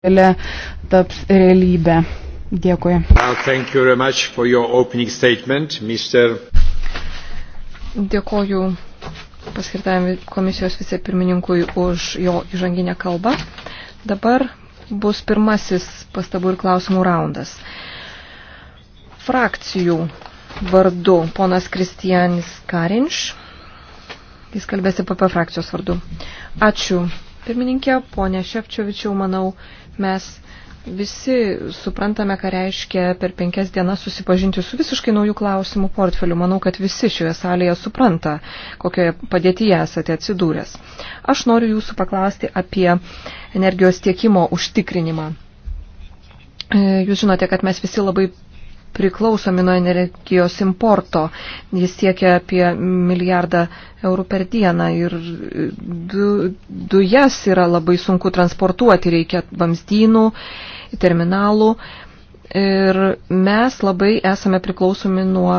galia taps realybė. Dėkui. Dėkoju paskirtajam komisijos vicepirmininkui už jo įžanginę kalbą. Dabar bus pirmasis pastabų ir klausimų raundas. Frakcijų vardu ponas Kristijanis Karinš. Jis kalbėsi PP frakcijos vardu. Ačiū pirmininkė, ponė Šepčiovičiau, manau, Mes visi suprantame, ką reiškia per penkias dienas susipažinti su visiškai naujų klausimų portfeliu. Manau, kad visi šioje salėje supranta, kokioje padėtyje esate atsidūręs. Aš noriu jūsų paklausti apie energijos tiekimo užtikrinimą. E, jūs žinote, kad mes visi labai priklausomi nuo energijos importo. Jis siekia apie milijardą eurų per dieną ir e, du, dujas yra labai sunku transportuoti, reikia vamzdynų, terminalų. Ir mes labai esame priklausomi nuo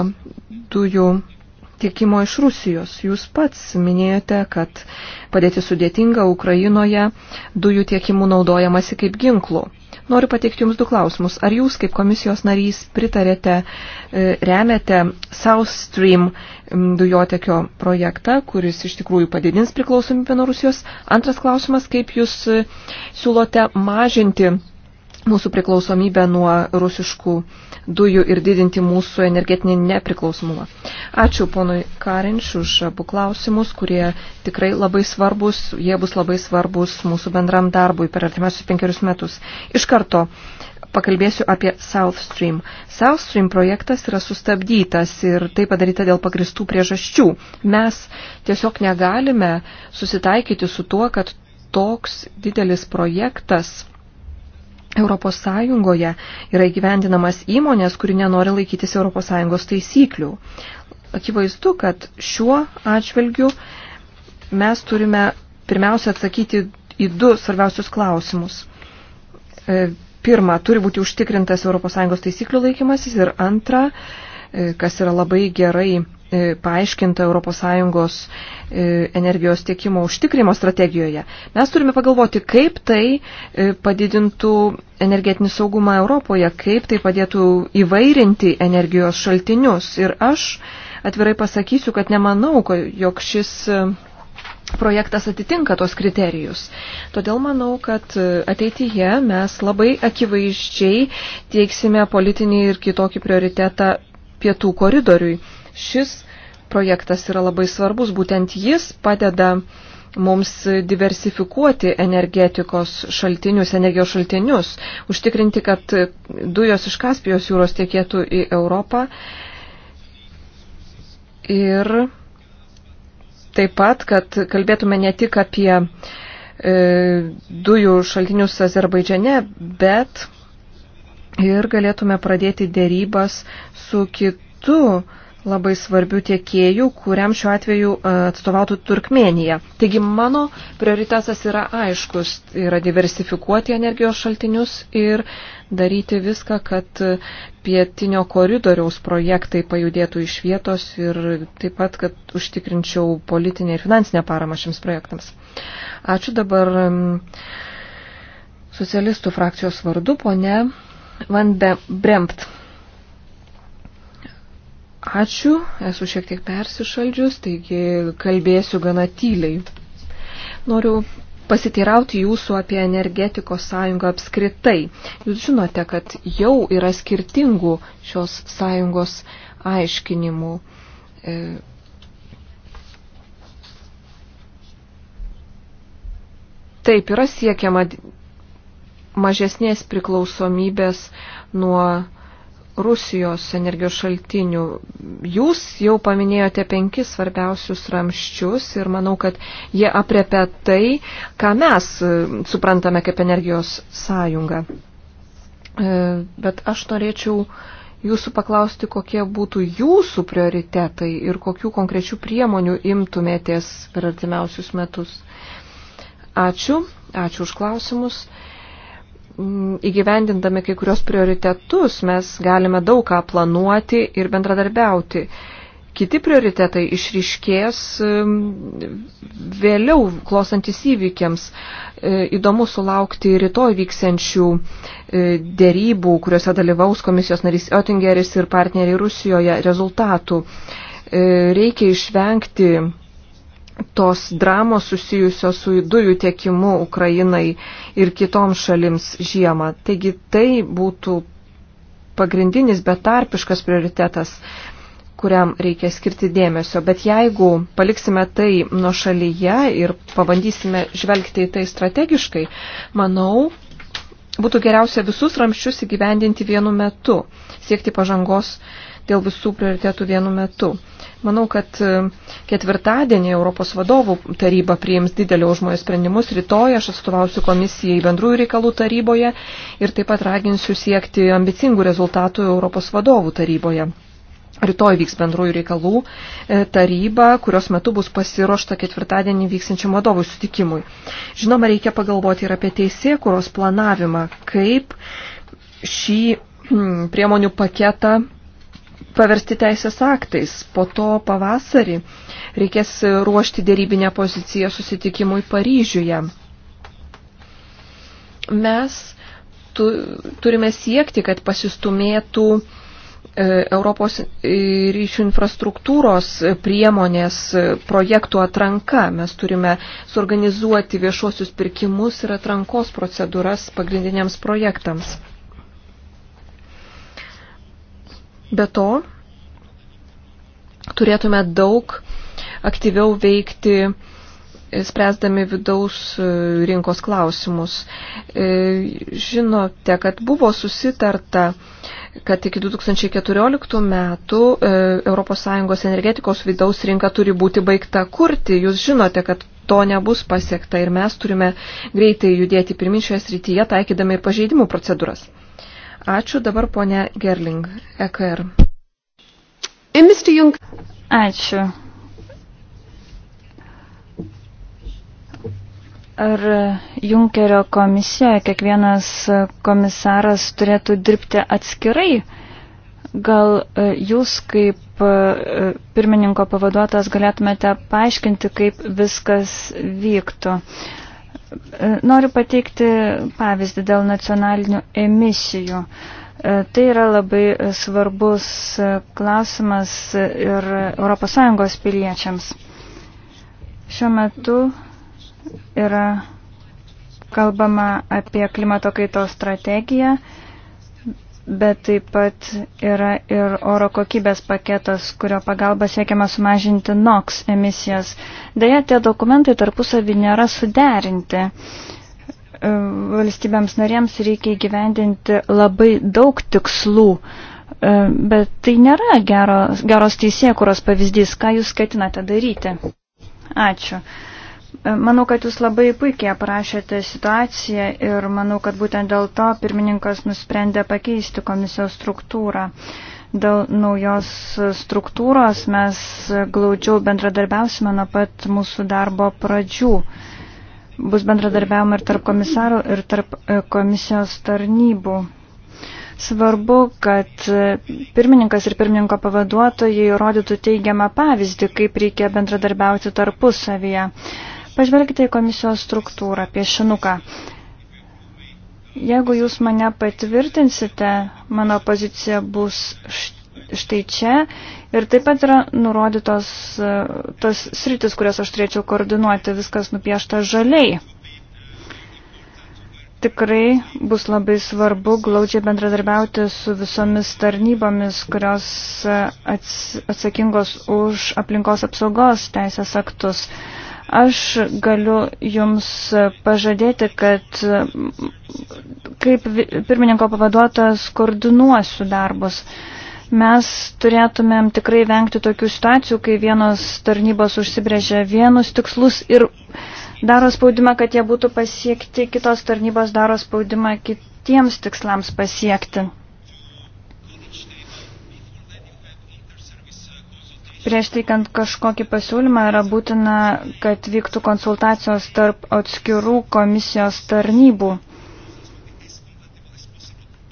dujų tiekimo iš Rusijos. Jūs pats minėjote, kad padėti sudėtinga Ukrainoje dujų tiekimų naudojamasi kaip ginklų. Noriu pateikti Jums du klausimus. Ar Jūs kaip komisijos narys pritarėte, e, remiate South Stream dujotekio projektą, kuris iš tikrųjų padidins priklausomybę nuo Rusijos? Antras klausimas, kaip Jūs e, siūlote mažinti mūsų priklausomybę nuo rusiškų dujų ir didinti mūsų energetinį nepriklausomumą. Ačiū ponui Karinč už abu klausimus, kurie tikrai labai svarbus, jie bus labai svarbus mūsų bendram darbui per artimiausius penkerius metus. Iš karto pakalbėsiu apie South Stream. South Stream projektas yra sustabdytas ir tai padaryta dėl pagristų priežasčių. Mes tiesiog negalime susitaikyti su tuo, kad toks didelis projektas Europos Sąjungoje yra įgyvendinamas įmonės, kuri nenori laikytis Europos Sąjungos taisyklių. Akivaizdu, kad šiuo atžvilgiu mes turime pirmiausia atsakyti į du svarbiausius klausimus. E, pirma, turi būti užtikrintas ES taisyklių laikymasis ir antra, e, kas yra labai gerai E, paaiškinta ES e, energijos tiekimo užtikrimo strategijoje. Mes turime pagalvoti, kaip tai e, padidintų energetinį saugumą Europoje, kaip tai padėtų įvairinti energijos šaltinius. Ir aš atvirai pasakysiu, kad nemanau, jog šis projektas atitinka tos kriterijus. Todėl manau, kad ateityje mes labai akivaizdžiai teiksime politinį ir kitokį prioritetą pietų koridoriui. Šis projektas yra labai svarbus, būtent jis padeda mums diversifikuoti energetikos šaltinius, energijos šaltinius, užtikrinti, kad dujos iš Kaspijos jūros tiekėtų į Europą ir taip pat, kad kalbėtume ne tik apie e, dujų šaltinius Azerbaidžiane, bet ir galėtume pradėti dėrybas su kitu labai svarbių tiekėjų, kuriam šiuo atveju e, atstovautų Turkmenija. Taigi mano prioritetas yra aiškus, yra diversifikuoti energijos šaltinius ir daryti viską, kad e, pietinio koridoriaus projektai pajudėtų iš vietos ir taip pat, kad užtikrinčiau politinę ir finansinę paramą šiems projektams. Ačiū dabar socialistų frakcijos vardu, ponė Van Brempt. Ačiū, esu šiek tiek persišaldžius, taigi kalbėsiu gana tyliai. Noriu pasiteirauti jūsų apie energetikos sąjungą apskritai. Jūs žinote, kad jau yra skirtingų šios sąjungos aiškinimų. E, Taip, yra siekiama mažesnės priklausomybės nuo Rusijos energijos šaltinių. Jūs jau paminėjote penkis svarbiausius ramščius ir manau, kad jie aprepia tai, ką mes e, suprantame kaip energijos sąjunga. E, bet aš norėčiau jūsų paklausti, kokie būtų jūsų prioritetai ir kokių konkrečių priemonių imtumėtės per artimiausius metus. Ačiū, ačiū už klausimus įgyvendindami kai kurios prioritetus mes galime daug ką planuoti ir bendradarbiauti. Kiti prioritetai išryškės vėliau klosantis įvykiams. E, įdomu sulaukti rytoj vyksiančių e, dėrybų, kuriuose dalyvaus komisijos narys Oettingeris ir partneriai Rusijoje rezultatų. E, reikia išvengti tos dramos susijusios su dujų tiekimu Ukrainai ir kitoms šalims žiemą. Taigi tai būtų pagrindinis betarpiškas prioritetas, kuriam reikia skirti dėmesio. Bet jeigu paliksime tai nuo šalyje ir pabandysime žvelgti į tai strategiškai, manau, būtų geriausia visus ramščius įgyvendinti vienu metu, siekti pažangos dėl visų prioritetų vienu metu. Manau, kad e, ketvirtadienį Europos vadovų taryba priims didelio užmojo sprendimus. Rytoj aš atstovausiu komisijai bendrųjų reikalų taryboje ir taip pat raginsiu siekti ambicingų rezultatų Europos vadovų taryboje. Rytoj vyks bendrųjų reikalų e, taryba, kurios metu bus pasiruošta ketvirtadienį vyksiančiam vadovų sutikimui. Žinoma, reikia pagalvoti ir apie teisėkuros planavimą, kaip šį hm, priemonių paketą paversti teisės aktais. Po to pavasarį reikės ruošti dėrybinę poziciją susitikimui Paryžiuje. Mes tu, turime siekti, kad pasistumėtų e, Europos ryšių infrastruktūros priemonės e, projektų atranka. Mes turime suorganizuoti viešuosius pirkimus ir atrankos procedūras pagrindiniams projektams. Be to, turėtume daug aktyviau veikti e, spręsdami vidaus e, rinkos klausimus. E, žinote, kad buvo susitarta, kad iki 2014 metų ES energetikos vidaus rinka turi būti baigta kurti. Jūs žinote, kad to nebus pasiekta ir mes turime greitai judėti pirminčioje srityje, taikydami ir pažeidimų procedūras. Ačiū dabar ponė Gerling, EKR. Ačiū. Ar Junkerio komisijoje kiekvienas komisaras turėtų dirbti atskirai? Gal e, jūs kaip e, pirmininko pavaduotas galėtumėte paaiškinti, kaip viskas vyktų? E, noriu pateikti pavyzdį dėl nacionalinių emisijų. E, tai yra labai svarbus klausimas ir ES piliečiams. Šiuo metu yra kalbama apie klimato kaitos strategiją bet taip pat yra ir oro kokybės paketas, kurio pagalba siekiama sumažinti NOX emisijas. Deja, tie dokumentai tarpusavį nėra suderinti. E, valstybėms narėms reikia įgyvendinti labai daug tikslų, e, bet tai nėra geros, geros teisėkuros pavyzdys. Ką jūs ketinate daryti? Ačiū. E, manau, kad jūs labai puikiai aprašėte situaciją ir manau, kad būtent dėl to pirmininkas nusprendė pakeisti komisijos struktūrą. Dėl naujos struktūros mes glaudžiau bendradarbiausime nuo pat mūsų darbo pradžių. Bus bendradarbiavimo ir tarp komisarų, ir tarp e, komisijos tarnybų. Svarbu, kad e, pirmininkas ir pirmininko pavaduotojai rodytų teigiamą pavyzdį, kaip reikia bendradarbiauti tarpusavyje. Pažvelkite į komisijos struktūrą, piešinuką. Jeigu jūs mane patvirtinsite, mano pozicija bus štai čia ir taip pat yra nurodytos e, tas sritis, kurias aš turėčiau koordinuoti, viskas nupiešta žaliai. Tikrai bus labai svarbu glaudžiai bendradarbiauti su visomis tarnybomis, kurios e, atsakingos už aplinkos apsaugos teisės aktus. Aš galiu Jums pažadėti, kad kaip pirmininko pavaduotas koordinuosiu darbus. Mes turėtumėm tikrai vengti tokių situacijų, kai vienos tarnybos užsibrėžia vienus tikslus ir daro spaudimą, kad jie būtų pasiekti, kitos tarnybos daro spaudimą kitiems tikslams pasiekti. Prieš teikiant kažkokį pasiūlymą yra būtina, kad vyktų konsultacijos tarp atskirų komisijos tarnybų.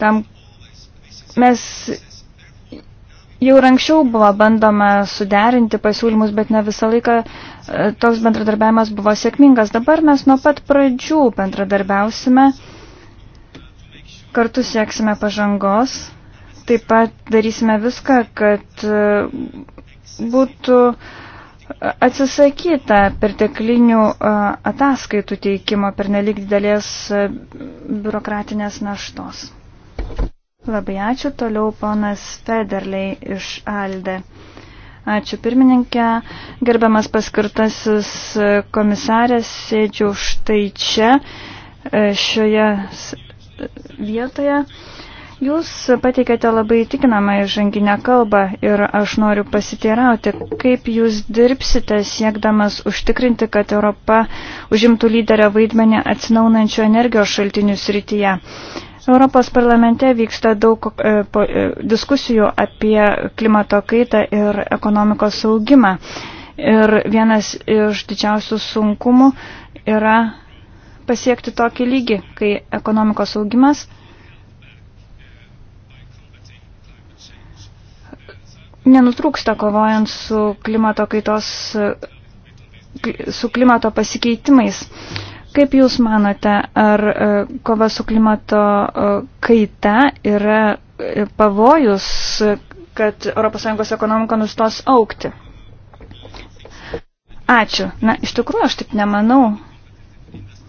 Tam mes jau ir anksčiau buvo bandoma suderinti pasiūlymus, bet ne visą laiką e, toks bendradarbiavimas buvo sėkmingas. Dabar mes nuo pat pradžių bendradarbiausime, kartu sieksime pažangos. Taip pat darysime viską, kad e, būtų atsisakyta perteklinių ataskaitų teikimo per nelik didelės biurokratinės naštos. Labai ačiū. Toliau ponas Federley iš Alde. Ačiū pirmininkė. Gerbiamas paskirtasis komisarės, sėdžiu štai čia, šioje vietoje. Jūs pateikėte labai tikinamą įžanginę kalbą ir aš noriu pasiteirauti, kaip jūs dirbsite siekdamas užtikrinti, kad Europa užimtų lyderio vaidmenį atsinaunančių energijos šaltinių srityje. Europos parlamente vyksta daug e, po, e, diskusijų apie klimato kaitą ir ekonomikos saugimą. Ir vienas iš didžiausių sunkumų yra pasiekti tokį lygį, kai ekonomikos augimas nenutrūksta kovojant su klimato kaitos, su klimato pasikeitimais. Kaip Jūs manote, ar e, kova su klimato e, kaita yra e, pavojus, kad ES ekonomika nustos aukti? Ačiū. Na, iš tikrųjų, aš taip nemanau.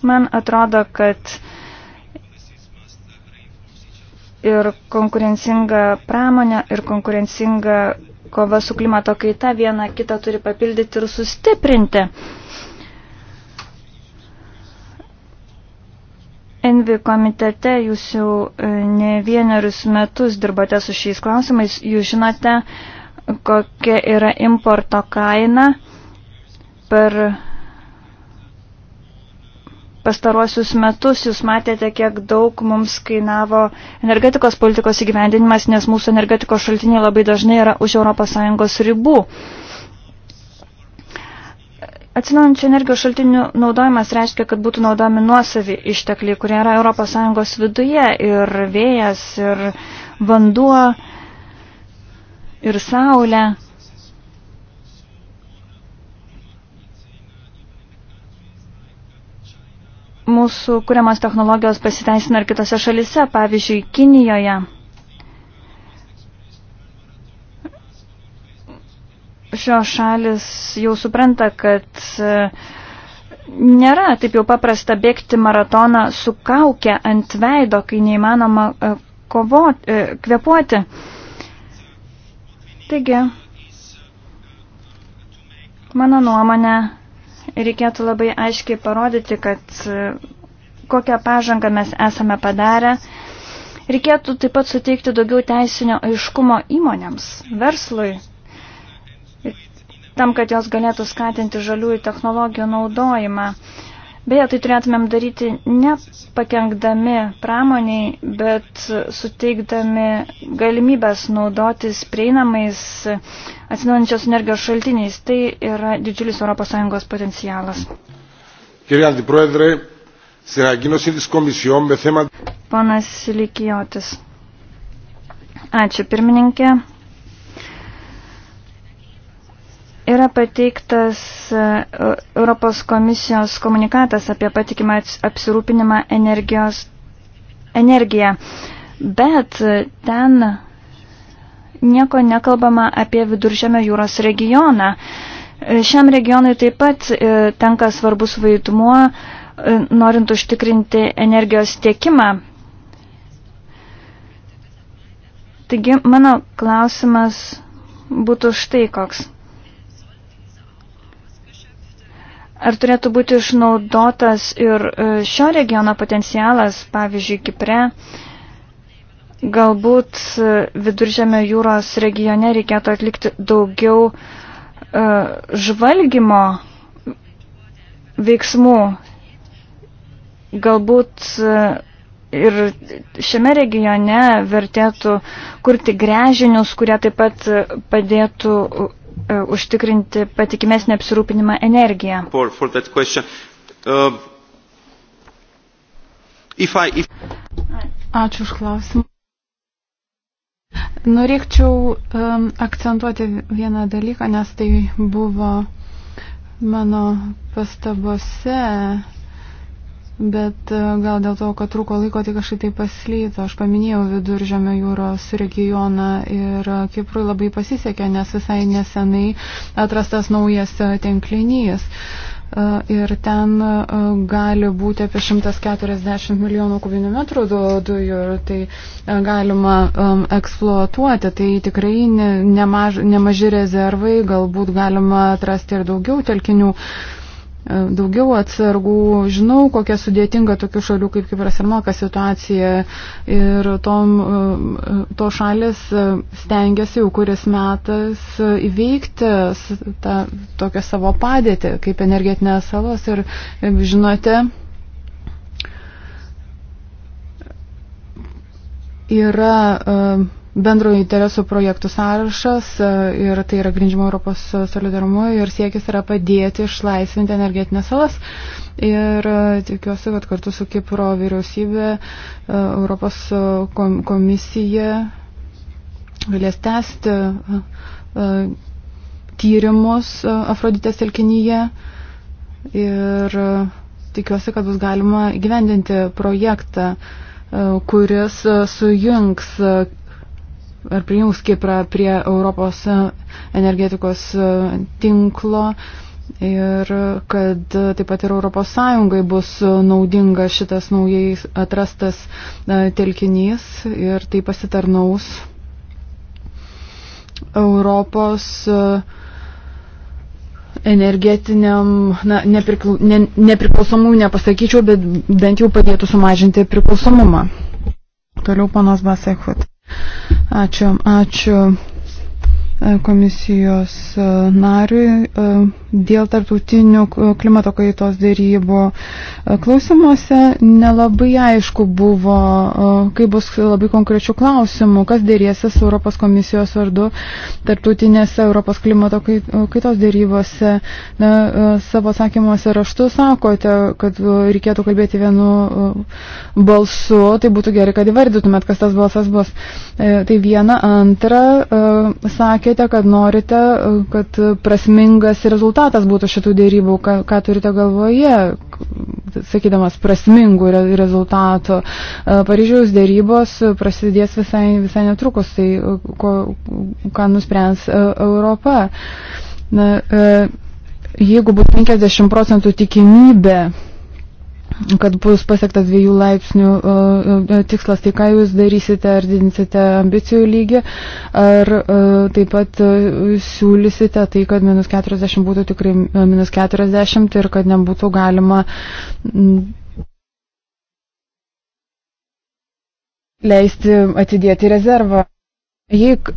Man atrodo, kad ir konkurencinga pramonė, ir konkurencinga kova su klimato kaita viena kitą turi papildyti ir sustiprinti. Envi komitete jūs jau e, ne vienerius metus dirbate su šiais klausimais, jūs žinote, kokia yra importo kaina per pastaruosius metus jūs matėte, kiek daug mums kainavo energetikos politikos įgyvendinimas, nes mūsų energetikos šaltiniai labai dažnai yra už ES ribų. Atsinaujančių energijos šaltinių naudojimas reiškia, kad būtų naudojami nuosavi ištekliai, kurie yra ES viduje ir vėjas, ir vanduo, ir saulė. mūsų kuriamas technologijos pasiteisina ir kitose šalise, pavyzdžiui, Kinijoje. Šios šalis jau supranta, kad e, nėra taip jau paprasta bėgti maratoną su kaukė ant veido, kai neįmanoma e, kovoti, e, kvepuoti. Taigi, mano nuomonė, reikėtų labai aiškiai parodyti, kad kokią pažangą mes esame padarę. Reikėtų taip pat suteikti daugiau teisinio aiškumo įmonėms, verslui, tam, kad jos galėtų skatinti žaliųjų technologijų naudojimą. Beje, tai turėtumėm daryti nepakengdami pramoniai, bet suteikdami galimybės naudotis prieinamais atsinaujančios energijos šaltiniais. Tai yra didžiulis ES potencialas. Ponas Likijotis. Ačiū pirmininkė. Yra pateiktas e, e, Europos komisijos komunikatas apie patikimą apsirūpinimą energijos, energiją, bet e, ten nieko nekalbama apie viduržėmio jūros regioną. Šiam regionui taip pat tenka svarbus vaidmuo, norint užtikrinti energijos tiekimą. Taigi mano klausimas būtų štai koks. Ar turėtų būti išnaudotas ir e, šio regiono potencialas, pavyzdžiui, Kipre? Galbūt e, viduržėme jūros regione reikėtų atlikti daugiau e, žvalgymo veiksmų. Galbūt ir šiame regione vertėtų kurti grežinius, kurie taip pat padėtų E, užtikrinti patikimesnį apsirūpinimą energiją. For, for uh, if I, if... Ačiū už klausimą. Norėčiau um, akcentuoti vieną dalyką, nes tai buvo mano pastabose bet e, gal dėl to, kad trūko laiko, tai kažkaip tai paslyto. Aš paminėjau viduržėmio jūros regioną ir e, Kiprui labai pasisekė, nes visai nesenai atrastas naujas e, tenklinys. Ir ten gali būti apie 140 milijonų kubinių metrų dujų ir tai galima um, eksploatuoti. Tai tikrai ne, nemaž, nemaži rezervai, galbūt galima atrasti ir daugiau telkinių. Uh, daugiau atsargų, žinau, kokia sudėtinga tokių šalių kaip Kipras ir Malka situacija ir tom, to šalis stengiasi jau kuris metas įveikti tą tokią savo padėtį kaip energetinės salos ir žinote, yra uh, bendro interesų projektų sąrašas e, ir tai yra grindžiama Europos solidarumu ir siekis yra padėti išlaisvinti energetinės salas. Ir e, tikiuosi, kad kartu su Kipro vyriausybė, e, Europos komisija galės tęsti tyrimus Afroditės telkinyje ir tikiuosi, kad bus galima gyvendinti projektą kuris sujungs ar prijungs Kiprą prie Europos energetikos tinklo. Ir kad taip pat ir Europos Sąjungai bus naudinga šitas naujai atrastas e, telkinys ir tai pasitarnaus Europos e, energetiniam, na, nepriklau, ne, nepriklausomumui nepasakyčiau, bet bent jau padėtų sumažinti priklausomumą. Toliau panas Basekut. Uh, Ačiū, ačiū e, komisijos e, nariui. E, dėl tarptautinių klimato kaitos dėrybų e, klausimuose nelabai aišku buvo, e, kai bus labai konkrečių klausimų, kas dėrėsis Europos komisijos vardu tarptautinėse Europos klimato kaitos dėrybose. Na, e, savo sakymuose raštu sakote, kad reikėtų kalbėti vienu balsu, tai būtų gerai, kad įvardytumėt, kas tas balsas bus. Tai viena, antra, sakėte, kad norite, kad prasmingas rezultatas rezultatas būtų šitų dėrybų, ką, ką turite galvoje, sakydamas, prasmingų re, rezultatų. E, Paryžiaus dėrybos prasidės visai, visai netrukus, tai e, ko, ką nuspręs e, Europa. Na, jeigu būtų 50 procentų tikimybė kad bus pasiektas dviejų laipsnių tikslas, tai ką jūs darysite, ar didinsite ambicijų lygį, ar taip pat siūlysite tai, kad minus 40 būtų tikrai e, minus 40 ir kad nebūtų galima leisti atidėti rezervą. Jeigu,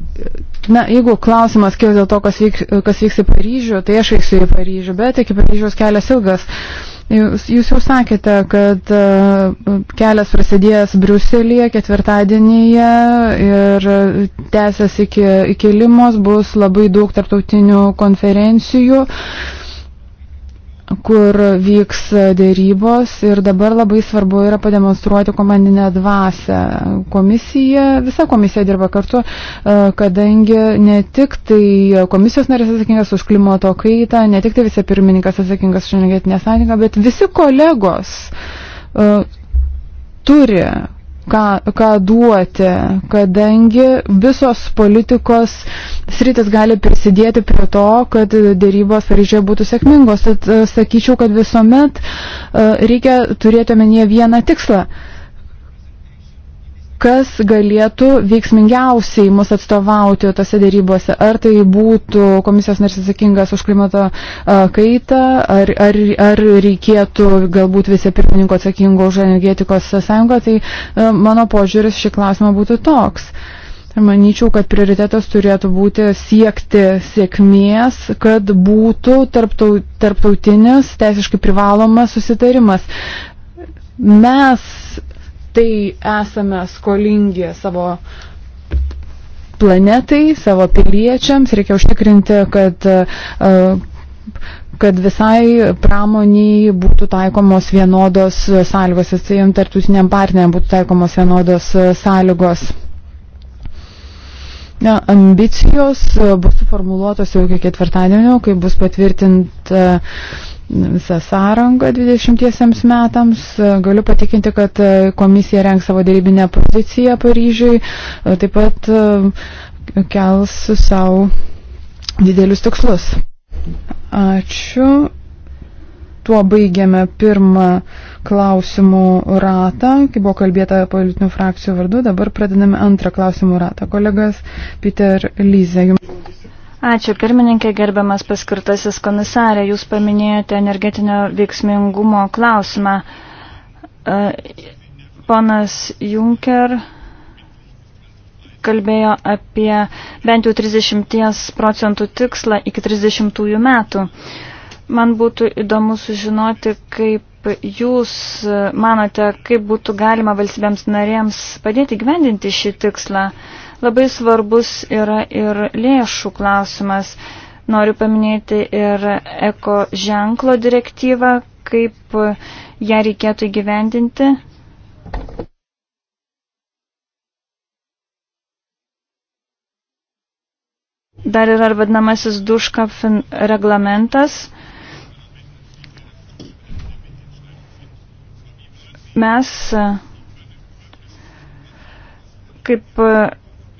na, jeigu klausimas kils dėl to, kas vyks, kas vyks į Paryžių, tai aš vyksiu į Paryžių, bet iki Paryžiaus kelias ilgas. Uh, Jūs, jūs jau sakėte, kad e, kelias prasidėjęs Briuselėje ketvirtadienyje ir tęsiasi iki, iki Limos, bus labai daug tarptautinių konferencijų. Uh, kur vyks dėrybos ir dabar labai svarbu yra pademonstruoti komandinę dvasę. Komisija, visa komisija dirba kartu, e, kadangi ne tik tai komisijos narės atsakingas už klimato kaitą, ne tik tai visi pirmininkas atsakingas už energetinę sąjungą, bet visi kolegos e, turi ką, ką duoti, kadangi visos politikos sritis gali prisidėti prie to, kad dėrybos Paryžioje būtų sėkmingos. Tad e, sakyčiau, kad visuomet e, reikia turėti omenyje vieną tikslą. Uh, kas galėtų veiksmingiausiai mus atstovauti tose dėrybose. Ar tai būtų komisijos narys atsakingas už klimato kaitą, ar, ar, ar reikėtų galbūt visi pirmininko atsakingo už energetikos sąjungą, tai mano požiūris šį klausimą būtų toks. Manyčiau, kad prioritetas turėtų būti siekti sėkmės, kad būtų tarptautinis teisiškai privalomas susitarimas. Mes tai esame skolingi savo planetai, savo piliečiams, reikia užtikrinti, kad, e, kad visai pramoniai būtų taikomos vienodos sąlygos, atsijom tartutiniam partneriam būtų taikomos vienodos sąlygos. Ja, ambicijos bus suformuluotos jau iki ketvirtadienio, kai bus patvirtinta uh, visą sąrangą 20 metams. Galiu patikinti, kad komisija renk savo dėrybinę poziciją Paryžiui, taip pat e, kels savo didelius tikslus. Ačiū. Tuo baigiame pirmą klausimų ratą, kai buvo kalbėta politinių frakcijų vardu, dabar pradedame antrą klausimų ratą. Kolegas Peter Lyze, jums. Ačiū pirmininkė, gerbiamas paskirtasis komisarė. Jūs paminėjote energetinio veiksmingumo klausimą. E, ponas Juncker kalbėjo apie bent jau 30 procentų tikslą iki 30 metų. Man būtų įdomu sužinoti, kaip jūs manote, kaip būtų galima valstybėms narėms padėti gyvendinti šį tikslą. Uh, Labai svarbus yra ir lėšų klausimas. Noriu paminėti ir eko ženklo direktyvą, kaip ją reikėtų įgyvendinti. Dar yra ir vadinamasis duška reglamentas. Mes kaip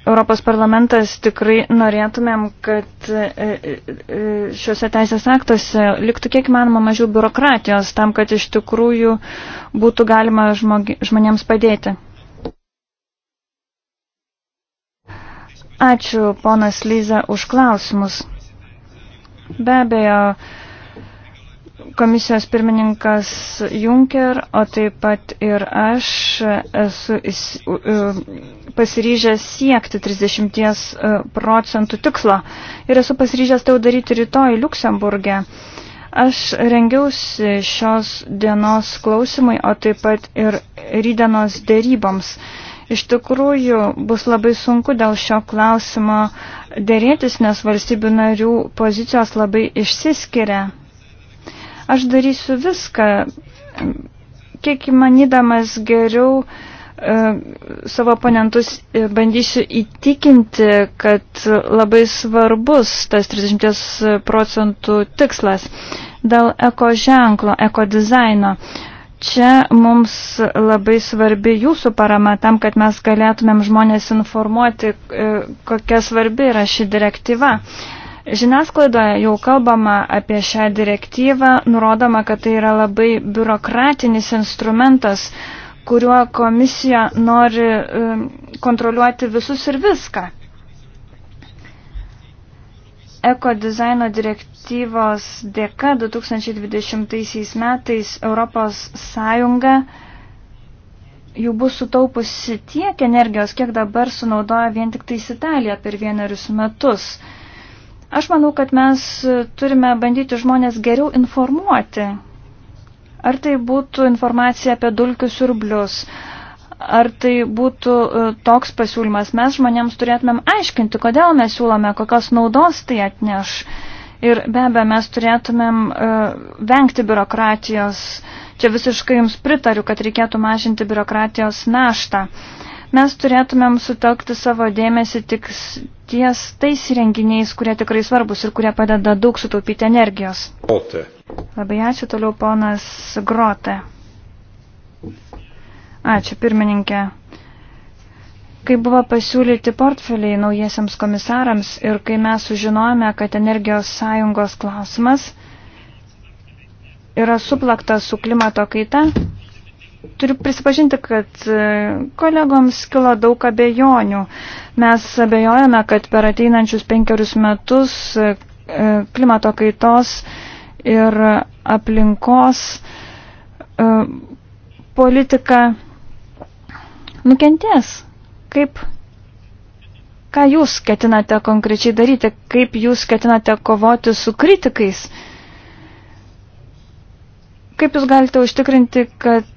Europos parlamentas tikrai norėtumėm, kad e, e, e, šiuose teisės aktuose liktų kiek manoma mažiau biurokratijos tam, kad iš tikrųjų būtų galima žmogi, žmonėms padėti. Ačiū ponas Lyza už klausimus. Be abejo, komisijos pirmininkas Juncker, o taip pat ir aš esu pasiryžęs siekti 30 e, procentų tikslo ir esu pasiryžęs tai daryti rytoj Luksemburgė. Aš rengiausi šios dienos klausimai, o taip pat ir rydienos dėryboms. Iš tikrųjų bus labai sunku dėl šio klausimo dėrėtis, nes valstybių narių pozicijos labai išsiskiria Aš darysiu viską, kiek įmanydamas geriau e, savo oponentus e, bandysiu įtikinti, kad labai svarbus tas 30 procentų tikslas dėl eko ženklo, eko dizaino. Čia mums labai svarbi jūsų parama tam, kad mes galėtumėm žmonės informuoti, e, kokia svarbi yra ši direktyva. Žiniasklaidoje jau kalbama apie šią direktyvą, nurodoma, kad tai yra labai biurokratinis instrumentas, kuriuo komisija nori um, kontroliuoti visus ir viską. Eko dizaino direktyvos dėka 2020 metais Europos Sąjunga jau bus sutaupusi tiek energijos, kiek dabar sunaudoja vien tik tais Italija per vienerius metus. Aš manau, kad mes turime bandyti žmonės geriau informuoti. Ar tai būtų informacija apie dulkių siurblius, ar tai būtų e, toks pasiūlymas. Mes žmonėms turėtumėm aiškinti, kodėl mes siūlome, kokios naudos tai atneš. Ir be abejo, mes turėtumėm uh, vengti biurokratijos. Čia visiškai jums pritariu, kad reikėtų mažinti biurokratijos naštą. Mes turėtumėm sutelkti savo dėmesį tik, ties tais renginiais, kurie tikrai svarbus ir kurie padeda daug sutaupyti energijos. Grote. Labai ačiū toliau ponas Grote. Ačiū pirmininkė. Kai buvo pasiūlyti portfeliai naujiesiams komisarams ir kai mes sužinojome, kad energijos sąjungos klausimas yra suplaktas su klimato kaita, Turiu prisipažinti, kad e, kolegoms kilo daug abejonių. Mes abejojame, kad per ateinančius penkerius metus e, e, klimato kaitos ir aplinkos politika nukentės. Kaip, ką jūs ketinate konkrečiai daryti, kaip jūs ketinate kovoti su kritikais? Kaip Jūs galite užtikrinti, kad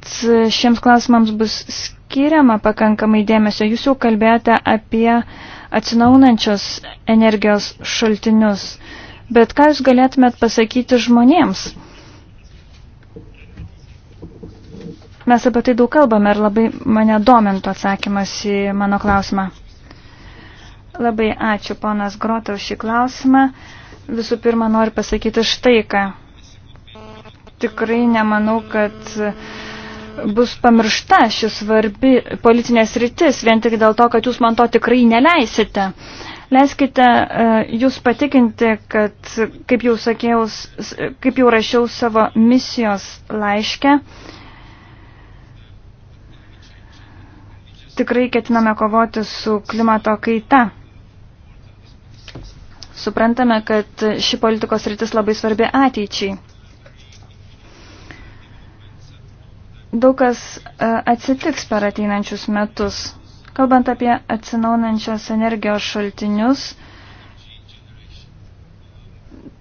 šiems klausimams bus skiriama pakankamai dėmesio? Jūs jau kalbėjote apie atsinaunančios energijos šaltinius, bet ką Jūs galėtumėt pasakyti žmonėms? Mes apie tai daug kalbame ir labai mane domintų atsakymas į mano klausimą. Labai ačiū ponas Grota už šį klausimą. Visų pirma, noriu pasakyti štai ką tikrai nemanau, kad bus pamiršta šis svarbi politinės rytis vien tik dėl to, kad jūs man to tikrai neleisite. Leiskite e, jūs patikinti, kad, kaip jau, sakėjau, kaip jau rašiau savo misijos laiškę, tikrai ketiname kovoti su klimato kaita. Suprantame, kad ši politikos rytis labai svarbi ateičiai. daug kas e, atsitiks per ateinančius metus. Kalbant apie atsinaunančios energijos šaltinius,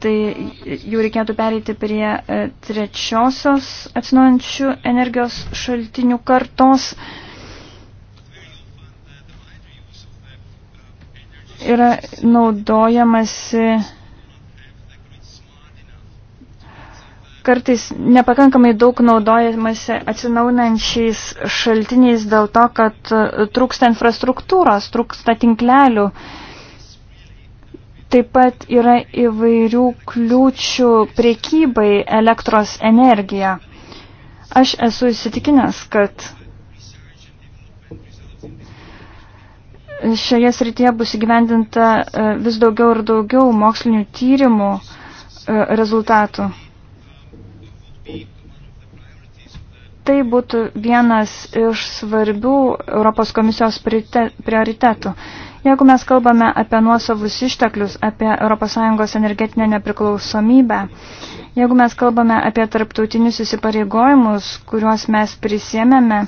tai jų reikėtų pereiti prie e, trečiosios atsinaujančių energijos šaltinių kartos. Yra naudojamasi kartais nepakankamai daug naudojamasi atsinaunančiais šaltiniais dėl to, kad e, trūksta infrastruktūros, trūksta tinklelių. Taip pat yra įvairių kliūčių priekybai elektros energiją. Aš esu įsitikinęs, kad šioje srityje bus įgyvendinta e, vis daugiau ir daugiau mokslinių tyrimų e, rezultatų tai būtų vienas iš svarbių Europos komisijos prioritetų. Jeigu mes kalbame apie nuosavus išteklius, apie ES energetinę nepriklausomybę, jeigu mes kalbame apie tarptautinius įsipareigojimus, kuriuos mes prisėmėme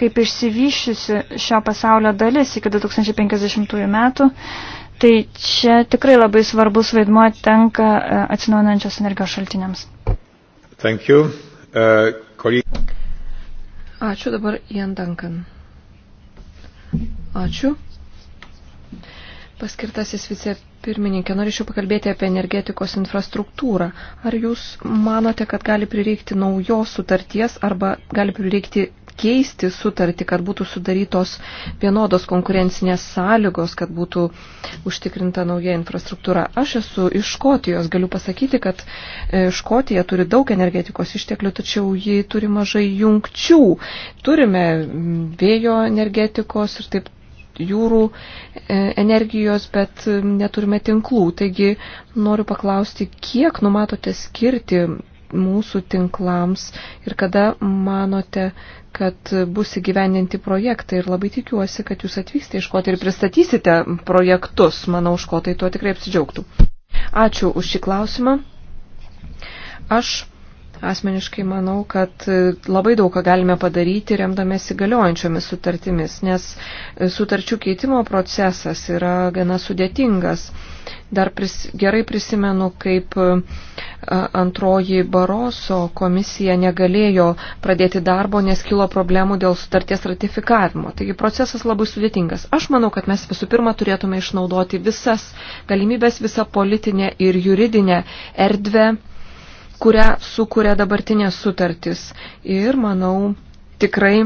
kaip išsivyščiusi šio pasaulio dalis iki 2050 metų, tai čia tikrai labai svarbus vaidmuo tenka e, atsinaujinančios energijos šaltiniams. Thank you. Uh, colleague... Ačiū dabar Ian Duncan. Ačiū. Paskirtasis vicepirmininkė, norėčiau pakalbėti apie energetikos infrastruktūrą. Ar jūs manote, kad gali prireikti naujos sutarties arba gali prireikti keisti sutartį, kad būtų sudarytos vienodos konkurencinės sąlygos, kad būtų užtikrinta nauja infrastruktūra. Aš esu iš Škotijos, galiu pasakyti, kad e, Škotija turi daug energetikos išteklių, tačiau ji turi mažai jungčių. Turime vėjo energetikos ir taip jūrų e, energijos, bet neturime tinklų. Taigi noriu paklausti, kiek numatote skirti mūsų tinklams ir kada manote, kad bus įgyvendinti projektai. Ir labai tikiuosi, kad jūs atvyksite iš Škotai ir pristatysite projektus. Manau, Škotai tuo tikrai apsidžiaugtų. Ačiū už šį klausimą. Aš asmeniškai manau, kad labai daug ką galime padaryti remdamėsi galiojančiomis sutartimis, nes sutarčių keitimo procesas yra gana sudėtingas. Dar pris, gerai prisimenu, kaip e, antroji Baroso komisija negalėjo pradėti darbo, nes kilo problemų dėl sutarties ratifikavimo. Taigi procesas labai sudėtingas. Aš manau, kad mes visų pirma turėtume išnaudoti visas galimybės, visą politinę ir juridinę erdvę, kurią sukuria dabartinės sutartis. Ir manau, tikrai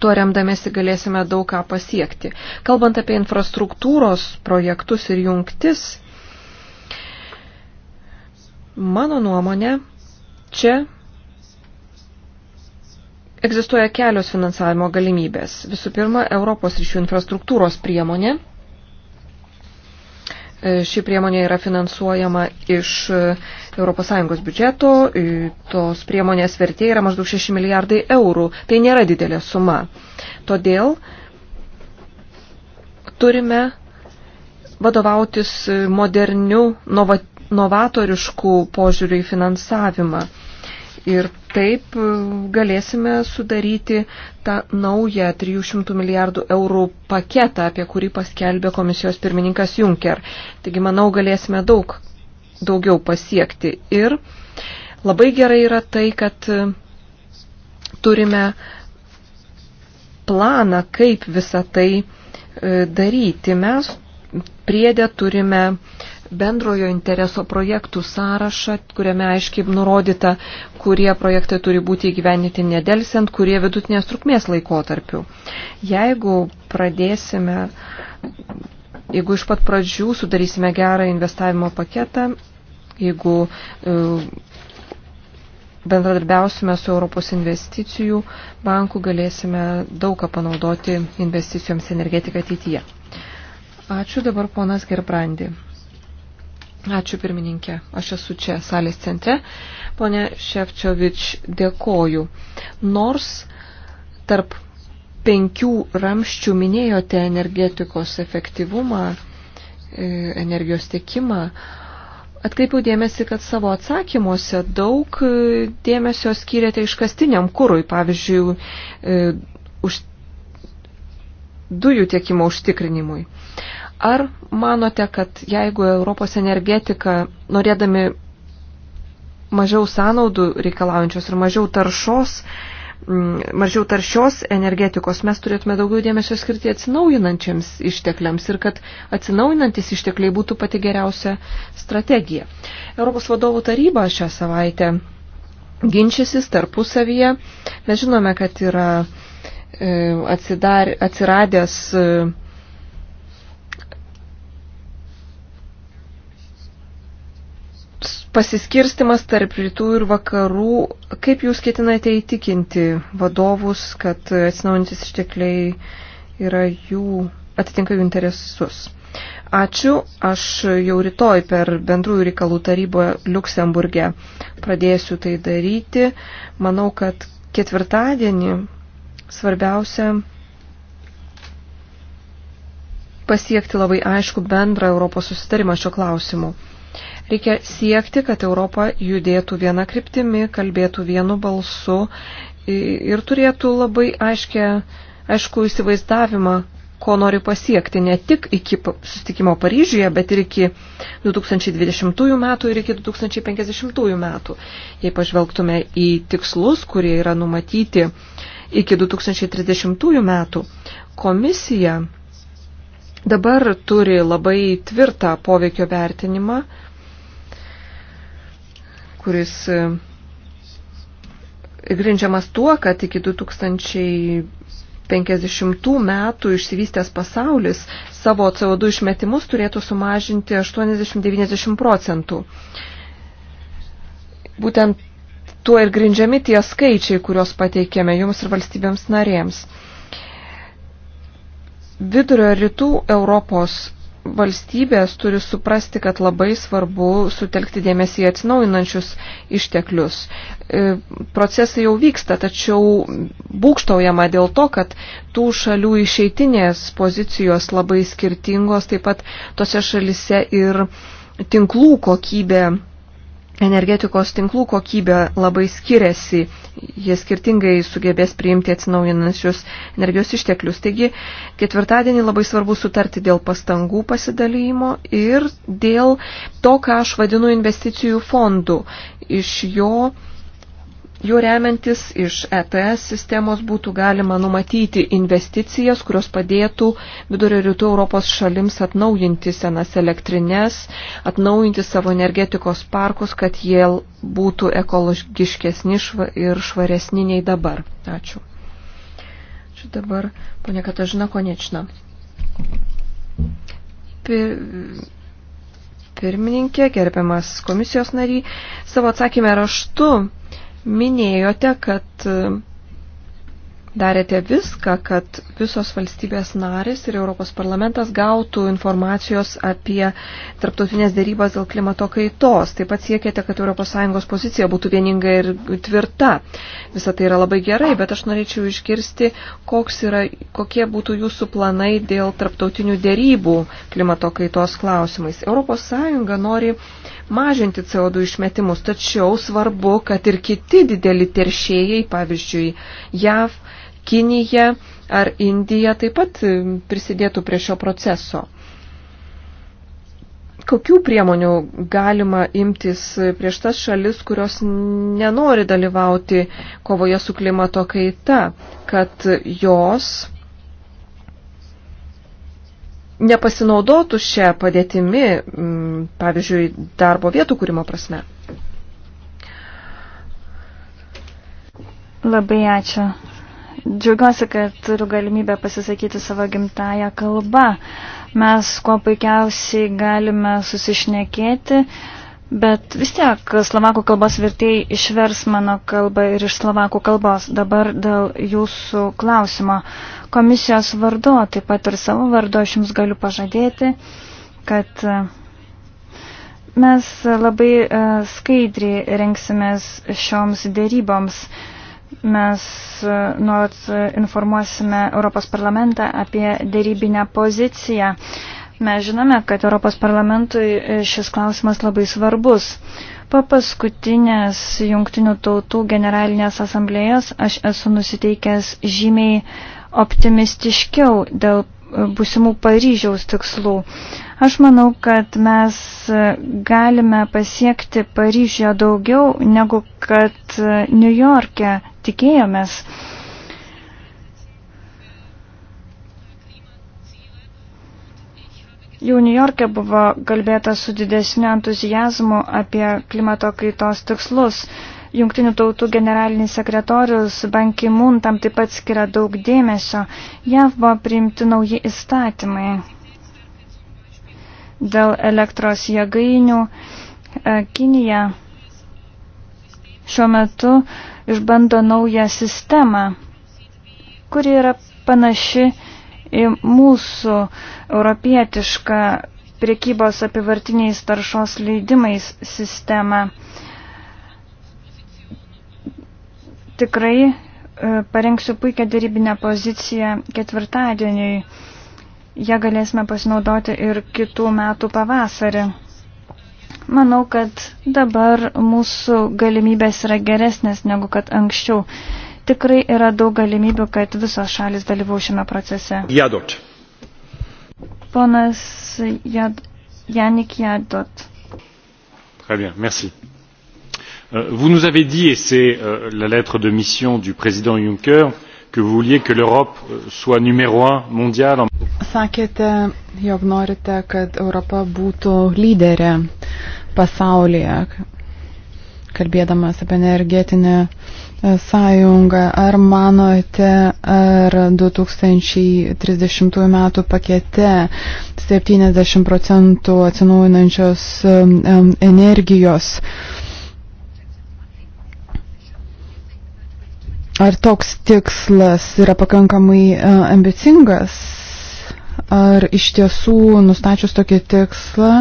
tuo remdamėsi galėsime daug ką pasiekti. Kalbant apie infrastruktūros projektus ir jungtis, mano nuomonė, čia egzistuoja kelios finansavimo galimybės. Visų pirma, Europos ryšių infrastruktūros priemonė. E, ši priemonė yra finansuojama iš ES biudžeto, tos priemonės vertė yra maždaug 6 milijardai eurų. Tai nėra didelė suma. Todėl turime vadovautis moderniu, nova, novatoriškų požiūrių į finansavimą. Ir taip e, galėsime sudaryti tą naują 300 milijardų eurų paketą, apie kurį paskelbė komisijos pirmininkas Juncker. Taigi, manau, galėsime daug daugiau pasiekti. Ir labai gerai yra tai, kad e, turime planą, kaip visą tai e, daryti. Mes priedę turime bendrojo intereso projektų sąrašą, kuriame aiškiai nurodyta, kurie projektai turi būti įgyveninti nedelsiant, kurie vidutinės trukmės laikotarpių. Jeigu pradėsime Jeigu iš pat pradžių sudarysime gerą investavimo paketą, jeigu e, bendradarbiausime su Europos investicijų banku, galėsime daugą panaudoti investicijoms energetiką ateityje. Ačiū dabar ponas Gerbrandi. Ačiū pirmininkė, aš esu čia salės centre. Pone Ševčiovič, dėkoju. Nors tarp penkių ramščių minėjote energetikos efektyvumą, e, energijos tiekimą. Atkreipiau dėmesį, kad savo atsakymuose daug e, dėmesio skiriate iškastiniam kūrui, pavyzdžiui, e, už dujų tiekimo užtikrinimui. Ar manote, kad jeigu Europos energetika, norėdami mažiau sąnaudų reikalaujančios ir mažiau taršos, Mm, mažiau taršios energetikos, mes turėtume daugiau dėmesio skirti atsinaujinančiams ištekliams ir kad atsinaujinantis ištekliai būtų pati geriausia strategija. Europos vadovų taryba šią savaitę ginčiasis tarpusavyje. Mes žinome, kad yra e, atsidar, atsiradęs e, pasiskirstimas tarp rytų ir vakarų, kaip jūs ketinate įtikinti vadovus, kad atsinaujantis ištekliai yra jų, atitinka jų interesus? Ačiū, aš jau rytoj per bendrųjų reikalų tarybą Luksemburgė pradėsiu tai daryti. Manau, kad ketvirtadienį svarbiausia pasiekti labai aišku bendrą Europos susitarimą šio klausimu. Reikia siekti, kad Europa judėtų viena kryptimi, kalbėtų vienu balsu ir turėtų labai aiškę, aišku įsivaizdavimą, ko nori pasiekti ne tik iki sustikimo Paryžiuje, bet ir iki 2020 metų ir iki 2050 metų. Jei pažvelgtume į tikslus, kurie yra numatyti iki 2030 metų, komisija dabar turi labai tvirtą poveikio vertinimą, kuris e, grindžiamas tuo, kad iki 2050 metų išsivystęs pasaulis savo CO2 išmetimus turėtų sumažinti 80-90 procentų. Būtent tuo ir grindžiami tie skaičiai, kuriuos pateikėme jums ir valstybėms narėms. Vidurio rytų Europos valstybės turi suprasti, kad labai svarbu sutelkti dėmesį į atsinaujinančius išteklius. E, procesai jau vyksta, tačiau būkštaujama dėl to, kad tų šalių išeitinės pozicijos labai skirtingos, taip pat tose šalise ir tinklų kokybė energetikos tinklų kokybė labai skiriasi, jie skirtingai sugebės priimti atsinaujinančius energijos išteklius. Taigi ketvirtadienį labai svarbu sutarti dėl pastangų pasidalymo ir dėl to, ką aš vadinu investicijų fondų. Iš jo Juo remiantis iš ETS sistemos būtų galima numatyti investicijas, kurios padėtų vidurio rytų Europos šalims atnaujinti senas elektrinės, atnaujinti savo energetikos parkus, kad jie būtų ekologiškesni ir švaresni nei dabar. Ačiū. Ačiū dabar, ponia Katažina Konečna. Pir pirmininkė, gerbiamas komisijos nary, savo atsakymę raštu minėjote, kad e, darėte viską, kad visos valstybės narės ir Europos parlamentas gautų informacijos apie tarptautinės dėrybas dėl klimato kaitos. Taip pat siekėte, kad ES pozicija būtų vieninga ir tvirta. Visą tai yra labai gerai, bet aš norėčiau išgirsti, yra, kokie būtų jūsų planai dėl tarptautinių dėrybų klimato kaitos klausimais. ES nori mažinti CO2 išmetimus, tačiau svarbu, kad ir kiti dideli teršėjai, pavyzdžiui, JAV, Kinija ar Indija taip pat prisidėtų prie šio proceso. Kokių priemonių galima imtis prieš tas šalis, kurios nenori dalyvauti kovoje su klimato kaita, kad jos nepasinaudotų šią padėtimi, pavyzdžiui, darbo vietų kūrimo prasme. Labai ačiū. Džiaugiuosi, kad turiu galimybę pasisakyti savo gimtają kalbą. Mes kuo puikiausiai galime susišnekėti. Uh, Bet vis tiek slovakų kalbos vertėjai išvers mano kalbą ir iš slovakų kalbos. Dabar dėl jūsų klausimo. Komisijos vardu, taip pat ir savo vardu, aš jums galiu pažadėti, kad e, mes labai e, skaidriai rengsimės šioms dėryboms. Mes e, nuolat informuosime Europos parlamentą apie dėrybinę poziciją. Mes žinome, kad Europos parlamentui šis klausimas labai svarbus. Po paskutinės jungtinių tautų generalinės asamblėjos aš esu nusiteikęs žymiai optimistiškiau dėl busimų Paryžiaus tikslų. Aš manau, kad mes galime pasiekti Paryžioje daugiau negu kad Niujorke tikėjomės. Jau New York'e buvo kalbėta su didesniu entuzijazmu apie klimato kaitos tikslus. Jungtinių tautų generalinis sekretorius Banki Mun tam taip pat skiria daug dėmesio. JAV buvo priimti nauji įstatymai dėl elektros jėgainių. E, Kinija šiuo metu išbando naują sistemą, kuri yra panaši į į mūsų europietišką priekybos apivartiniais taršos leidimais sistemą. Tikrai e, parengsiu puikią dėrybinę poziciją ketvirtadieniui. Ja galėsime pasinaudoti ir kitų metų pavasarį. Manau, kad dabar mūsų galimybės yra geresnės negu kad anksčiau tikrai yra daug galimybių, kad visos šalis dalyvau šiame procese. Jadot. Ponas Jad... Janik Jadot. Très bien, merci. Euh, vous nous avez dit, et c'est euh, la lettre de mission du président Juncker, que vous vouliez que l'Europe euh, soit numéro un mondial. Sakėte, jog norite, kad Europa būtų lyderė pasaulyje, kalbėdamas apie energetinę uh, sąjunga. Ar manote, ar 2030 metų pakete 70 procentų atsinaujinančios energijos? Ar toks tikslas yra pakankamai e, ambicingas? Ar iš tiesų nustačius tokį tikslą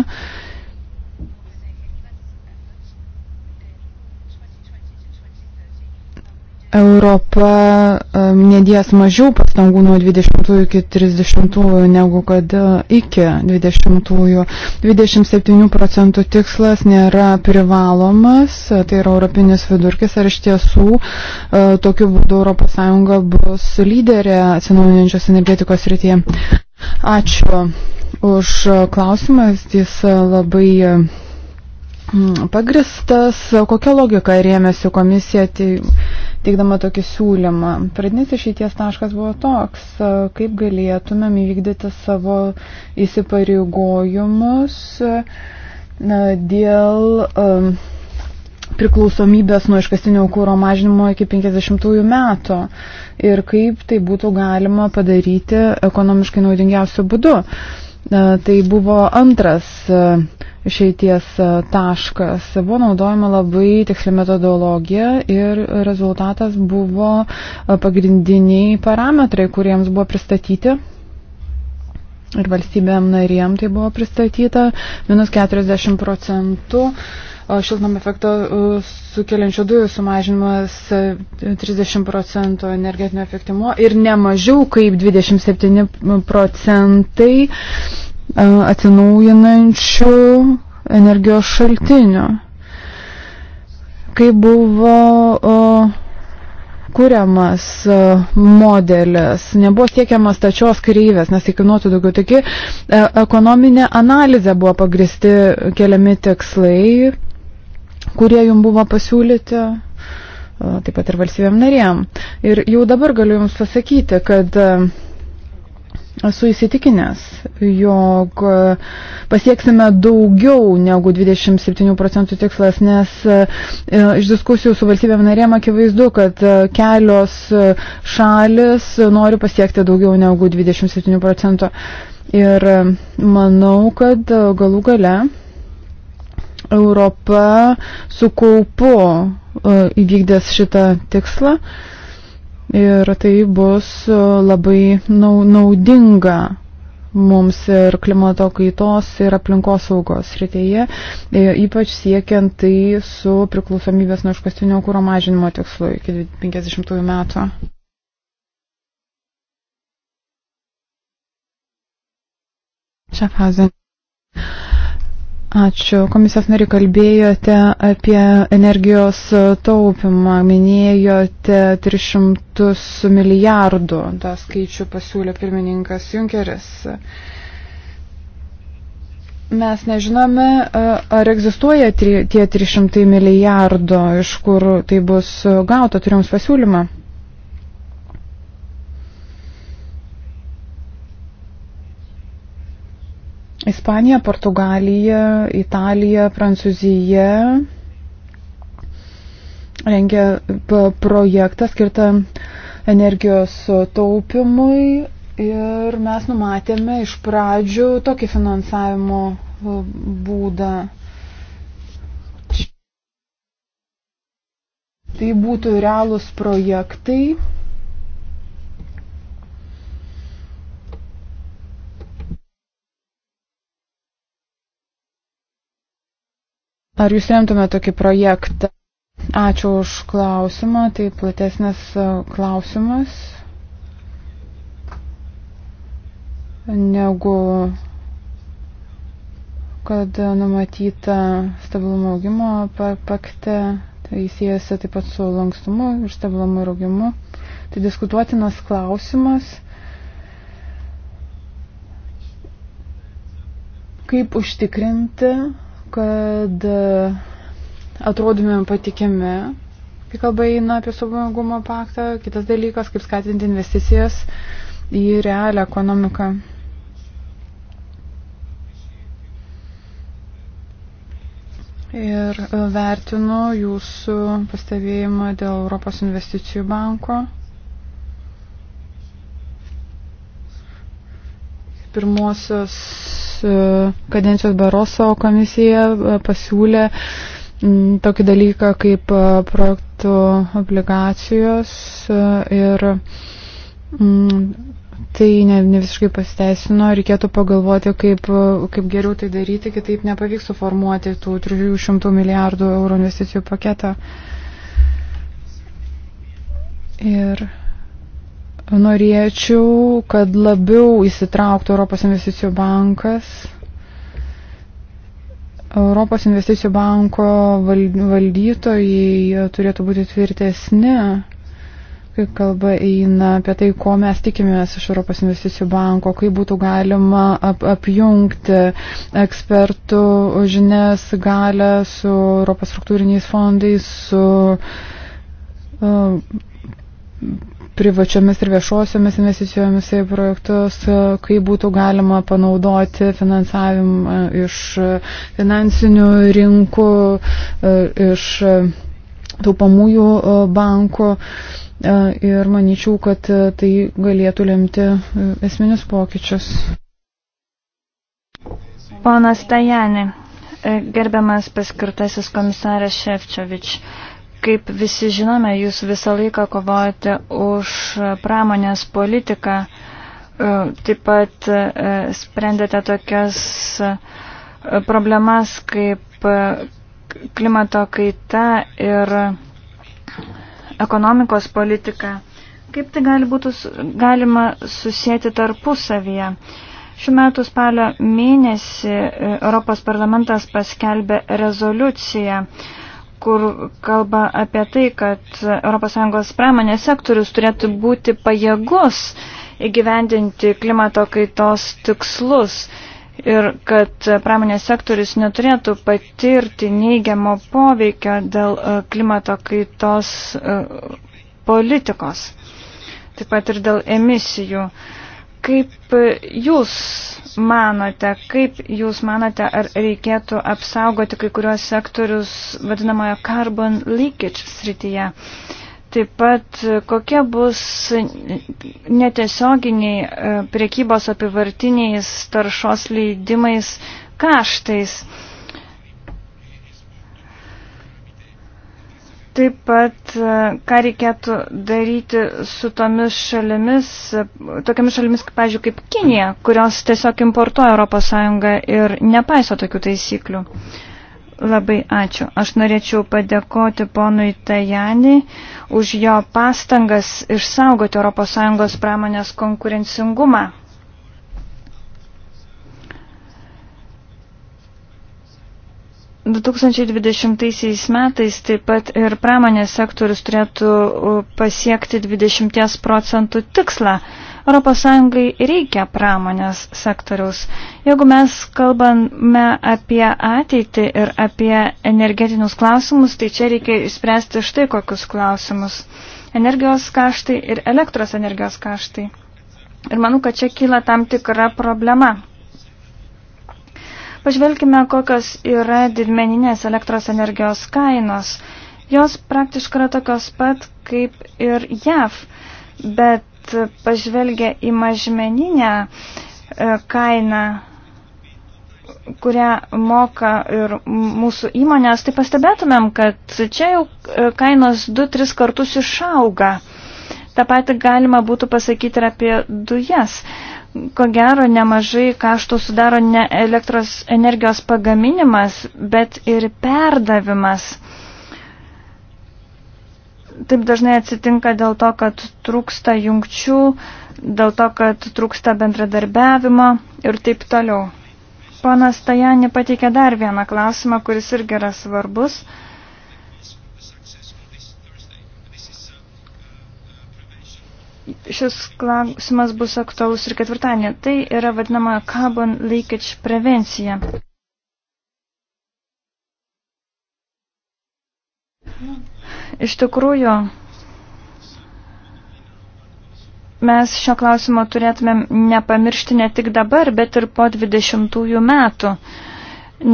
Europa e, nedės mažiau pastangų nuo 20 iki 30 negu kad e, iki 20. -ųjų. 27 procentų tikslas nėra privalomas, tai yra europinis vidurkis, ar iš tiesų e, tokiu būdu ES bus lyderė atsinaujinančios energetikos rytyje. Ačiū už klausimą, jis labai Mm, pagristas, kokia logika rėmėsi komisija teikdama tokį siūlymą. Pradinis išeities taškas buvo toks, kaip galėtumėm įvykdyti savo įsipareigojimus dėl um, priklausomybės nuo iškastinio kūro mažinimo iki 50-ųjų metų ir kaip tai būtų galima padaryti ekonomiškai naudingiausiu būdu. Uh, E, tai buvo antras e, išeities e, taškas. Buvo naudojama labai tiksli metodologija ir rezultatas buvo pagrindiniai parametrai, kuriems buvo pristatyti ir valstybėm narėm tai buvo pristatyta, minus 40 procentų. Šiltnam efekto e, sukeliančių dujų sumažinimas 30 e, procentų energetinio efektyvumo ir nemažiau kaip 27 procentai e, atsinaujinančių energijos šaltinių. Kai buvo uh, kuriamas e, modelis, nebuvo siekiamas tačios kryvės, nes tai kainuotų daugiau. Taigi e, ekonominė analizė buvo pagristi keliami tikslai, kurie jums buvo pasiūlyti e, taip pat ir valstybėm narėm. Ir jau dabar galiu Jums pasakyti, kad uh, Esu įsitikinęs, jog pasieksime daugiau negu 27 procentų tikslas, nes e, iš diskusijų su valstybėm narėm akivaizdu, kad e, kelios e, šalis nori pasiekti daugiau negu 27 procentų. Ir manau, kad galų gale Europa su kaupu įvykdęs šitą tikslą. Uh, Ir tai bus e, labai naudinga mums ir klimato kaitos ir aplinkos saugos rytėje, e, ypač siekiant tai su priklausomybės nuo iškastinio kūro mažinimo tikslu iki 50 metų. Šią fazę. Ačiū. Komisijos nari kalbėjote apie energijos e, taupimą, minėjote 300 milijardų, tą skaičių pasiūlė pirmininkas Junkeris. Mes nežinome, e, ar egzistuoja tie 300 milijardų, iš kur tai bus gauta, turim pasiūlymą. Ispanija, Portugalija, Italija, Prancūzija rengia projektą skirtą energijos taupimui ir mes numatėme iš pradžių tokį finansavimo e, būdą. Tai būtų realūs projektai Ar jūs remtume tokį projektą? Ačiū už klausimą, tai platesnis e, klausimas negu kad numatyta stabilumo augimo pakte, tai siejasi taip pat su lankstumu ir stabilumu ir augimu. Tai diskutuotinas klausimas. kaip užtikrinti kad e, atrodomėm patikimi, kai kalba eina apie saugumo paktą. Kitas dalykas, kaip skatinti investicijas į realią ekonomiką. Ir e, vertinu jūsų pastebėjimą dėl Europos investicijų banko. pirmosios e, kadencijos Baroso komisija e, pasiūlė tokį dalyką kaip e, projektų obligacijos ir tai ne, ne visiškai pasiteisino, reikėtų pagalvoti, kaip, kaip geriau tai daryti, kitaip nepavyks suformuoti tų 300 milijardų eurų investicijų paketą. Ir Norėčiau, kad labiau įsitrauktų Europos investicijų bankas. Europos investicijų banko valdytojai turėtų būti tvirtesni, kai kalba eina apie tai, ko mes tikimės iš Europos investicijų banko, kaip būtų galima ap apjungti ekspertų žinias, galę su Europos struktūriniais fondais, su uh, privačiomis ir viešosiomis investicijomis į projektus, e, kaip būtų galima panaudoti finansavimą iš e, finansinių rinkų, e, iš taupamųjų bankų. Ir manyčiau, kad tai galėtų lemti esminius pokyčius. Ponas Tajani, gerbiamas paskirtasis komisaras Šefčiovič. Kaip visi žinome, jūs visą laiką kovojate už pramonės politiką, e, taip pat e, sprendėte tokias e, problemas kaip klimato kaita ir ekonomikos politika. Kaip tai gali būtų galima susijęti tarpusavyje? Šiuo metu spalio mėnesį Europos parlamentas paskelbė rezoliuciją kur kalba apie tai, kad ES pramonės sektorius turėtų būti pajėgus įgyvendinti klimato kaitos tikslus ir kad pramonės sektorius neturėtų patirti neigiamo poveikio dėl e, klimato kaitos e, politikos, taip pat ir dėl emisijų. Kaip jūs manote, kaip jūs manote, ar reikėtų apsaugoti kai kurios sektorius vadinamojo carbon leakage srityje? Taip pat kokie bus netiesioginiai e, priekybos apivartiniais taršos leidimais kaštais? Taip pat, e, ką reikėtų daryti su tomis šalimis, e, tokiamis šalimis, kaip, pažiūrėjau, kaip Kinija, kurios tiesiog importuoja ES ir nepaiso tokių taisyklių. Labai ačiū. Aš norėčiau padėkoti ponui Tajani už jo pastangas išsaugoti ES pramonės konkurencingumą. 2020 metais taip pat ir pramonės sektorius turėtų pasiekti 20 procentų tikslą. ES reikia pramonės sektoriaus. Jeigu mes kalbame apie ateitį ir apie energetinius klausimus, tai čia reikia išspręsti štai kokius klausimus. Energijos kaštai ir elektros energijos kaštai. Ir manau, kad čia kyla tam tikra problema. Pažvelkime, kokios yra didmeninės elektros energijos kainos. Jos praktiškai yra tokios pat kaip ir JAV, bet pažvelgia į mažmeninę e, kainą, kurią moka ir mūsų įmonės, tai pastebėtumėm, kad čia jau e, kainos 2-3 kartus išauga. Ta pati galima būtų pasakyti ir apie dujas. Yes. Ko gero, nemažai kaštų sudaro ne elektros energijos pagaminimas, bet ir perdavimas. Taip dažnai atsitinka dėl to, kad trūksta jungčių, dėl to, kad trūksta bendradarbiavimo ir taip toliau. Ponas Tajani pateikė dar vieną klausimą, kuris irgi yra svarbus. šis klausimas bus aktualus ir ketvirtadienį. Tai yra vadinama carbon leakage prevencija. Iš tikrųjų, mes šio klausimo turėtumėm nepamiršti ne tik dabar, bet ir po 20 metų.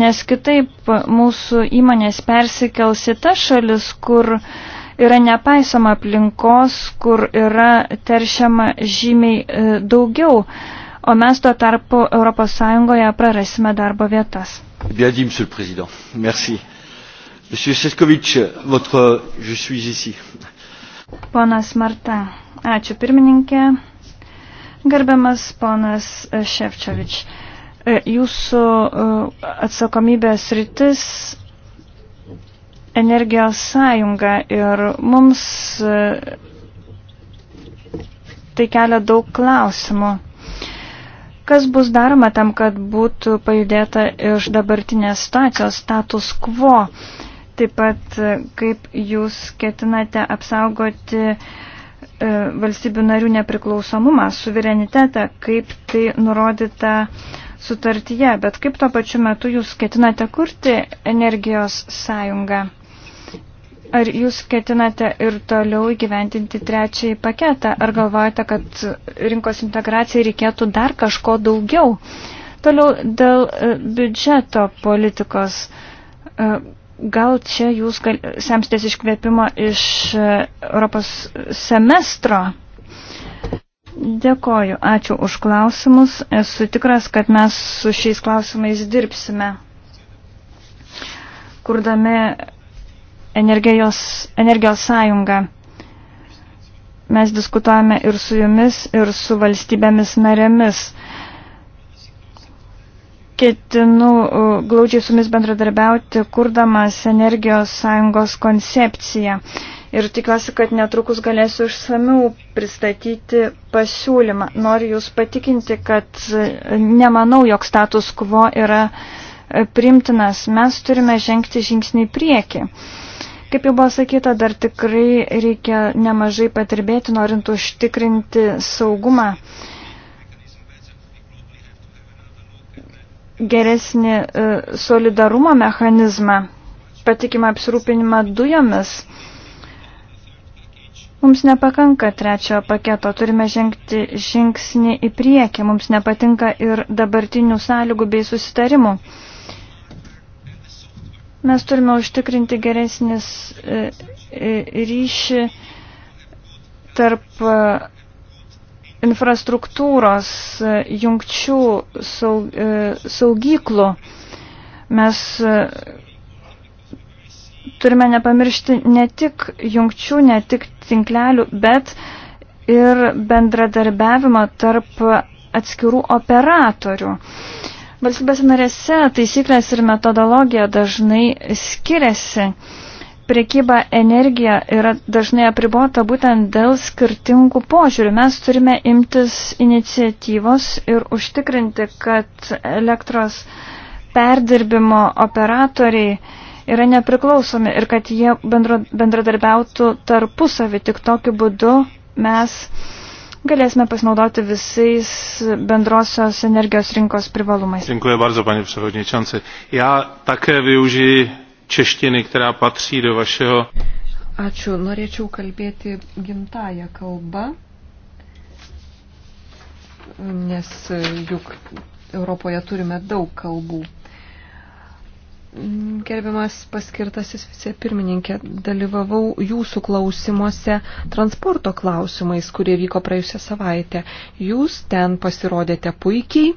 Nes kitaip mūsų įmonės persikels į tas šalis, kur uh, yra nepaisoma aplinkos, kur yra teršiama žymiai e, daugiau, o mes tuo tarpu ES prarasime darbo vietas. Bien dit, Monsieur le Président. Merci. Monsieur Seskovic, votre je suis ici. Ponas Marta, ačiū pirmininkė. Gerbiamas ponas Ševčiovič, e, jūsų e, atsakomybės rytis energijos sąjungą ir mums e, tai kelia daug klausimų. Kas bus daroma tam, kad būtų pajudėta iš dabartinės situacijos status quo? Taip pat, e, kaip jūs ketinate apsaugoti e, valstybių narių nepriklausomumą, suverenitetą, kaip tai nurodyta sutartyje, bet kaip tuo pačiu metu jūs ketinate kurti energijos sąjungą? Ar jūs ketinate ir toliau įgyventinti trečiąjį paketą? Ar galvojate, kad rinkos integracijai reikėtų dar kažko daugiau? Toliau dėl e, biudžeto politikos. E, gal čia jūs gal, semstės iškvėpimo iš e, Europos semestro? Dėkoju, ačiū už klausimus. Esu tikras, kad mes su šiais klausimais dirbsime, kurdami energijos, energijos sąjungą. Mes diskutuojame ir su jumis, ir su valstybėmis narėmis. Ketinu glaudžiai su jumis bendradarbiauti, kurdamas energijos sąjungos koncepciją. Ir tikiuosi, kad netrukus galėsiu išsamiau pristatyti pasiūlymą. Noriu jūs patikinti, kad nemanau, jog status quo yra e, primtinas. Mes turime žengti žingsnį į priekį. Uh, Kaip jau buvo sakyta, dar tikrai reikia nemažai patirbėti, norint užtikrinti saugumą. Geresnį e, solidarumo mechanizmą, patikimą apsirūpinimą dujomis. Mums nepakanka trečiojo paketo, turime žengti žingsnį į priekį, mums nepatinka ir dabartinių sąlygų bei susitarimų. Mes turime užtikrinti geresnis e, e, ryšį tarp e, infrastruktūros, jungčių, saugyklų. Mes turime nepamiršti ne tik jungčių, ne tik tinklelių, bet ir bendradarbiavimo tarp atskirų operatorių. Uh, Valstybės narėse taisyklės ir metodologija dažnai skiriasi. Priekyba energija yra dažnai apribota būtent dėl skirtingų požiūrių. Mes turime imtis iniciatyvos ir užtikrinti, kad elektros perdirbimo operatoriai yra nepriklausomi ir kad jie bendradarbiautų tarpusavį. Tik tokiu būdu mes uh, galėsime pasinaudoti visais bendrosios energijos rinkos privalumais. Dziękuję bardzo, panie przewodniczący. Ja také využiji češtiny, která patří do vašeho. Ačiū, norėčiau kalbėti gimtają kalbą, nes juk Europoje turime daug kalbų. Mm, gerbiamas paskirtasis vicepirmininkė, dalyvavau jūsų klausimuose transporto klausimais, kurie vyko praėjusią savaitę. Jūs ten pasirodėte puikiai.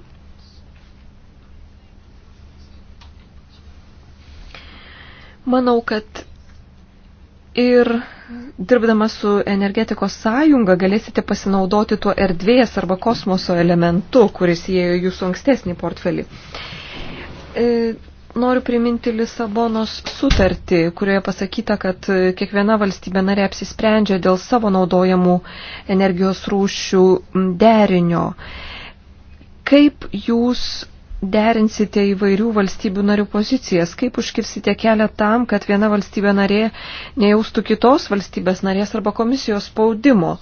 Manau, kad ir dirbdamas su energetikos sąjunga galėsite pasinaudoti tuo erdvės arba kosmoso elementu, kuris įėjo jūsų ankstesnį portfelį. E, noriu priminti Lisabonos sutartį, kurioje pasakyta, kad kiekviena valstybė narė apsisprendžia dėl savo naudojamų energijos rūšių derinio. Kaip jūs derinsite įvairių valstybių narių pozicijas? Kaip užkirsite kelią tam, kad viena valstybė narė nejaustų kitos valstybės narės arba komisijos spaudimo?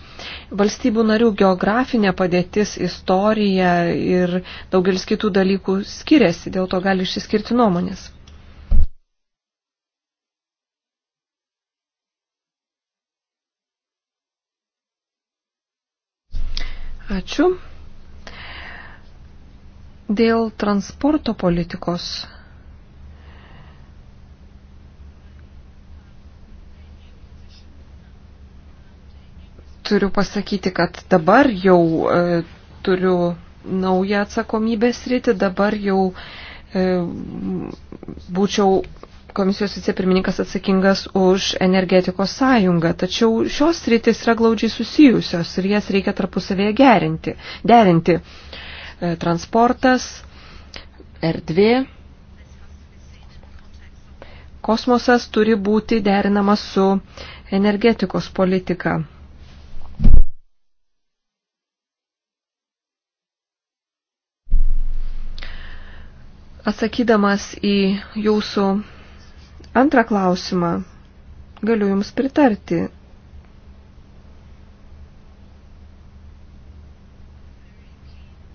Valstybių narių geografinė padėtis, istorija ir daugelis kitų dalykų skiriasi, dėl to gali išsiskirti nuomonės. Ačiū. Dėl transporto politikos turiu pasakyti, kad dabar jau e, turiu naują atsakomybės rytį, dabar jau e, būčiau komisijos vicepirmininkas atsakingas už energetikos sąjungą, tačiau šios rytis yra glaudžiai susijusios ir jas reikia tarpusavėje gerinti, derinti. E, E, transportas, erdvė, kosmosas turi būti derinamas su energetikos politika. Atsakydamas į jūsų antrą klausimą, galiu Jums pritarti.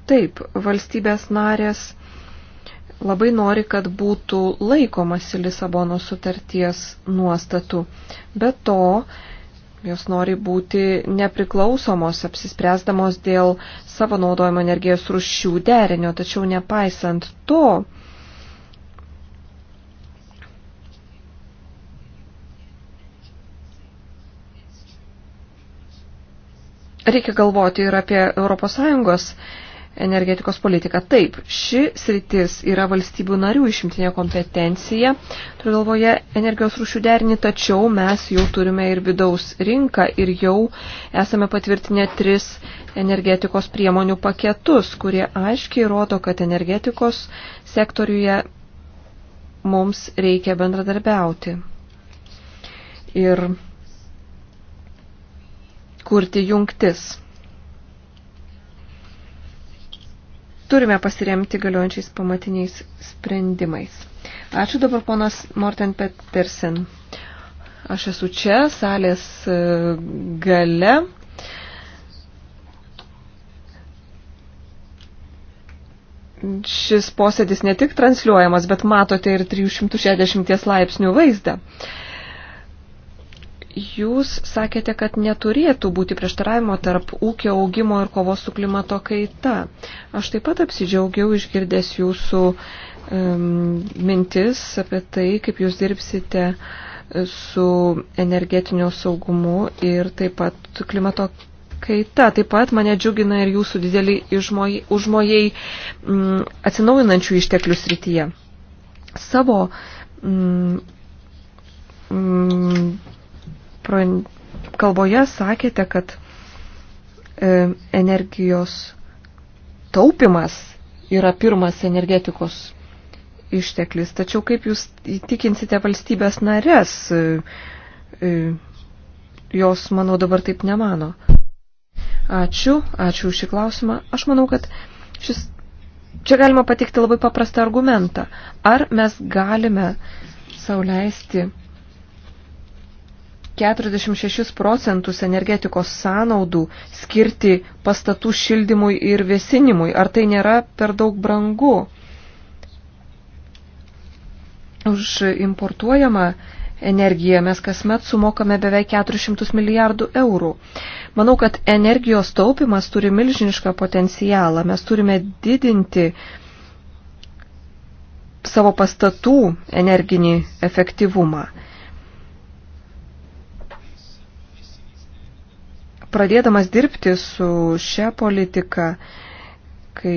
Taip, valstybės narės labai nori, kad būtų laikomasi Lisabono sutarties nuostatų. Be to, jos nori būti nepriklausomos, apsispręsdamos dėl savo naudojimo energijos rušių derinio, tačiau nepaisant to, Reikia galvoti ir apie ES energetikos politiką. Taip, ši sritis yra valstybių narių išimtinė kompetencija, turiu galvoje energijos rūšių derinį, tačiau mes jau turime ir vidaus rinką ir jau esame patvirtinę tris energetikos priemonių paketus, kurie aiškiai rodo, kad energetikos sektoriuje mums reikia bendradarbiauti. Ir kurti jungtis. turime pasiremti galiojančiais pamatiniais sprendimais. Ačiū dabar ponas Morten Petersen. Aš esu čia, salės e, gale. Šis posėdis ne tik transliuojamas, bet matote ir 360 laipsnių vaizdą. Uh, Jūs sakėte, kad neturėtų būti prieštaravimo tarp ūkio augimo ir kovos su klimato kaita. Aš taip pat apsidžiaugiau išgirdęs jūsų um, mintis apie tai, kaip jūs dirbsite e, su energetiniu saugumu ir taip pat klimato kaita. Taip pat mane džiugina ir jūsų didelį užmojai, užmojai um, atsinaujinančių išteklių srityje. Savo um, kalboje sakėte, kad e, energijos taupimas yra pirmas energetikos išteklis. Tačiau kaip jūs įtikinsite valstybės narės, e, e, jos, manau, dabar taip nemano. Ačiū, ačiū už šį klausimą. Aš manau, kad šis, čia galima patikti labai paprastą argumentą. Ar mes galime sauliaisti 46 procentus energetikos sąnaudų skirti pastatų šildymui ir vėsinimui. Ar tai nėra per daug brangu? Už importuojamą energiją mes kasmet sumokame beveik 400 milijardų eurų. Manau, kad energijos taupimas turi milžinišką potencialą. Mes turime didinti savo pastatų energinį efektyvumą. Pradėdamas dirbti su šia politika, kai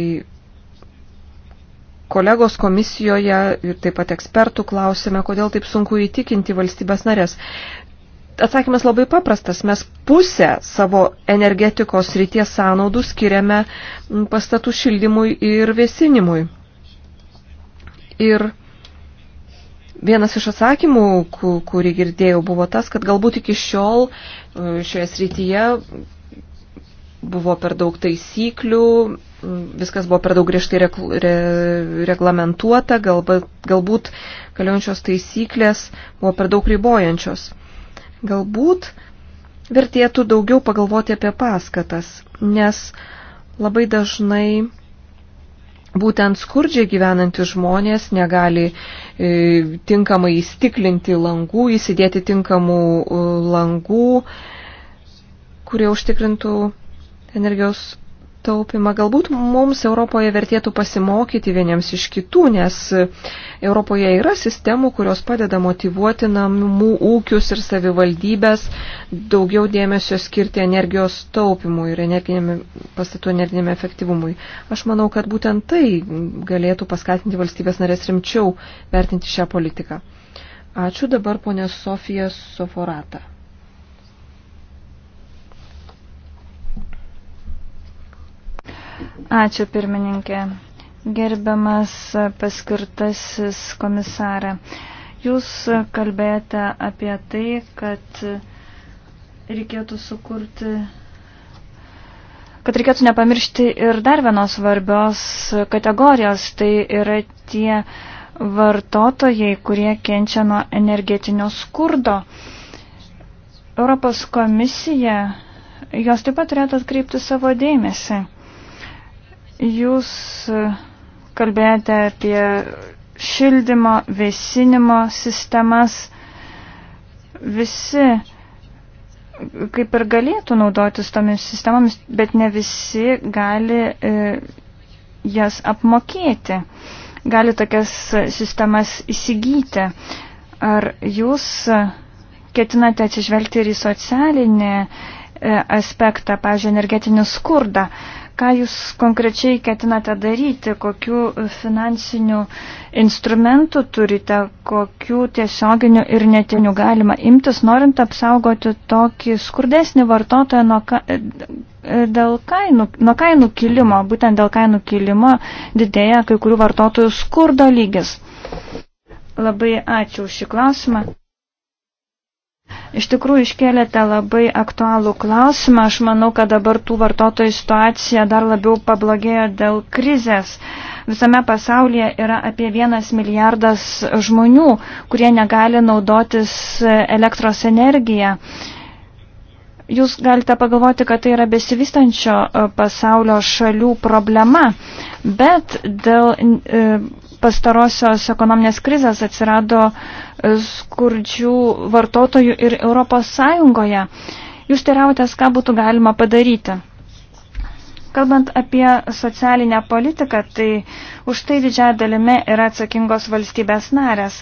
kolegos komisijoje ir taip pat ekspertų klausime, kodėl taip sunku įtikinti valstybės narės. Atsakymas labai paprastas. Mes pusę savo energetikos ryties sąnaudų skiriame pastatų šildymui ir vėsinimui. Ir Vienas iš atsakymų, kurį girdėjau, buvo tas, kad galbūt iki šiol e, šioje srityje buvo per daug taisyklių, viskas buvo per daug griežtai rekl re reglamentuota, galbūt, galbūt galiojančios taisyklės buvo per daug ribojančios. Galbūt vertėtų daugiau pagalvoti apie paskatas, nes labai dažnai būtent skurdžiai gyvenantys žmonės negali e, tinkamai įstiklinti langų, įsidėti tinkamų e, langų, kurie užtikrintų energijos taupimą. Galbūt mums Europoje vertėtų pasimokyti vieniems iš kitų, nes Europoje yra sistemų, kurios padeda motivuoti namų ūkius ir savivaldybės daugiau dėmesio skirti energijos taupimui ir pastatų energinėme efektyvumui. Aš manau, kad būtent tai galėtų paskatinti valstybės narės rimčiau vertinti šią politiką. Ačiū dabar ponė Sofija Soforata. Ačiū pirmininkė. Gerbiamas paskirtasis komisarė. Jūs kalbėjote apie tai, kad reikėtų sukurti kad reikėtų nepamiršti ir dar vienos svarbios kategorijos, tai yra tie vartotojai, kurie kenčia nuo energetinio skurdo. Europos komisija, jos taip pat turėtų atkreipti savo dėmesį. Jūs e, kalbėjote apie šildymo, vėsinimo sistemas. Visi kaip ir galėtų naudotis tomis sistemomis, bet ne visi gali e, jas apmokėti, gali tokias sistemas įsigyti. Ar jūs ketinate atsižvelgti ir į socialinį e, aspektą, pažiūrėjau, energetinį skurdą? ką jūs konkrečiai ketinate daryti, kokiu finansiniu instrumentu turite, kokiu tiesioginiu ir netiniu galima imtis, norint apsaugoti tokį skurdesnį vartotoją nuo, ka, dėl kainų, nuo kainų kilimo, būtent dėl kainų kilimo didėja kai kurių vartotojų skurdo lygis. Labai ačiū už šį klausimą. Iš tikrųjų iškėlėte labai aktualų klausimą. Aš manau, kad dabar tų vartotojų situacija dar labiau pablogėjo dėl krizės. Visame pasaulyje yra apie vienas milijardas žmonių, kurie negali naudotis elektros energiją. Jūs galite pagalvoti, kad tai yra besivystančio e, pasaulio šalių problema, bet dėl e, pastarosios ekonominės krizės atsirado e, skurdžių vartotojų ir Europos Sąjungoje. Jūs terautės, ką būtų galima padaryti. Kalbant apie socialinę politiką, tai už tai didžiąją dalimi yra atsakingos valstybės narės.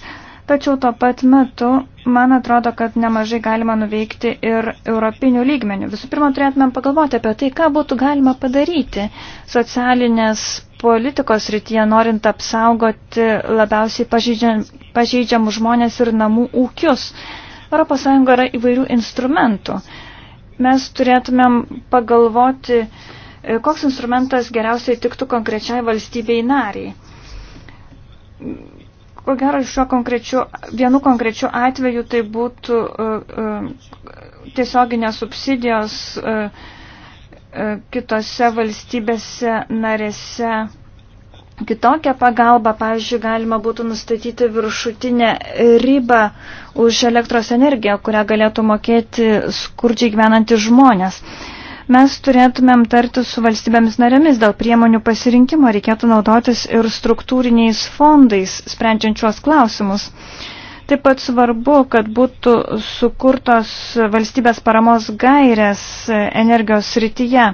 Tačiau tuo pat metu, man atrodo, kad nemažai galima nuveikti ir europinių lygmenių. Visų pirma, turėtumėm pagalvoti apie tai, ką būtų galima padaryti socialinės politikos rytyje, norint apsaugoti labiausiai pažeidžiamų žmonės ir namų ūkius. ES yra įvairių instrumentų. Mes turėtumėm pagalvoti, e, koks instrumentas geriausiai tiktų konkrečiai valstybei nariai Ko gero, šiuo konkrečiu, vienu konkrečiu atveju tai būtų e, e, tiesioginės subsidijos e, kitose valstybėse narėse. Kitokią pagalbą, pavyzdžiui, galima būtų nustatyti viršutinę ribą už elektros energiją, kurią galėtų mokėti skurdžiai gyvenantys žmonės. Uh, Mes turėtumėm tarti su valstybėmis narėmis dėl priemonių pasirinkimo, reikėtų naudotis ir struktūriniais fondais, sprendžiančios klausimus. Taip pat svarbu, kad būtų sukurtos valstybės paramos gairės energijos srityje.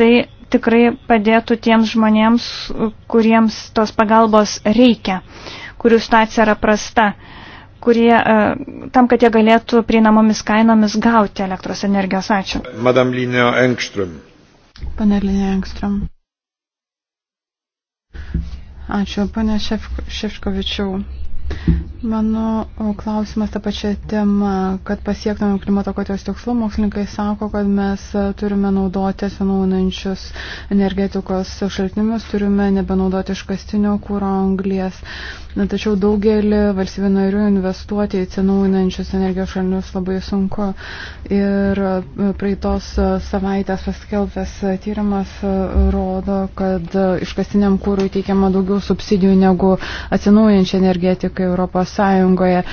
Tai tikrai padėtų tiems žmonėms, kuriems tos pagalbos reikia, kurių situacija yra prasta kurie, e, tam, kad jie galėtų prieinamomis kainomis gauti elektros energijos. Ačiū. Madam Linio Engström. Pane Linio Engström. Ačiū, pane Šef, Šefkovičiau. Mano klausimas tą pačią temą, kad pasiektume klimato kaitos tikslų, mokslininkai sako, kad mes turime naudoti atsinaujinančius energetikos šaltinius, turime nebenaudoti iškastinio kūro anglies. Na, tačiau daugelį valstybių narių investuoti į atsinaujinančius energijos šaltinius labai sunku. Ir praeitos savaitės paskelbtas tyrimas rodo, kad iškastiniam kūrui teikiama daugiau subsidijų negu atsinaujinčiai energetikai ekonomikai ES.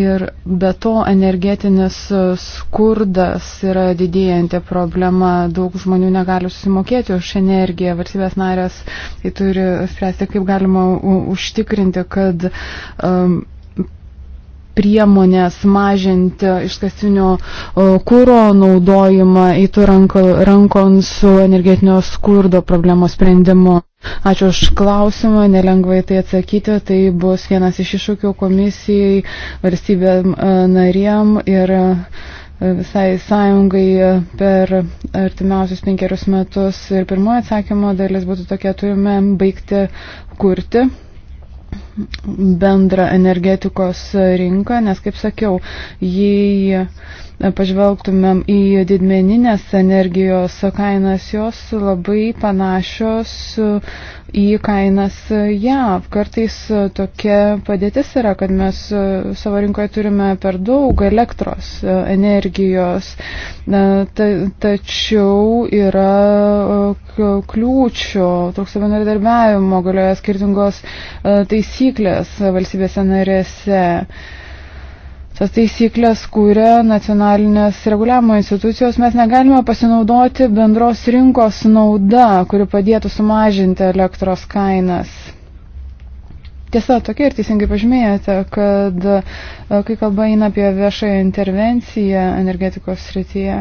Ir be to energetinis e, skurdas yra didėjanti problema. Daug žmonių negali susimokėti už energiją. Varsybės narės tai turi spręsti, kaip galima užtikrinti, kad um, priemonės mažinti iškastinio kūro naudojimą eitų rankon su energetinio skurdo problemos sprendimu. Ačiū už klausimą, nelengvai tai atsakyti, tai bus vienas iš iššūkių komisijai, valstybėm e, narėm ir e, visai sąjungai per artimiausius penkerius metus. Ir pirmoji atsakymo dalis būtų tokia, turime baigti kurti bendrą energetikos rinką, nes, kaip sakiau, jei pažvelgtumėm į didmeninės energijos kainas, jos labai panašios į kainas JAV. Kartais tokia padėtis yra, kad mes savo rinkoje turime per daug elektros energijos, ta, tačiau yra e, kliūčių, trūksta bendradarbiavimo, galioja skirtingos e, taisyklės taisyklės valstybėse narėse. Tas taisyklės kūrė nacionalinės reguliavimo institucijos. Mes negalime pasinaudoti bendros rinkos nauda, kuri padėtų sumažinti elektros kainas. Tiesa, tokia ir teisingai pažymėjote, kad e, kai kalba eina apie viešąją intervenciją energetikos srityje,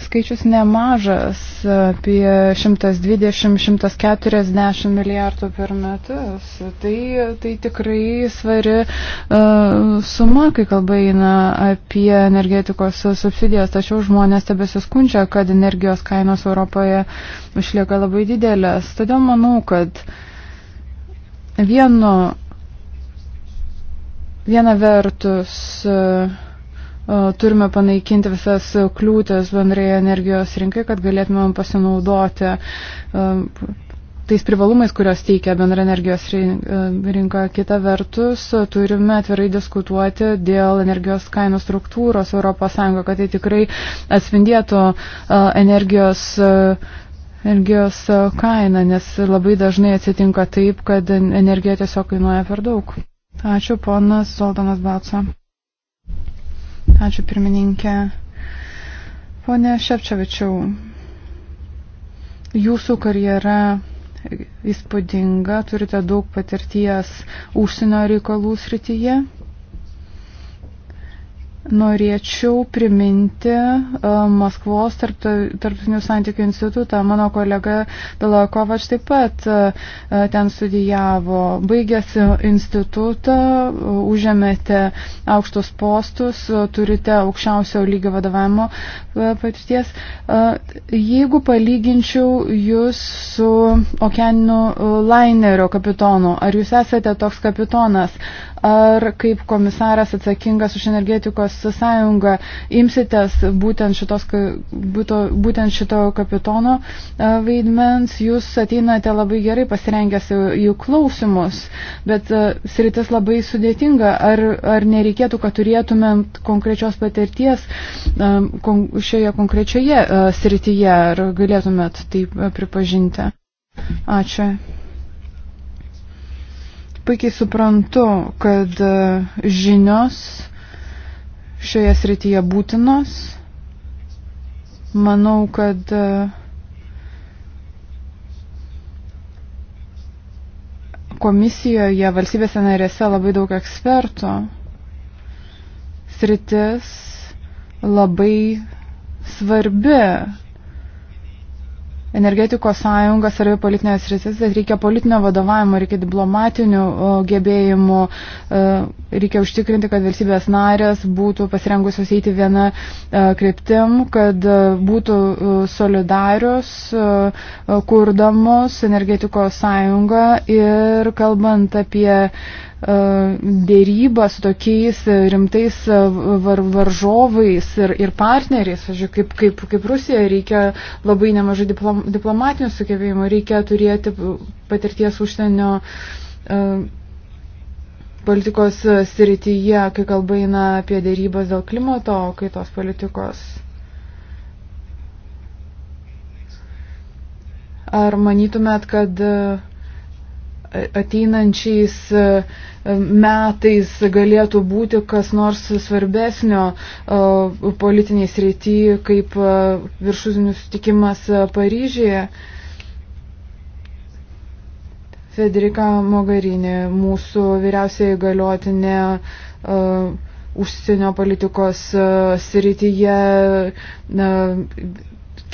skaičius nemažas, apie 120-140 milijardų per metus. Tai, tai tikrai svari uh, suma, kai kalba eina apie energetikos subsidijas, tačiau žmonės tebesiskunčia, kad energijos kainos Europoje išlieka labai didelės. Todėl manau, kad vieno, viena vertus uh, turime panaikinti visas kliūtis bendrai energijos rinkai, kad galėtumėm pasinaudoti tais privalumais, kurios teikia bendra energijos rinka. Kita vertus, turime atvirai diskutuoti dėl energijos kainų struktūros ES, kad tai tikrai atspindėtų energijos energijos kainą, nes labai dažnai atsitinka taip, kad energija tiesiog kainuoja per daug. Ačiū, ponas Zoldanas Batsa. Ačiū pirmininkė. Pone Šepčiovičiau, jūsų karjera įspūdinga, turite daug patirties užsienio reikalų srityje. Norėčiau priminti e, Maskvos tarptautinių santykių institutą. Mano kolega Bilakovač taip pat e, e, ten studijavo. Baigėsi institutą, užėmėte aukštus postus, turite aukščiausio lygio vadovavimo patirties. Jeigu palyginčiau jūs su okeaniniu lainerio kapitonu, ar jūs esate toks kapitonas, ar kaip komisaras atsakingas už energetikos sąjungą imsitės būtent, šitos, būto, būtent šito kapitono e, vaidmens. Jūs ateinate labai gerai pasirengęs jų klausimus, bet e, sritis labai sudėtinga. Ar, ar nereikėtų, kad turėtumėm konkrečios patirties e, šioje konkrečioje srityje, ar galėtumėt tai pripažinti? Ačiū. Puikiai suprantu, kad e, žinios šioje srityje būtinos. Manau, kad e, komisijoje valstybėse narėse labai daug ekspertų. Sritis labai svarbi energetikos sąjunga svarbi politinės rytis, bet reikia politinio vadovavimo, reikia diplomatinių gebėjimų, e, reikia užtikrinti, kad valstybės narės būtų pasirengusios eiti vieną e, kryptim, kad e, būtų solidarius, kurdamos energetikos sąjungą ir kalbant apie E, dėrybą su tokiais rimtais e, var, varžovais ir, ir partneriais, žiūrėk, kaip, kaip, kaip Rusija, reikia labai nemažai diplom, diplomatinių sugebėjimų, reikia turėti patirties užsienio e, politikos srityje, kai kalba eina apie dėrybas dėl klimato kaitos politikos. Ar manytumėt, kad uh, ateinančiais e, metais galėtų būti kas nors svarbesnio e, politiniai srity, kaip e, viršūzinių sutikimas Paryžyje. Federika Mogarinė, mūsų vyriausiai galiotinė uh, užsienio politikos uh, srityje, uh,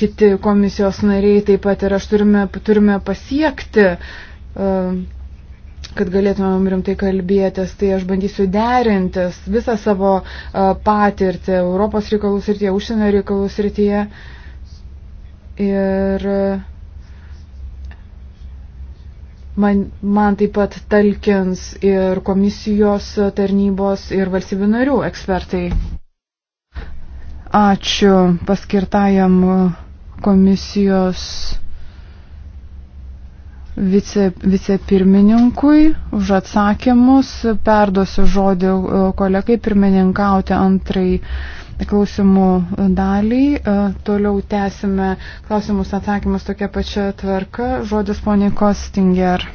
kiti komisijos nariai taip pat ir aš turime, turime pasiekti uh, E, kad galėtumėm rimtai kalbėtis, tai aš bandysiu derintis visą savo e, patirtį Europos reikalų srityje, užsienio reikalų srityje. Ir e, man, man taip pat talkins ir komisijos tarnybos ir valstybių narių ekspertai. Ačiū paskirtajam komisijos vice, vicepirmininkui už atsakymus. Perduosiu žodį e, kolegai pirmininkauti antrai klausimų daliai. E, toliau tęsime klausimus atsakymus tokia pačia tvarka. Žodis poniai Kostinger.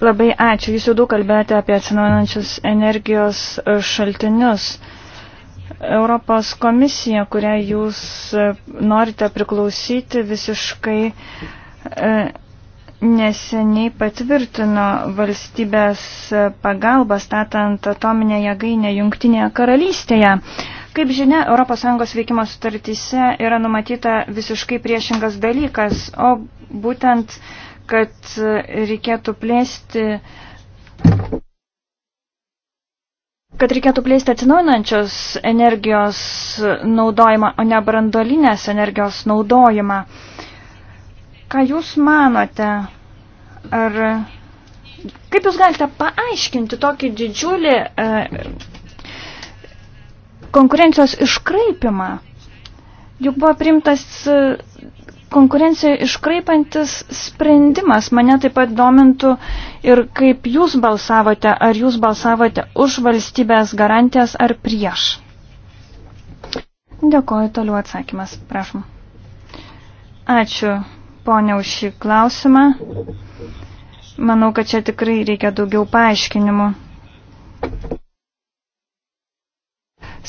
Labai ačiū. Jūs jau daug kalbėjote apie atsinaujinančius energijos šaltinius. Europos komisija, kurią jūs norite priklausyti, visiškai e, neseniai patvirtino valstybės pagalbą statant atominę jėgainę Junktinėje karalystėje. Kaip žinia, ES veikimo sutartyse yra numatyta visiškai priešingas dalykas, o būtent, kad reikėtų plėsti kad reikėtų plėsti atsinaujinančios energijos naudojimą, o ne brandolinės energijos naudojimą. Uh, Ką Jūs manote, ar kaip Jūs galite paaiškinti tokį didžiulį e, konkurencijos iškraipimą? Juk buvo primtas e, konkurencijoje iškraipantis sprendimas. Mane taip pat domintų ir kaip jūs balsavote, ar jūs balsavote už valstybės garantijas ar prieš. Dėkoju, toliau atsakymas, prašom. Ačiū, ponia už šį klausimą. Manau, kad čia tikrai reikia daugiau paaiškinimų.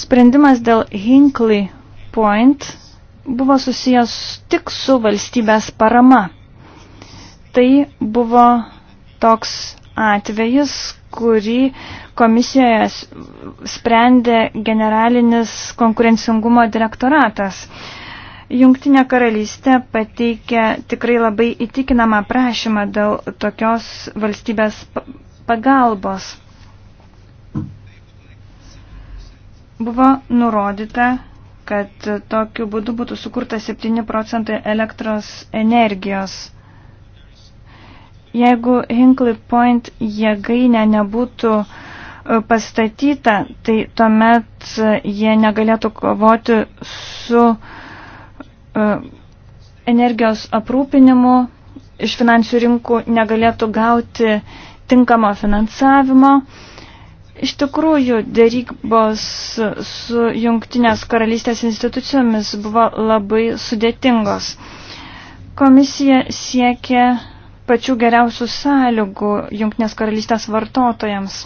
Sprendimas dėl Hinkley Point buvo susijęs tik su valstybės parama. Tai buvo toks atvejis, kurį komisijoje sprendė generalinis konkurencingumo direktoratas. Jungtinė karalystė pateikė tikrai labai įtikinamą prašymą dėl tokios valstybės pagalbos. Buvo nurodyta, kad tokiu būdu būtų sukurta 7 procentai elektros energijos. Jeigu Hinkley Point jėgainė nebūtų e, pastatyta, tai tuomet e, jie negalėtų kovoti su uh, E, energijos aprūpinimu iš finansų rinkų negalėtų gauti tinkamo finansavimo. Iš tikrųjų, dėrybos su jungtinės karalystės institucijomis buvo labai sudėtingos. Komisija siekia pačių geriausių sąlygų jungtinės karalystės vartotojams.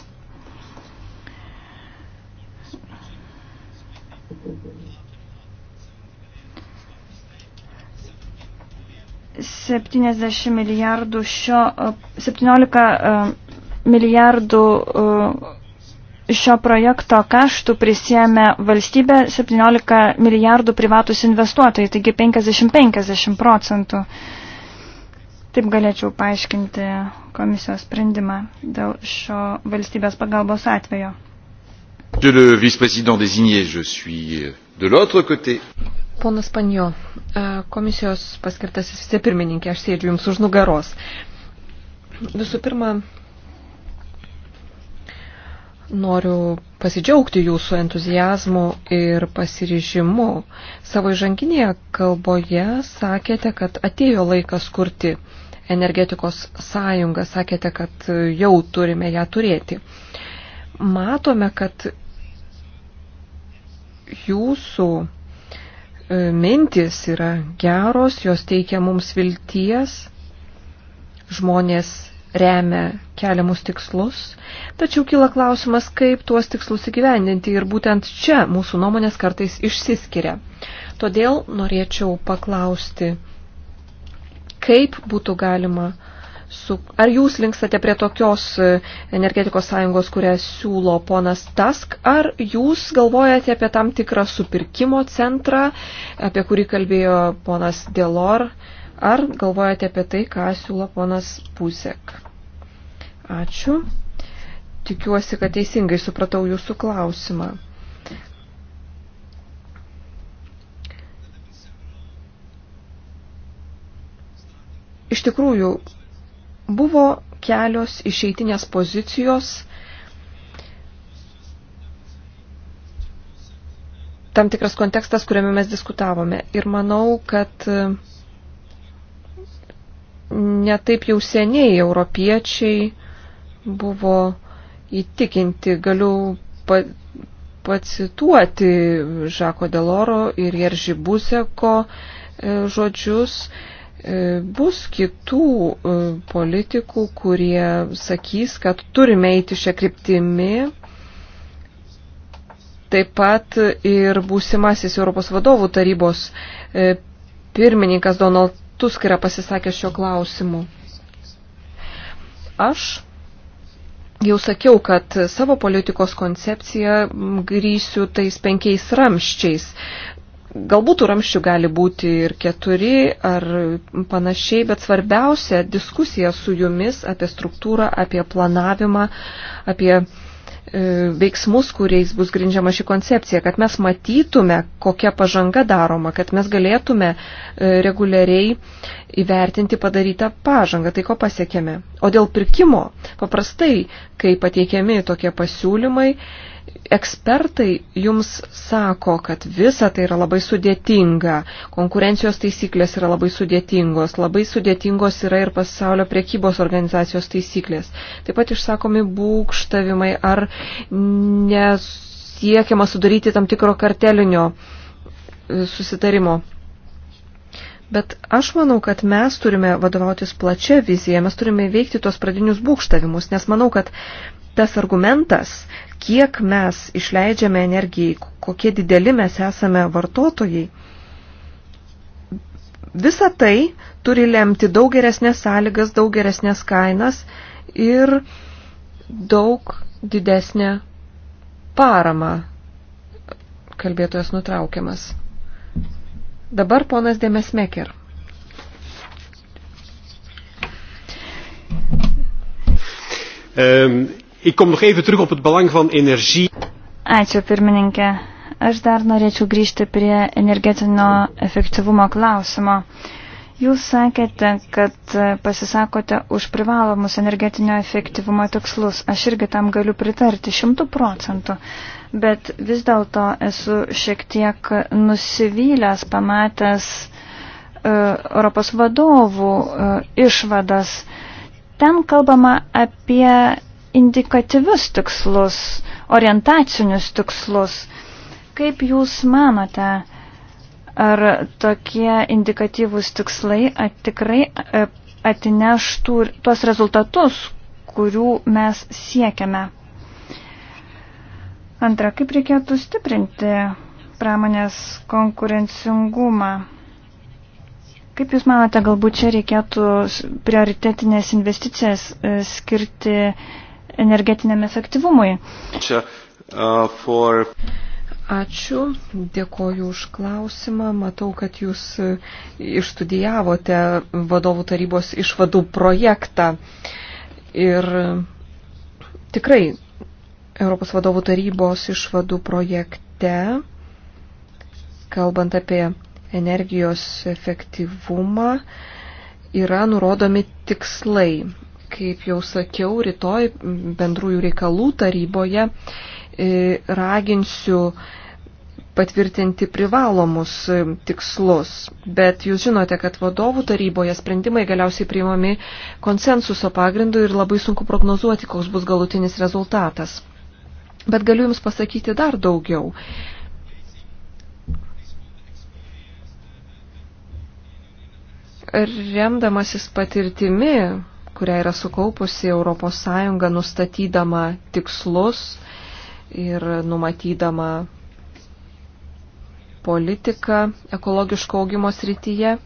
70 milijardų šio, 17 e, milijardų e, šio projekto kaštų prisėmė valstybė, 17 milijardų privatus investuotojai, taigi 50-50 procentų. Taip galėčiau paaiškinti komisijos sprendimą dėl šio valstybės pagalbos atvejo. Monsieur le vice-président désigné, je suis de l'autre côté. Ponas Panjo, e, komisijos paskirtasis vicepirmininkė, aš sėdžiu jums už nugaros. Visų pirma, noriu pasidžiaugti jūsų entuzijazmu ir pasiryžimu. Savo įžanginėje kalboje sakėte, kad atėjo laikas kurti energetikos sąjungą, sakėte, kad jau turime ją turėti. Matome, kad jūsų E, mintis yra geros, jos teikia mums vilties, žmonės remia keliamus tikslus, tačiau kyla klausimas, kaip tuos tikslus įgyvendinti ir būtent čia mūsų nuomonės kartais išsiskiria. Todėl norėčiau paklausti, kaip būtų galima uh, Su, ar jūs linkstate prie tokios e, energetikos sąjungos, kurią siūlo ponas Tusk, ar jūs galvojate apie tam tikrą supirkimo centrą, apie kurį kalbėjo ponas Delor, ar galvojate apie tai, ką siūlo ponas Pusek? Ačiū. Tikiuosi, kad teisingai supratau jūsų klausimą. Iš tikrųjų, Buvo kelios išeitinės pozicijos, tam tikras kontekstas, kuriame mes diskutavome. Ir manau, kad e, netaip jau seniai europiečiai buvo įtikinti, galiu pa, pacituoti Žako Deloro ir Jeržybuseko e, žodžius. E, bus kitų e, politikų, kurie sakys, kad turime eiti šią kryptimį. Taip pat ir būsimasis Europos vadovų tarybos e, pirmininkas Donald Tusk yra pasisakęs šio klausimu. Aš jau sakiau, kad savo politikos koncepciją grįsiu tais penkiais ramščiais. Galbūt ramščių gali būti ir keturi ar panašiai, bet svarbiausia diskusija su jumis apie struktūrą, apie planavimą, apie e, veiksmus, kuriais bus grindžiama ši koncepcija, kad mes matytume, kokia pažanga daroma, kad mes galėtume e, reguliariai įvertinti padarytą pažangą, tai ko pasiekėme. O dėl pirkimo, paprastai, kai pateikiami tokie pasiūlymai, e, ekspertai jums sako, kad visa tai yra labai sudėtinga, konkurencijos taisyklės yra labai sudėtingos, labai sudėtingos yra ir pasaulio priekybos organizacijos taisyklės. Taip pat išsakomi būkštavimai, ar nesiekiama sudaryti tam tikro kartelinio e, susitarimo. Bet aš manau, kad mes turime vadovautis plačia vizija, mes turime veikti tuos pradinius būkštavimus, nes manau, kad tas argumentas, kiek mes išleidžiame energijai, kokie dideli mes esame vartotojai. Visa tai turi lemti daug geresnės sąlygas, daug geresnės kainas ir daug didesnę paramą. Kalbėtojas nutraukiamas. Dabar ponas Demesmeker. Um, Ik kom nog even terug op het belang van energie. Ačiū pirmininkė. Aš dar norėčiau grįžti prie energetinio efektyvumo klausimo. Jūs sakėte, kad pasisakote už privalomus energetinio efektyvumo tikslus. Aš irgi tam galiu pritarti šimtų procentų, bet vis dėlto esu šiek tiek nusivylęs pamatęs uh, Europos vadovų uh, išvadas. Ten kalbama apie indikatyvius tikslus, orientacinius tikslus. Kaip Jūs manote, ar tokie indikatyvūs tikslai at, tikrai e, atineš tų, tuos rezultatus, kurių mes siekiame? Antra, kaip reikėtų stiprinti pramonės konkurencingumą? Kaip Jūs manote, galbūt čia reikėtų prioritetinės investicijas e, skirti energetiniam efektyvumui. Čia, uh, for... Ačiū, dėkoju už klausimą. Matau, kad jūs e, išstudijavote vadovų tarybos išvadų projektą. Ir e, tikrai Europos vadovų tarybos išvadų projekte, kalbant apie energijos efektyvumą, yra nurodomi tikslai. Kaip jau sakiau, rytoj bendrųjų reikalų taryboje e, raginsiu patvirtinti privalomus e, tikslus, bet jūs žinote, kad vadovų taryboje sprendimai galiausiai priimami konsensuso pagrindu ir labai sunku prognozuoti, koks bus galutinis rezultatas. Bet galiu Jums pasakyti dar daugiau. Remdamasis patirtimi, kurią yra sukaupusi ES nustatydama tikslus ir numatydama politiką ekologiško augimo srityje. E,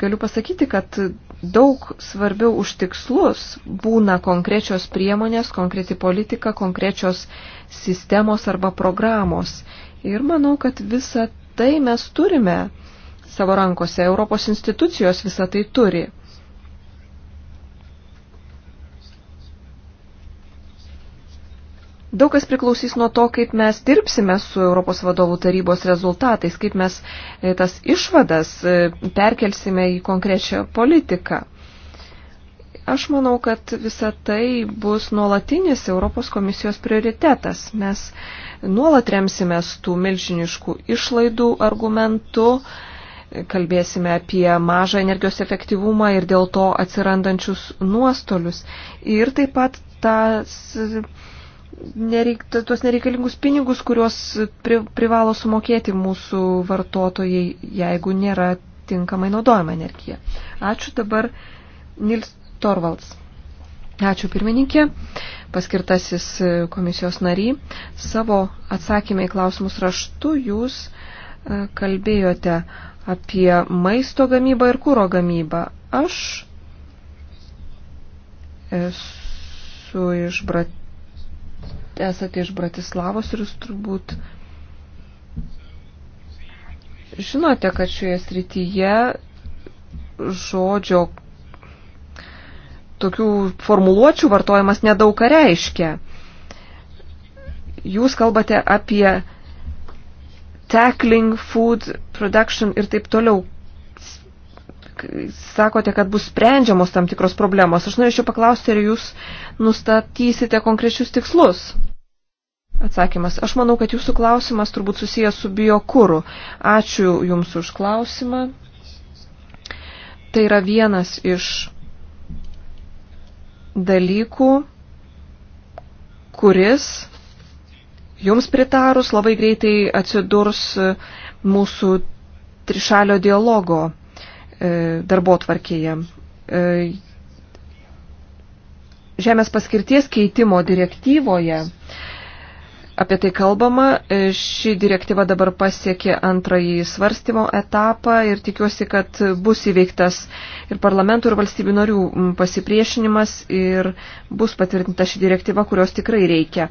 galiu pasakyti, kad daug svarbiau už tikslus būna konkrečios priemonės, konkreti politika, konkrečios sistemos arba programos. Ir manau, kad visą tai mes turime savo rankose, Europos institucijos visą tai turi. Daug kas priklausys nuo to, kaip mes dirbsime su Europos vadovų tarybos rezultatais, kaip mes e, tas išvadas e, perkelsime į konkrečią politiką. Aš manau, kad visa tai bus nuolatinis Europos komisijos prioritetas. Mes nuolat remsime tų milžiniškų išlaidų argumentų, kalbėsime apie mažą energijos efektyvumą ir dėl to atsirandančius nuostolius. Ir taip pat tas nereik, tos nereikalingus pinigus, kuriuos pri, privalo sumokėti mūsų vartotojai, jeigu nėra tinkamai naudojama energija. Ačiū dabar Nils Torvalds. Ačiū pirmininkė, paskirtasis komisijos nary. Savo atsakymai klausimus raštu jūs e, kalbėjote apie maisto gamybą ir kūro gamybą. Aš esu iš Brat esate iš Bratislavos ir jūs turbūt žinote, kad šioje srityje žodžio tokių formuluočių vartojimas nedaug ką reiškia. Jūs kalbate apie tackling food production ir taip toliau. Sakote, kad bus sprendžiamos tam tikros problemos. Aš norėčiau paklausti, ar jūs nustatysite konkrečius tikslus. Atsakymas. Aš manau, kad jūsų klausimas turbūt susijęs su biokūru. Ačiū Jums už klausimą. Tai yra vienas iš dalykų, kuris Jums pritarus labai greitai atsidurs mūsų trišalio dialogo e, darbo tvarkėje. E, Žemės paskirties keitimo direktyvoje apie tai kalbama. E, ši direktyva dabar pasiekė antrąjį svarstymo etapą ir tikiuosi, kad bus įveiktas ir parlamentų, ir valstybių narių pasipriešinimas ir bus patvirtinta ši direktyva, kurios tikrai reikia.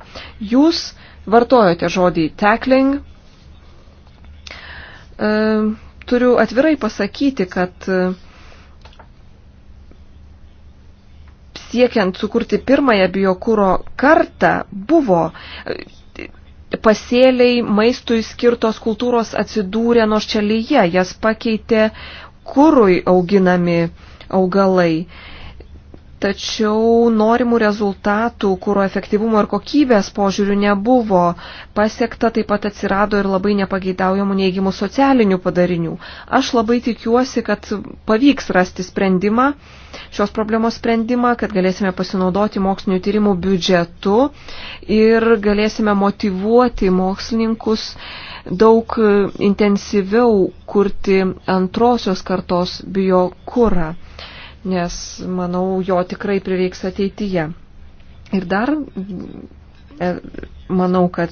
Jūs vartojote žodį tackling. E, Turiu atvirai pasakyti, kad e, siekiant sukurti pirmąją biokūro kartą buvo pasėliai maistui skirtos kultūros atsidūrė nuošalyje, jas pakeitė kūrui auginami augalai tačiau norimų rezultatų, kūro efektyvumo ir kokybės požiūrių nebuvo pasiekta, taip pat atsirado ir labai nepageidaujamų neigiamų socialinių padarinių. Aš labai tikiuosi, kad pavyks rasti sprendimą, šios problemos sprendimą, kad galėsime pasinaudoti mokslinių tyrimų biudžetu ir galėsime motivuoti mokslininkus daug intensyviau kurti antrosios kartos biokūrą nes manau, jo tikrai prireiks ateityje. Ir dar e, manau, kad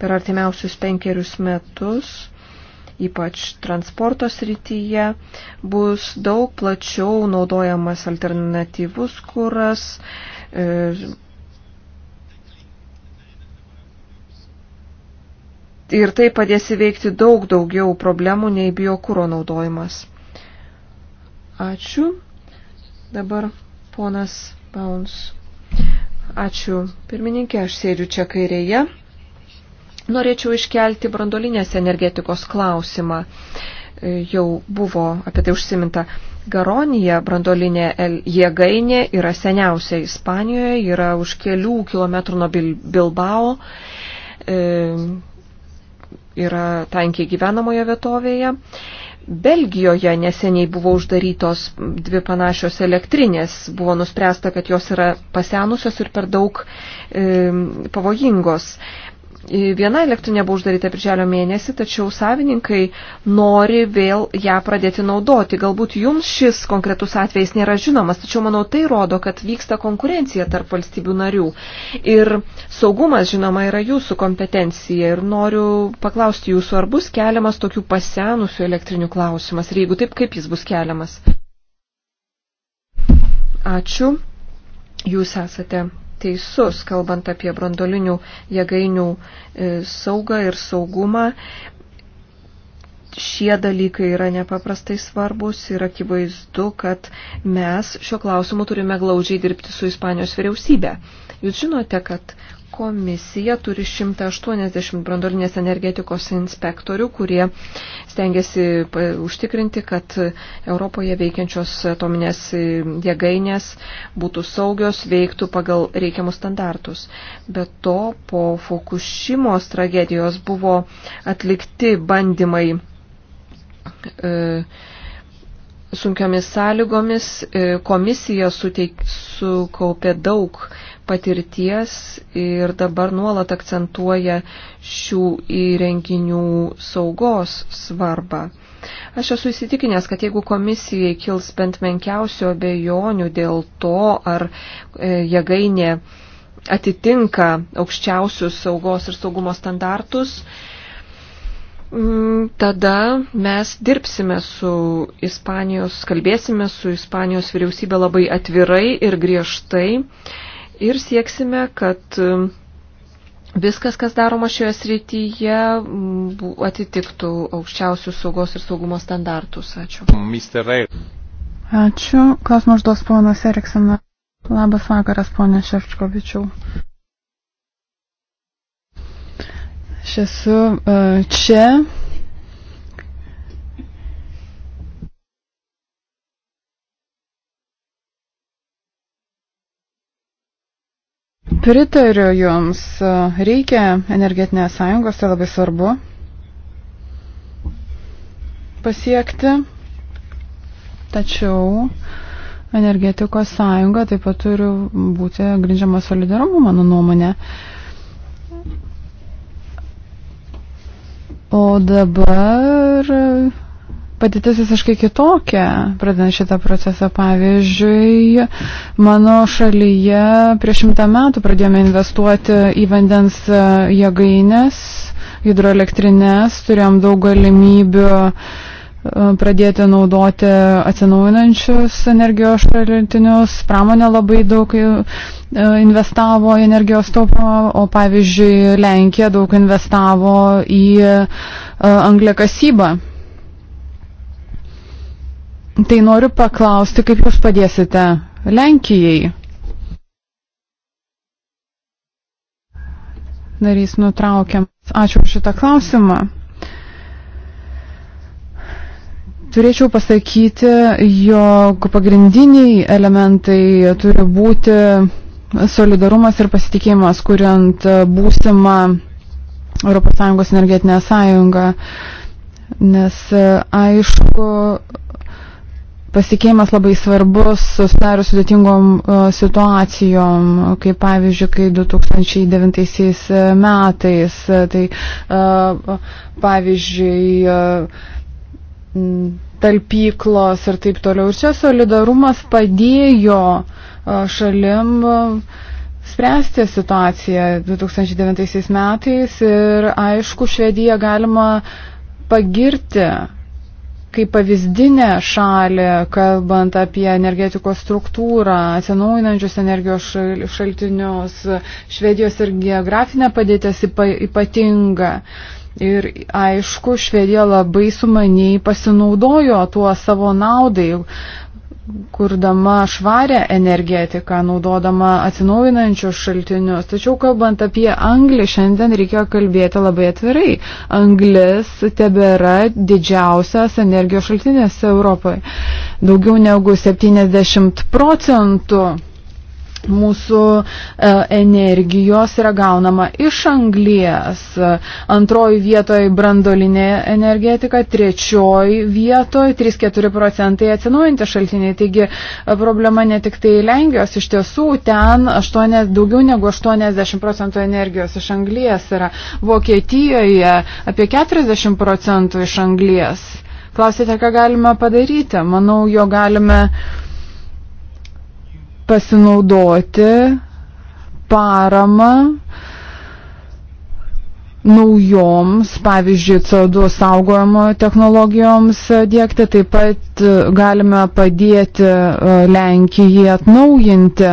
per artimiausius penkerius metus, ypač transporto srityje, bus daug plačiau naudojamas alternatyvus kuras. E, ir tai padės įveikti daug daugiau problemų nei biokūro naudojimas. Ačiū. Dabar ponas Pauns. Ačiū. Pirmininkė, aš sėdžiu čia kairėje. Norėčiau iškelti brandolinės energetikos klausimą. E, jau buvo apie tai užsiminta. Garonija, brandolinė jėgainė, yra seniausia Ispanijoje, yra už kelių kilometrų nuo Bilbao, e, yra tankiai gyvenamoje vietovėje. E, Belgijoje neseniai buvo uždarytos dvi panašios elektrinės. Buvo nuspręsta, kad jos yra pasenusios ir per daug e, pavojingos. Viena elektrinė buvo uždaryta birželio mėnesį, tačiau savininkai nori vėl ją pradėti naudoti. Galbūt jums šis konkretus atvejis nėra žinomas, tačiau manau tai rodo, kad vyksta konkurencija tarp valstybių narių. Ir saugumas, žinoma, yra jūsų kompetencija. Ir noriu paklausti jūsų, ar bus keliamas tokių pasenusių elektrinių klausimas ir jeigu taip, kaip jis bus keliamas. Ačiū. Jūs esate teisus, kalbant apie brandolinių jėgainių e, saugą ir saugumą. Šie dalykai yra nepaprastai svarbus ir akivaizdu, kad mes šiuo klausimu turime glaudžiai dirbti su Ispanijos vyriausybė. Jūs žinote, kad Komisija turi 180 brandolinės energetikos inspektorių, kurie stengiasi užtikrinti, kad Europoje veikiančios atominės jėgainės būtų saugios, veiktų pagal reikiamus standartus. Be to, po Fukushimos tragedijos buvo atlikti bandymai. E, sunkiomis sąlygomis e, komisija suteik, sukaupė daug patirties ir dabar nuolat akcentuoja šių įrenginių saugos svarbą. Aš esu įsitikinęs, kad jeigu komisijai kils bent menkiausio abejonių dėl to, ar e, jėgainė atitinka aukščiausius saugos ir saugumo standartus, mm, tada mes dirbsime su Ispanijos, kalbėsime su Ispanijos vyriausybė labai atvirai ir griežtai ir sieksime, kad um, viskas, kas daroma šioje srityje, um, atitiktų aukščiausius saugos ir saugumo standartus. Ačiū. Ačiū. Klausimas užduos ponas Eriksonas. Labas vakaras, ponė Šefčkovičiau. Aš esu e, čia Pritariu Jums, reikia energetinės sąjungos, tai labai svarbu pasiekti, tačiau energetikos sąjunga taip pat turi būti grindžiama solidarumu, mano nuomonė. O dabar padėtis visiškai kitokia, pradedant šitą procesą. Pavyzdžiui, mano šalyje prieš šimtą metų pradėjome investuoti į vandens e, jėgainės, hidroelektrinės, turėjom daug galimybių e, pradėti naudoti atsinaujinančius energijos šaltinius, pramonė labai daug e, investavo į energijos taupimą, o pavyzdžiui Lenkija daug investavo į angliakasybą. kasybą Tai noriu paklausti, kaip jūs padėsite Lenkijai. Narys nutraukiam. Ačiū už šitą klausimą. Turėčiau pasakyti, jog pagrindiniai elementai turi būti solidarumas ir pasitikėjimas, kuriant būsimą ES energetinę sąjungą. Nes aišku, pasikeimas labai svarbus susidarius sudėtingom e, situacijom, kaip pavyzdžiui, kai 2009 e, metais, e, tai pavyzdžiui, talpyklos ir taip toliau. Ir čia solidarumas padėjo šalim spręsti situaciją 2009 metais ir aišku, Švediją galima pagirti kaip pavyzdinę šalį, kalbant apie energetikos struktūrą, atsinaujinančius energijos šaltinius, Švedijos ir geografinė padėtis ypatinga. Ir aišku, Švedija labai sumaniai pasinaudojo tuo savo naudai, kurdama švarę energetiką, naudodama atsinaujinančius šaltinius. Tačiau kalbant apie anglį, šiandien reikėjo kalbėti labai atvirai. Anglis tebėra didžiausias energijos šaltinės Europoje. Daugiau negu 70 procentų Mūsų e, energijos yra gaunama iš anglies, antroji vietoje brandolinė energetika, trečioji vietoje 3-4 procentai atsinaujinti šaltiniai. Taigi e, problema ne tik tai Lenkijos, iš tiesų ten 8, daugiau negu 80 procentų energijos iš anglies yra, Vokietijoje apie 40 procentų iš anglies. Klausėte, ką galime padaryti? Manau, jo galime uh, pasinaudoti paramą naujoms, pavyzdžiui, CO2 saugojimo technologijoms dėkti, taip pat e, galime padėti e, Lenkijai atnaujinti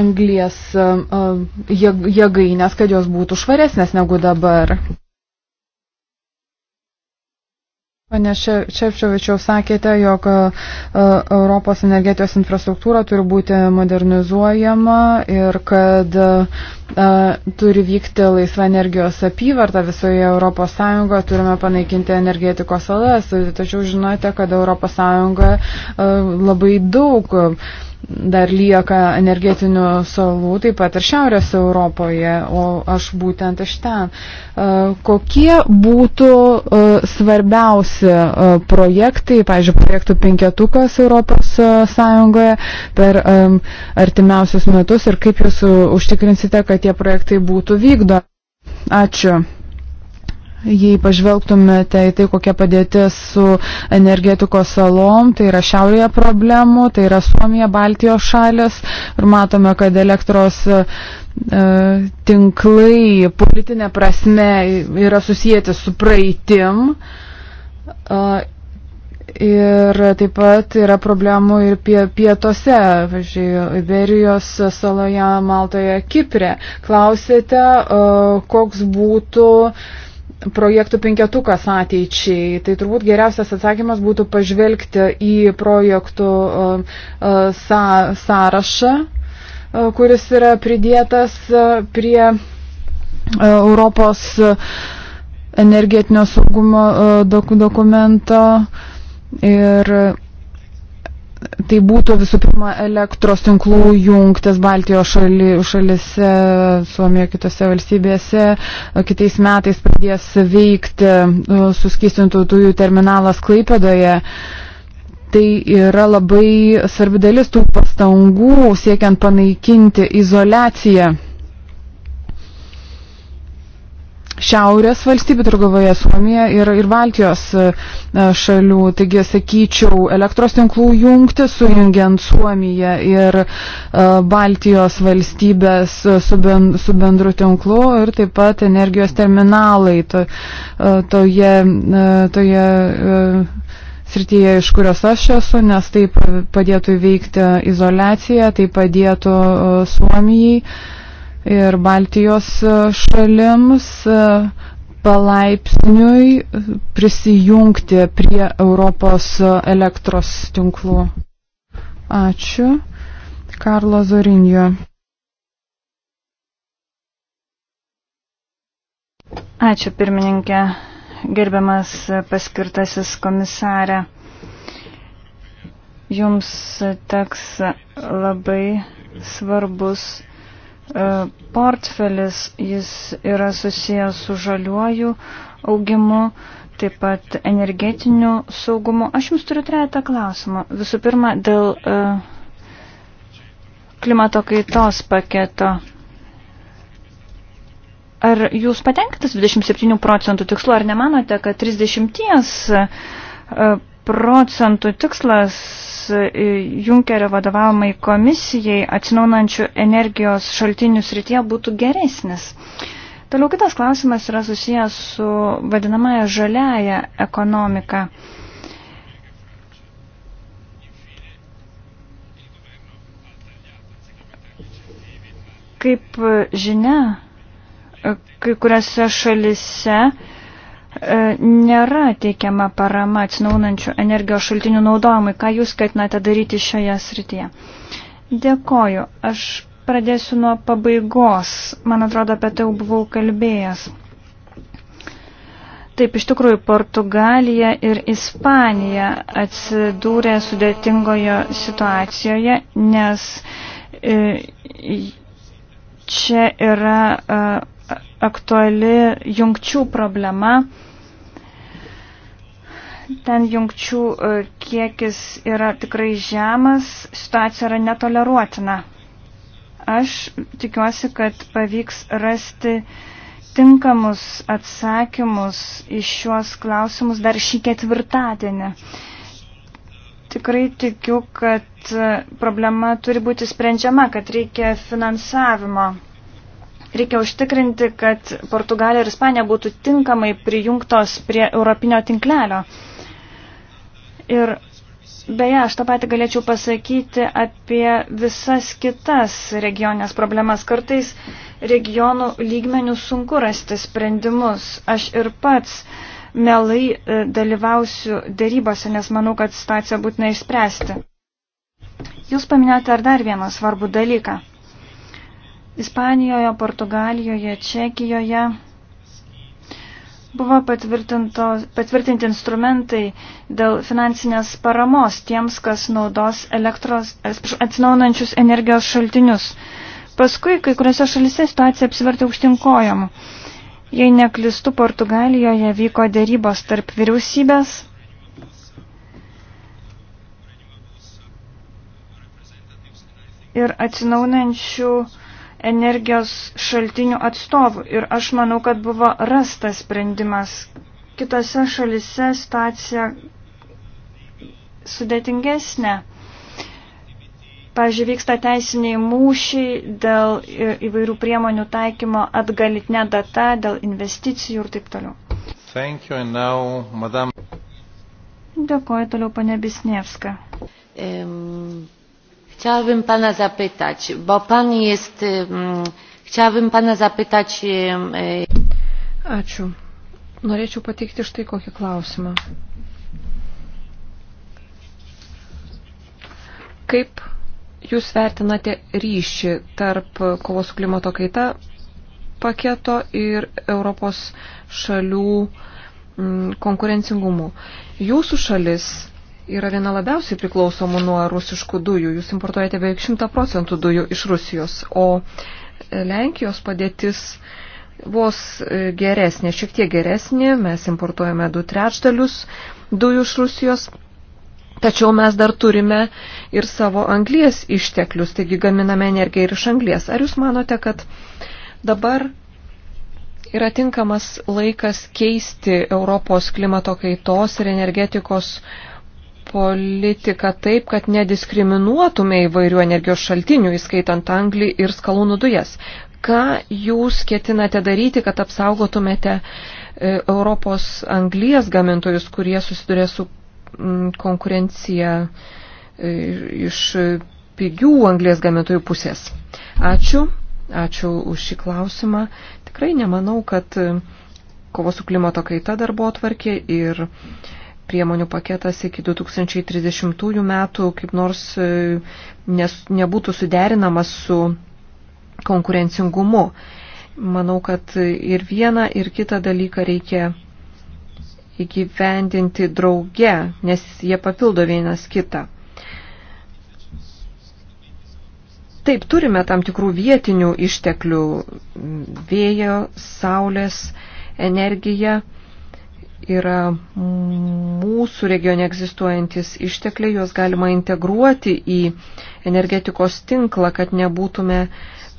anglies e, jėgainės, kad jos būtų švaresnės negu dabar. Pane Šepčiovičiau, sakėte, jog e, e, Europos energetijos infrastruktūra turi būti modernizuojama ir kad e, turi vykti laisva energijos apyvarta visoje Europos Sąjungoje, turime panaikinti energetikos salas, tačiau žinote, kad Europos Sąjungoje labai daug dar lieka energetinių salų, taip pat ir Šiaurės Europoje, o aš būtent iš ten. E, kokie būtų e, svarbiausi e, projektai, pavyzdžiui, projektų penketukas Europos Sąjungoje per artimiausius metus ir kaip jūs užtikrinsite, kad tie projektai būtų vykdo? Ačiū. Jei pažvelgtumėte į tai, kokia padėtis su energetikos salom, tai yra šiaurėje problemų, tai yra Suomija, Baltijos šalis ir matome, kad elektros e, tinklai politinė prasme yra susijęti su praeitim. E, ir taip pat yra problemų ir pie, pietose, važiuoju, Iberijos saloje, Maltoje, Kiprė. Klausėte, e, koks būtų uh, projektų penketukas ateičiai. Tai turbūt geriausias atsakymas būtų pažvelgti į projektų e, e, sa sąrašą, e, kuris yra pridėtas prie Europos energetinio saugumo dokumento. Ir Tai būtų visų pirma elektros tinklų jungtis Baltijos šali, šalise, Suomijoje, kitose valstybėse. Kitais metais pradės veikti e, suskistintų dujų terminalas Klaipedoje. Tai yra labai svarbi dalis tų pastangų siekiant panaikinti izolaciją šiaurės valstybių, turiu galvoje Suomiją ir, ir Baltijos e, e, šalių. Taigi, sakyčiau, elektros tinklų jungti, sujungiant Suomiją ir e, Baltijos valstybės su, ben, su bendru tinklu ir taip pat energijos terminalai to, toje, toje srityje, iš kurios aš esu, nes tai padėtų įveikti izolaciją, tai padėtų Suomijai ir Baltijos e, šalims e, palaipsniui prisijungti prie Europos elektros tinklų. Ačiū. Karlo Zorinjo. Ačiū pirmininkė, gerbiamas paskirtasis komisarė. Jums teks labai svarbus E, portfelis, jis yra susijęs su žaliuoju augimu, taip pat energetiniu saugumu. Aš jums turiu trejata klausimą. Visų pirma, dėl e, klimato kaitos paketo. Ar jūs patenkintas 27 procentų tikslu, ar nemanote, kad 30 e, procentų tikslas Junkerio vadovavimai komisijai atsinaunančių energijos šaltinių srityje būtų geresnis. Toliau kitas klausimas yra susijęs su vadinamąją žaliają ekonomiką. Kaip žinia, kai kuriuose šalise E, nėra teikiama parama atsinaunančių energijos šaltinių naudojimui. Ką jūs ketinate daryti šioje srityje? Dėkoju. Aš pradėsiu nuo pabaigos. Man atrodo, apie tai jau buvau kalbėjęs. Taip, iš tikrųjų, Portugalija ir Ispanija atsidūrė sudėtingojo situacijoje, nes e, čia yra e, aktuali jungčių problema. Ten jungčių e, kiekis yra tikrai žemas, situacija yra netoleruotina. Aš tikiuosi, kad pavyks rasti tinkamus atsakymus iš šiuos klausimus dar šį ketvirtadienį. Tikrai tikiu, kad e, problema turi būti sprendžiama, kad reikia finansavimo. Reikia užtikrinti, kad Portugalija ir Ispanija būtų tinkamai prijungtos prie europinio tinklelio. Ir beje, aš tą patį galėčiau pasakyti apie visas kitas regionės problemas. Kartais regionų lygmenių sunku rasti sprendimus. Aš ir pats melai e, dalyvausiu darybose, nes manau, kad situaciją būtina išspręsti. Jūs paminėjote ar dar vieną svarbų dalyką. Ispanijoje, Portugalijoje, Čekijoje Buvo patvirtinti instrumentai dėl finansinės paramos tiems, kas naudos elektros, atsinaunančius energijos šaltinius. Paskui kai kuriuose šalise situacija apsivertė aukštinkojom. Jei neklistu, Portugalijoje vyko dėrybos tarp vyriausybės ir atsinaunančių energijos šaltinių atstovų. Ir aš manau, kad buvo rastas sprendimas. Kitose šalise situacija sudėtingesnė. Pavyzdžiui, vyksta teisiniai mūšiai dėl įvairių priemonių taikymo atgalitne data, dėl investicijų ir taip toliau. Thank you, and now, madam. Dėkoju toliau, pane Bisnievska. Um, chciałabym pana zapytać bo pan jest mm, chciałabym pana zapytać e, Ačiū. Norėčiau pateikti štai kokį klausimą. Kaip jūs vertinate ryšį tarp kovos su klimato kaita paketo ir Europos šalių mm, konkurencingumu? Jūsų šalis yra viena labiausiai priklausomų nuo rusiškų dujų. Jūs importuojate beveik 100 procentų dujų iš Rusijos, o e, Lenkijos padėtis vos e, geresnė, šiek tiek geresnė, mes importuojame du trečdalius dujų iš Rusijos, tačiau mes dar turime ir savo anglies išteklius, taigi gaminame energiją ir iš anglies. Ar jūs manote, kad dabar yra tinkamas laikas keisti Europos klimato kaitos ir energetikos politiką taip, kad nediskriminuotume įvairių energijos šaltinių, įskaitant anglį ir skalūnų dujas. Ką jūs ketinate daryti, kad apsaugotumėte e, Europos anglijas gamintojus, kurie susiduria su konkurencija e, iš pigių anglės gamintojų pusės. Ačiū, ačiū už šį klausimą. Tikrai nemanau, kad e, kovo su klimato kaita darbo atvarkė ir uh, priemonių paketas iki 2030 metų kaip nors e, nes, nebūtų suderinamas su konkurencingumu. Manau, kad ir vieną, ir kitą dalyką reikia įgyvendinti drauge, nes jie papildo vienas kitą. Taip, turime tam tikrų vietinių išteklių - vėjo, saulės, energiją yra mūsų regione egzistuojantis ištekliai, juos galima integruoti į energetikos tinklą, kad nebūtume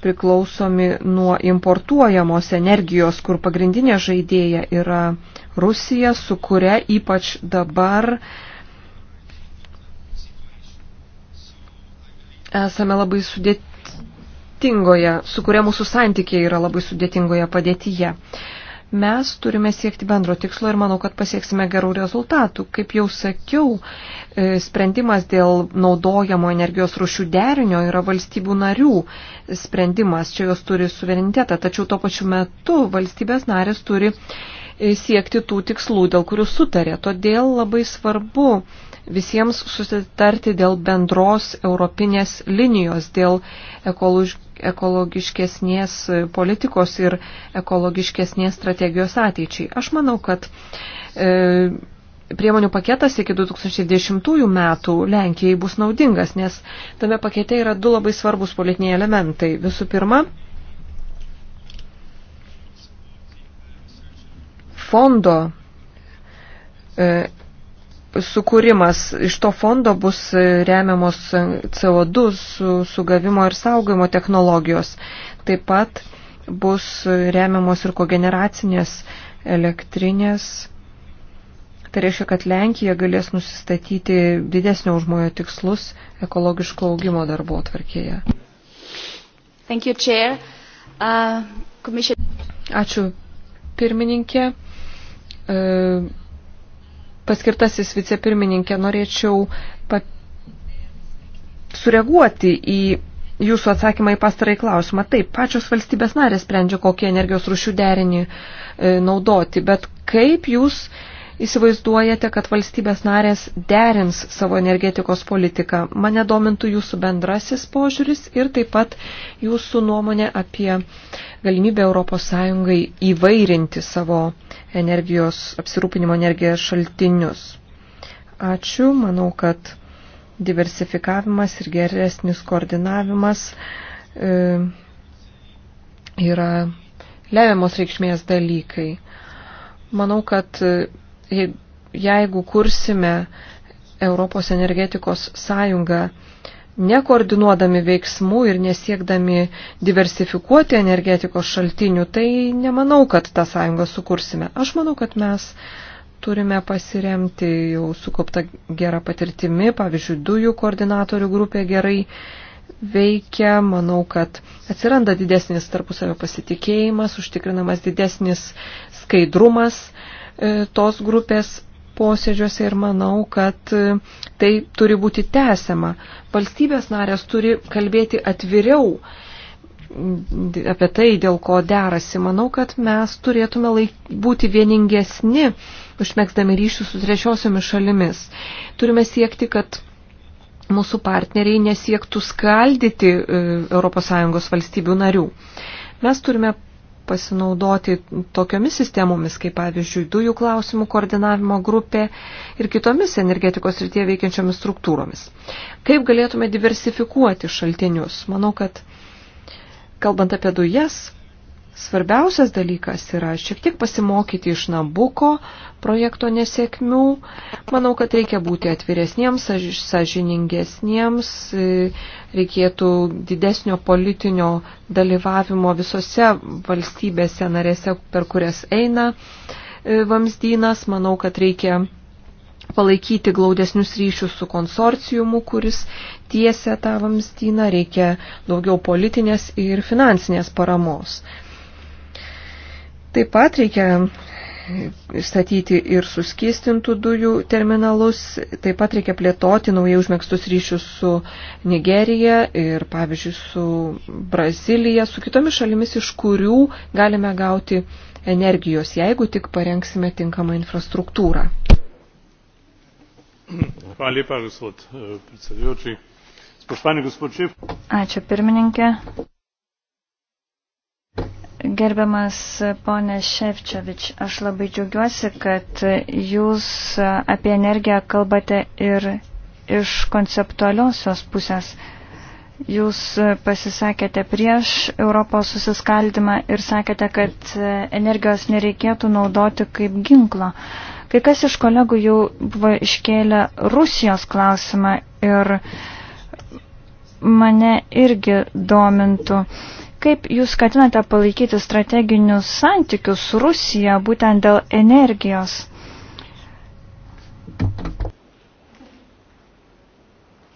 priklausomi nuo importuojamos energijos, kur pagrindinė žaidėja yra Rusija, su kuria ypač dabar esame labai sudėtingoje, su kuria mūsų santykiai yra labai sudėtingoje padėtyje. Mes turime siekti bendro tikslo ir manau, kad pasieksime gerų rezultatų. Kaip jau sakiau, e, sprendimas dėl naudojamo energijos rušių derinio yra valstybių narių sprendimas, čia jos turi suverenitetą, tačiau tuo pačiu metu valstybės narės turi e, siekti tų tikslų, dėl kurių sutarė. Todėl labai svarbu visiems susitarti dėl bendros europinės linijos, dėl ekologiškų ekologiškesnės politikos ir ekologiškesnės strategijos ateičiai. Aš manau, kad e, priemonių paketas iki 2010 metų Lenkijai bus naudingas, nes tame pakete yra du labai svarbus politiniai elementai. Visų pirma, fondo e, sukūrimas. Iš to fondo bus remiamos CO2 sugavimo ir saugojimo technologijos. Taip pat bus remiamos ir kogeneracinės elektrinės. Tai reiškia, kad Lenkija galės nusistatyti didesnio užmojo tikslus ekologiško augimo darbo atvarkėje. Uh, Ačiū pirmininkė. Uh, paskirtasis vicepirmininkė, norėčiau pat... sureaguoti į jūsų atsakymą į pastarąjį klausimą. Taip, pačios valstybės narės sprendžia, kokį energijos rušių derinį e, naudoti, bet kaip jūs e, įsivaizduojate, kad valstybės narės derins savo energetikos politiką? Mane domintų jūsų bendrasis požiūris ir taip pat jūsų nuomonė apie galimybę ES įvairinti savo energijos, apsirūpinimo energijos šaltinius. Ačiū, manau, kad diversifikavimas ir geresnis koordinavimas e, yra lemiamos reikšmės dalykai. Manau, kad jeigu kursime Europos energetikos sąjungą, nekoordinuodami veiksmų ir nesiekdami diversifikuoti energetikos šaltinių, tai nemanau, kad tą sąjungą sukursime. Aš manau, kad mes turime pasiremti jau sukauptą gerą patirtimi, pavyzdžiui, dujų koordinatorių grupė gerai veikia, manau, kad atsiranda didesnis tarpusavio pasitikėjimas, užtikrinamas didesnis skaidrumas E, tos grupės posėdžiuose ir manau, kad e, tai turi būti tęsiama. Valstybės narės turi kalbėti atviriau apie tai, dėl ko derasi. Manau, kad mes turėtume laik, būti vieningesni, užmėgsdami ryšių su trečiosiomis šalimis. Turime siekti, kad mūsų partneriai nesiektų skaldyti ES valstybių narių. Mes turime pasinaudoti tokiomis sistemomis, kaip pavyzdžiui, dujų klausimų koordinavimo grupė ir kitomis energetikos rytie veikiančiomis struktūromis. Kaip galėtume diversifikuoti šaltinius? Manau, kad kalbant apie dujas, Svarbiausias dalykas yra šiek tiek pasimokyti iš Nabuko projekto nesėkmių. Manau, kad reikia būti atviresniems, sažiningesniems, reikėtų didesnio politinio dalyvavimo visose valstybėse narėse, per kurias eina e, vamzdynas. Manau, kad reikia palaikyti glaudesnius ryšius su konsorciumu, kuris tiesia tą vamzdyną, reikia daugiau politinės ir finansinės paramos. Taip pat reikia statyti ir suskistintų dujų terminalus, taip pat reikia plėtoti naujai užmėgstus ryšius su Nigerija ir, pavyzdžiui, su Brazilija, su kitomis šalimis, iš kurių galime gauti energijos, jeigu tik parengsime tinkamą infrastruktūrą. Eh, Ačiū pirmininkė. Gerbiamas ponė Ševčiovič, aš labai džiaugiuosi, kad jūs apie energiją kalbate ir iš konceptualiosios pusės. Jūs pasisakėte prieš Europos susiskaldimą ir sakėte, kad energijos nereikėtų naudoti kaip ginklo. Kai kas iš kolegų jau buvo iškėlę Rusijos klausimą ir mane irgi domintų. Uh, Kaip jūs skatinate palaikyti strateginius santykius su Rusija būtent dėl energijos?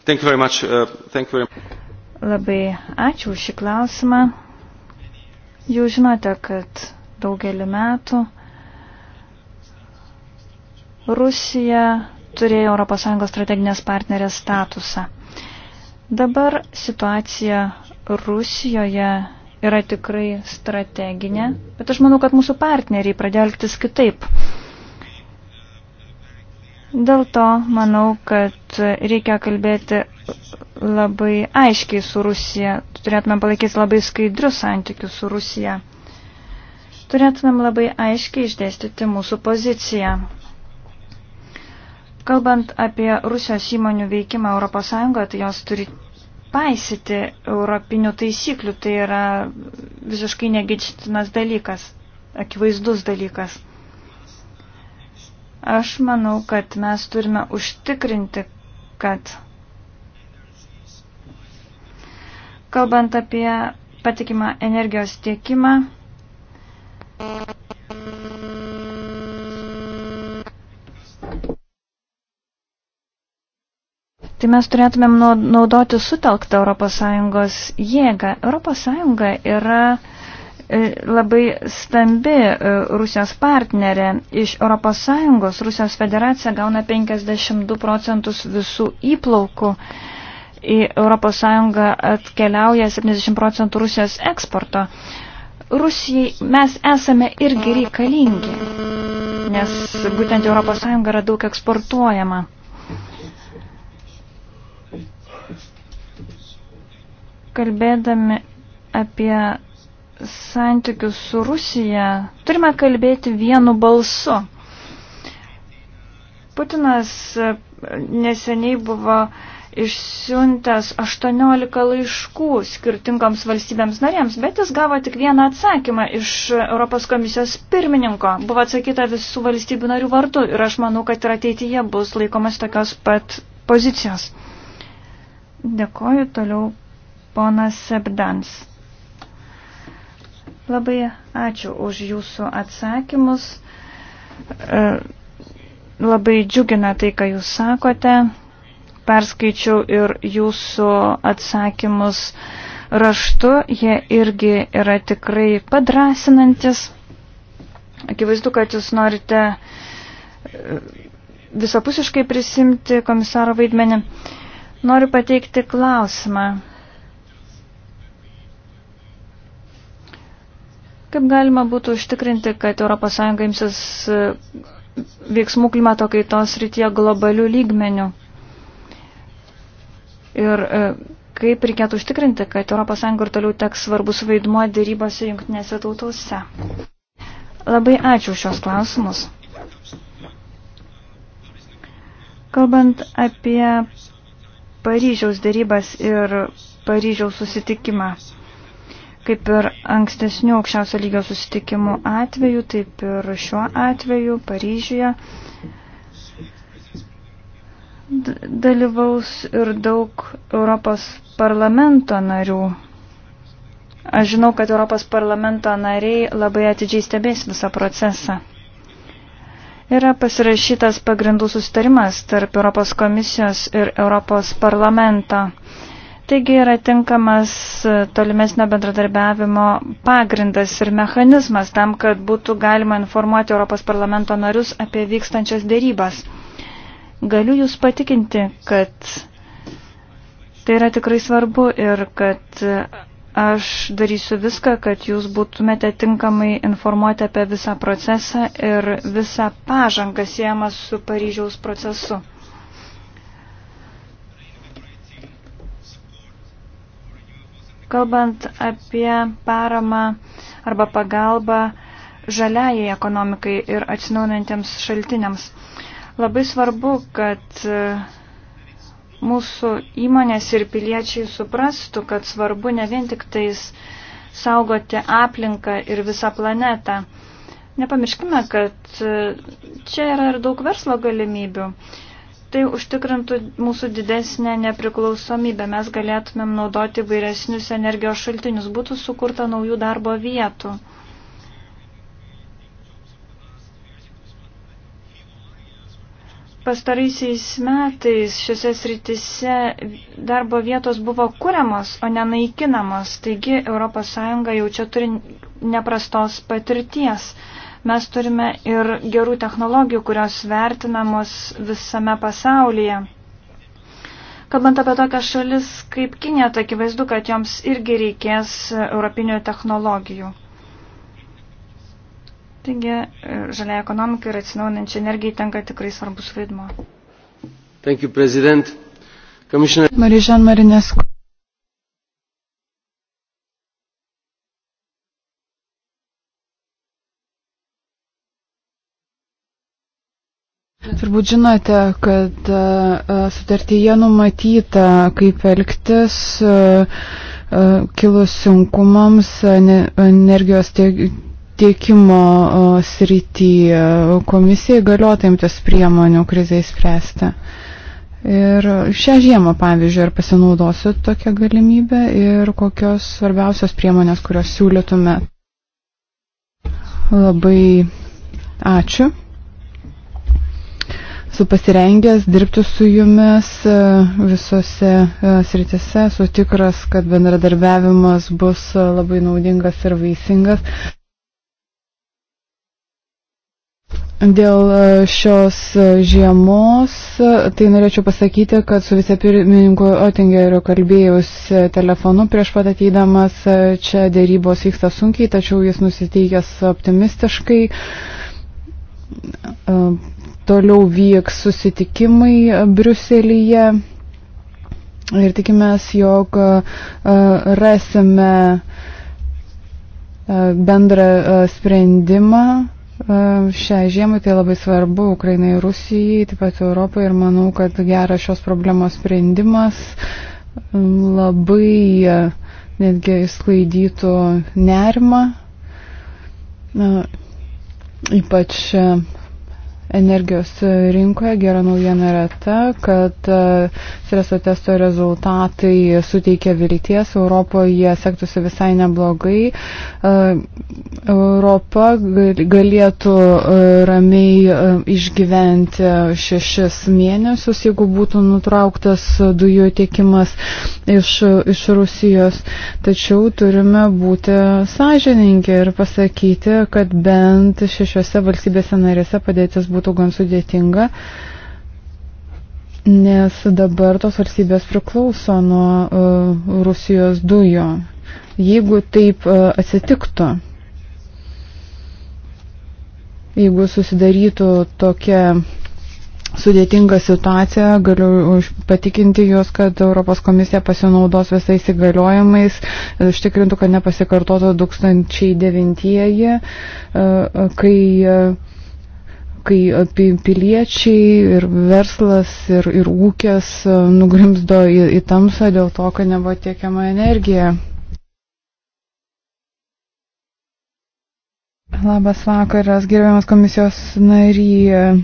Thank you very much. Uh, thank you very much. Labai ačiū už šį klausimą. Jūs žinote, kad daugelį metų Rusija turėjo ES strateginės partnerės statusą. Dabar situacija Rusijoje yra tikrai strateginė, bet aš manau, kad mūsų partneriai pradėjo elgtis kitaip. Dėl to manau, kad reikia kalbėti labai aiškiai su Rusija. Turėtume palaikyti labai skaidrius santykius su Rusija. Turėtumėm labai aiškiai išdėstyti mūsų poziciją. Kalbant apie Rusijos įmonių veikimą ES, tai jos turi paisyti europinių taisyklių. Tai yra visiškai negičtinas dalykas, akivaizdus dalykas. Aš manau, kad mes turime užtikrinti, kad kalbant apie patikimą energijos tiekimą, tai mes turėtumėm naudoti sutelktą ES jėgą. ES yra e, labai stambi e, Rusijos partnerė. Iš ES Rusijos federacija gauna 52 procentus visų įplaukų. Į ES atkeliauja 70 procentų Rusijos eksporto. Rusijai mes esame irgi reikalingi, nes būtent ES yra daug eksportuojama. kalbėdami apie santykius su Rusija, turime kalbėti vienu balsu. Putinas neseniai buvo išsiuntęs 18 laiškų skirtingoms valstybėms narėms, bet jis gavo tik vieną atsakymą iš Europos komisijos pirmininko. Buvo atsakyta visų valstybių narių vardu ir aš manau, kad ir ateityje bus laikomas tokios pat pozicijos. Dėkoju toliau ponas Sebdans. Labai ačiū už jūsų atsakymus. E, labai džiugina tai, ką jūs sakote. Perskaičiau ir jūsų atsakymus raštu. Jie irgi yra tikrai padrasinantis. Akivaizdu, kad jūs norite e, visapusiškai prisimti komisaro vaidmenį. Noriu pateikti klausimą. Kaip galima būtų užtikrinti, kad ES imsis e, veiksmų klimato kaitos rytie globalių lygmenių? Ir e, kaip reikėtų užtikrinti, kad ES ir toliau teks svarbus vaidmuo dėrybose jungtinėse tautose? Labai ačiū šios klausimus. Kalbant apie Paryžiaus dėrybas ir Paryžiaus susitikimą. Kaip ir ankstesnių aukščiausio lygio susitikimų atveju, taip ir šiuo atveju Paryžiuje dalyvaus ir daug Europos parlamento narių. Aš žinau, kad Europos parlamento nariai labai atidžiai stebės visą procesą. Yra pasirašytas pagrindų sustarimas tarp Europos komisijos ir Europos parlamento. Taigi yra tinkamas e, tolimesnio bendradarbiavimo pagrindas ir mechanizmas tam, kad būtų galima informuoti Europos parlamento narius apie vykstančias dėrybas. Galiu Jūs patikinti, kad tai yra tikrai svarbu ir kad e, aš darysiu viską, kad Jūs būtumėte tinkamai informuoti apie visą procesą ir visą pažangą siejamą su Paryžiaus procesu. Kalbant apie paramą arba pagalbą žaliajai ekonomikai ir atsinaujantiems šaltiniams, labai svarbu, kad e, mūsų įmonės ir piliečiai suprastų, kad svarbu ne vien tik tais saugoti aplinką ir visą planetą. Nepamirškime, kad e, čia yra ir daug verslo galimybių. Tai užtikrintų mūsų didesnę nepriklausomybę. Mes galėtumėm naudoti vairesnius energijos šaltinius. Būtų sukurta naujų darbo vietų. Pastaraisiais metais šiuose sritise darbo vietos buvo kuriamos, o ne naikinamos, taigi ES jau čia turi neprastos patirties. Mes turime ir gerų technologijų, kurios vertinamos visame pasaulyje. Kalbant apie tokias šalis kaip Kinė, tai akivaizdu, kad joms irgi reikės europinių technologijų. Taigi, žalia ekonomika ir atsinaujinančia energija tenka tikrai svarbus vaidmo. Thank you, President. Commissioner... Marijan Marinescu. Turbūt žinote, kad e, e, sutartyje numatyta, kaip elgtis e, kilus sunkumams energijos tiekimo srity komisijai galiotojimtis priemonių kriziai spręsti. Ir šią žiemą, pavyzdžiui, ar pasinaudosiu tokią galimybę ir kokios svarbiausios priemonės, kurios siūlytume. Labai ačiū. Esu pasirengęs dirbti su jumis e, visose e, sritise, esu tikras, kad bendradarbiavimas bus e, labai naudingas ir vaisingas. Dėl šios žiemos, tai norėčiau pasakyti, kad su vicepirmininku Otingeriu kalbėjus telefonu prieš pat ateidamas čia dėrybos vyksta sunkiai, tačiau jis nusiteikęs optimistiškai Toliau vyks susitikimai e, Briuselyje ir tikimės, jog e, e, rasime bendrą sprendimą šią žiemą, tai labai svarbu Ukrainai, Rusijai, taip pat Europai ir manau, kad geras šios problemos sprendimas labai netgi sklaidytų nerimą, ypač energijos rinkoje. Gera naujiena yra ta, kad e, streso testo rezultatai suteikia vilties, Europoje sektųsi visai neblogai. E, Europa galėtų e, ramiai išgyventi šešis mėnesius, jeigu būtų nutrauktas dujų tiekimas iš, iš Rusijos. Tačiau turime būti sąžininkai ir pasakyti, kad bent šešiose valstybėse narėse padėtis būtų būtų gan sudėtinga, nes dabar tos valstybės priklauso nuo uh, Rusijos dujo. Jeigu taip uh, atsitiktų, jeigu susidarytų tokia sudėtinga situacija, galiu patikinti juos, kad Europos komisija pasinaudos visais įgaliojimais, užtikrintų, kad nepasikartotų 2009, e, kai kai e, piliečiai ir verslas ir, ir ūkės e, nugrimzdo į, į tamsą dėl to, kad nebuvo tiekiama energija. Labas vakaras, gerbiamas komisijos nary. E,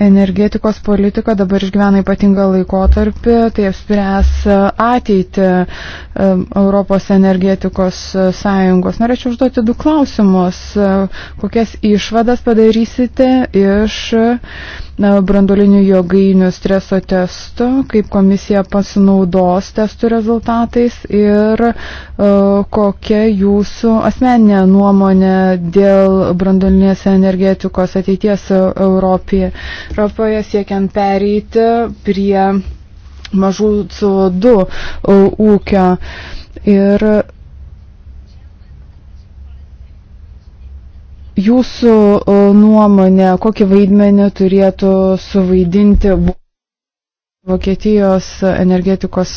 energetikos politika dabar išgyvena ypatingą laikotarpį, tai apspręs ateitį e, Europos energetikos sąjungos. Norėčiau užduoti du klausimus. E, kokias išvadas padarysite iš brandolinių jogainių streso testų, kaip komisija pasinaudos testų rezultatais ir kokia jūsų asmeninė nuomonė dėl dėl brandolinės energetikos ateities Europėje, Europoje siekiant pereiti prie mažų CO2 ūkio. Ir jūsų nuomonė, kokį vaidmenį turėtų suvaidinti Vokietijos energetikos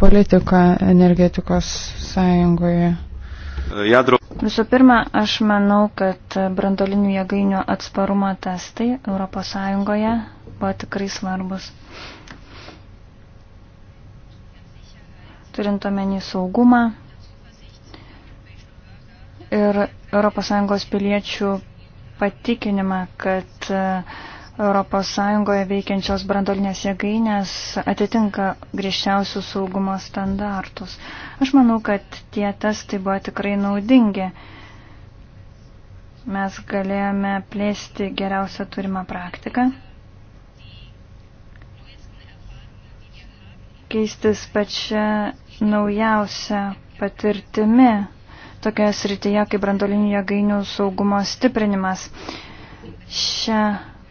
politika energetikos sąjungoje? Jadro. Visų pirma, aš manau, kad brandolinių jėgainių atsparumo testai ES buvo tikrai svarbus. Turint omeny saugumą ir ES piliečių patikinimą, kad uh, ES veikiančios brandolinės jėgainės atitinka griežčiausių saugumo standartus. Aš manau, kad tie testai buvo tikrai naudingi. Mes galėjome plėsti geriausią turimą praktiką, keistis pačią naujausią patirtimi tokioje srityje kaip brandolinių jėgainių saugumo stiprinimas. Šią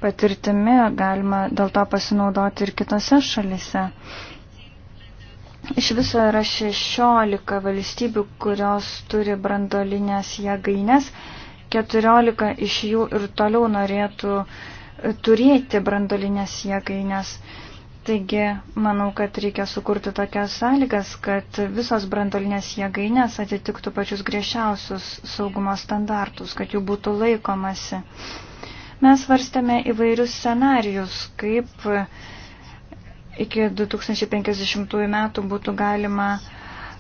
patirtimi galima dėl to pasinaudoti ir kitose šalise. Iš viso yra 16 valstybių, kurios turi brandolinės jėgainės. 14 iš jų ir toliau norėtų e, turėti brandolinės jėgainės. Taigi, manau, kad reikia sukurti tokias sąlygas, kad visos brandolinės jėgainės atitiktų pačius griežčiausius saugumo standartus, kad jų būtų laikomasi. Mes svarstėme įvairius scenarius, kaip iki 2050 metų būtų galima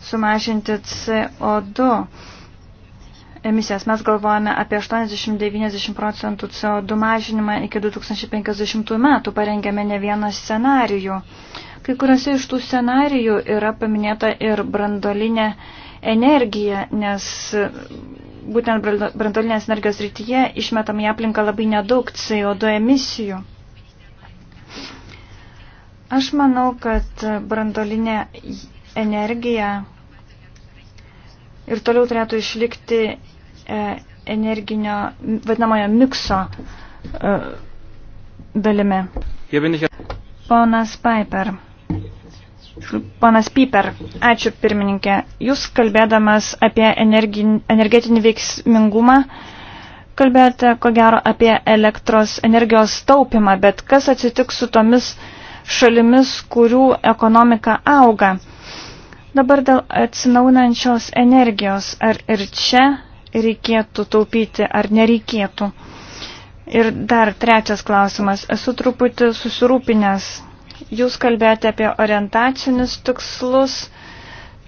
sumažinti CO2 emisijas. Mes galvojame apie 80-90 procentų CO2 mažinimą iki 2050 metų, parengėme ne vieną scenarijų. Kai kuriuose iš tų scenarijų yra paminėta ir brandolinė energija, nes būtent brandolinės energijos rytyje išmetam į aplinką labai nedaug CO2 emisijų. Aš manau, kad brandolinė energija ir toliau turėtų išlikti e, energinio, vadinamojo, mikso e, dalimi. Ponas Piper. Panas Piper, ačiū pirmininkė. Jūs kalbėdamas apie energetinį veiksmingumą, kalbėjote ko gero apie elektros energijos taupimą, bet kas atsitiks su tomis šalimis, kurių ekonomika auga? Dabar dėl atsinaunančios energijos, ar ir čia reikėtų taupyti, ar nereikėtų? Ir dar trečias klausimas. Esu truputį susirūpinęs Jūs kalbėjote apie orientacinius tikslus,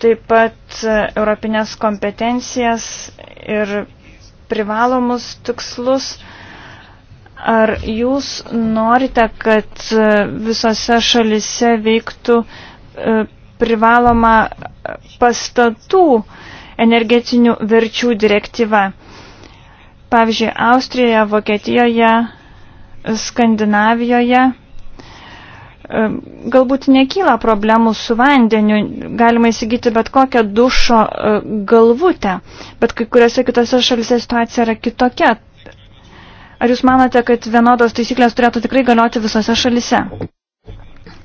taip pat europinės kompetencijas ir privalomus tikslus. Ar jūs norite, kad visose šalise veiktų e, privaloma pastatų energetinių verčių direktyva? Pavyzdžiui, Austrijoje, Vokietijoje, Skandinavijoje galbūt nekyla problemų su vandeniu, galima įsigyti bet kokią dušo e, galvutę, bet kai kuriuose kitose šalise situacija yra kitokia. Ar jūs manote, kad vienodos taisyklės turėtų tikrai galioti visose šalise?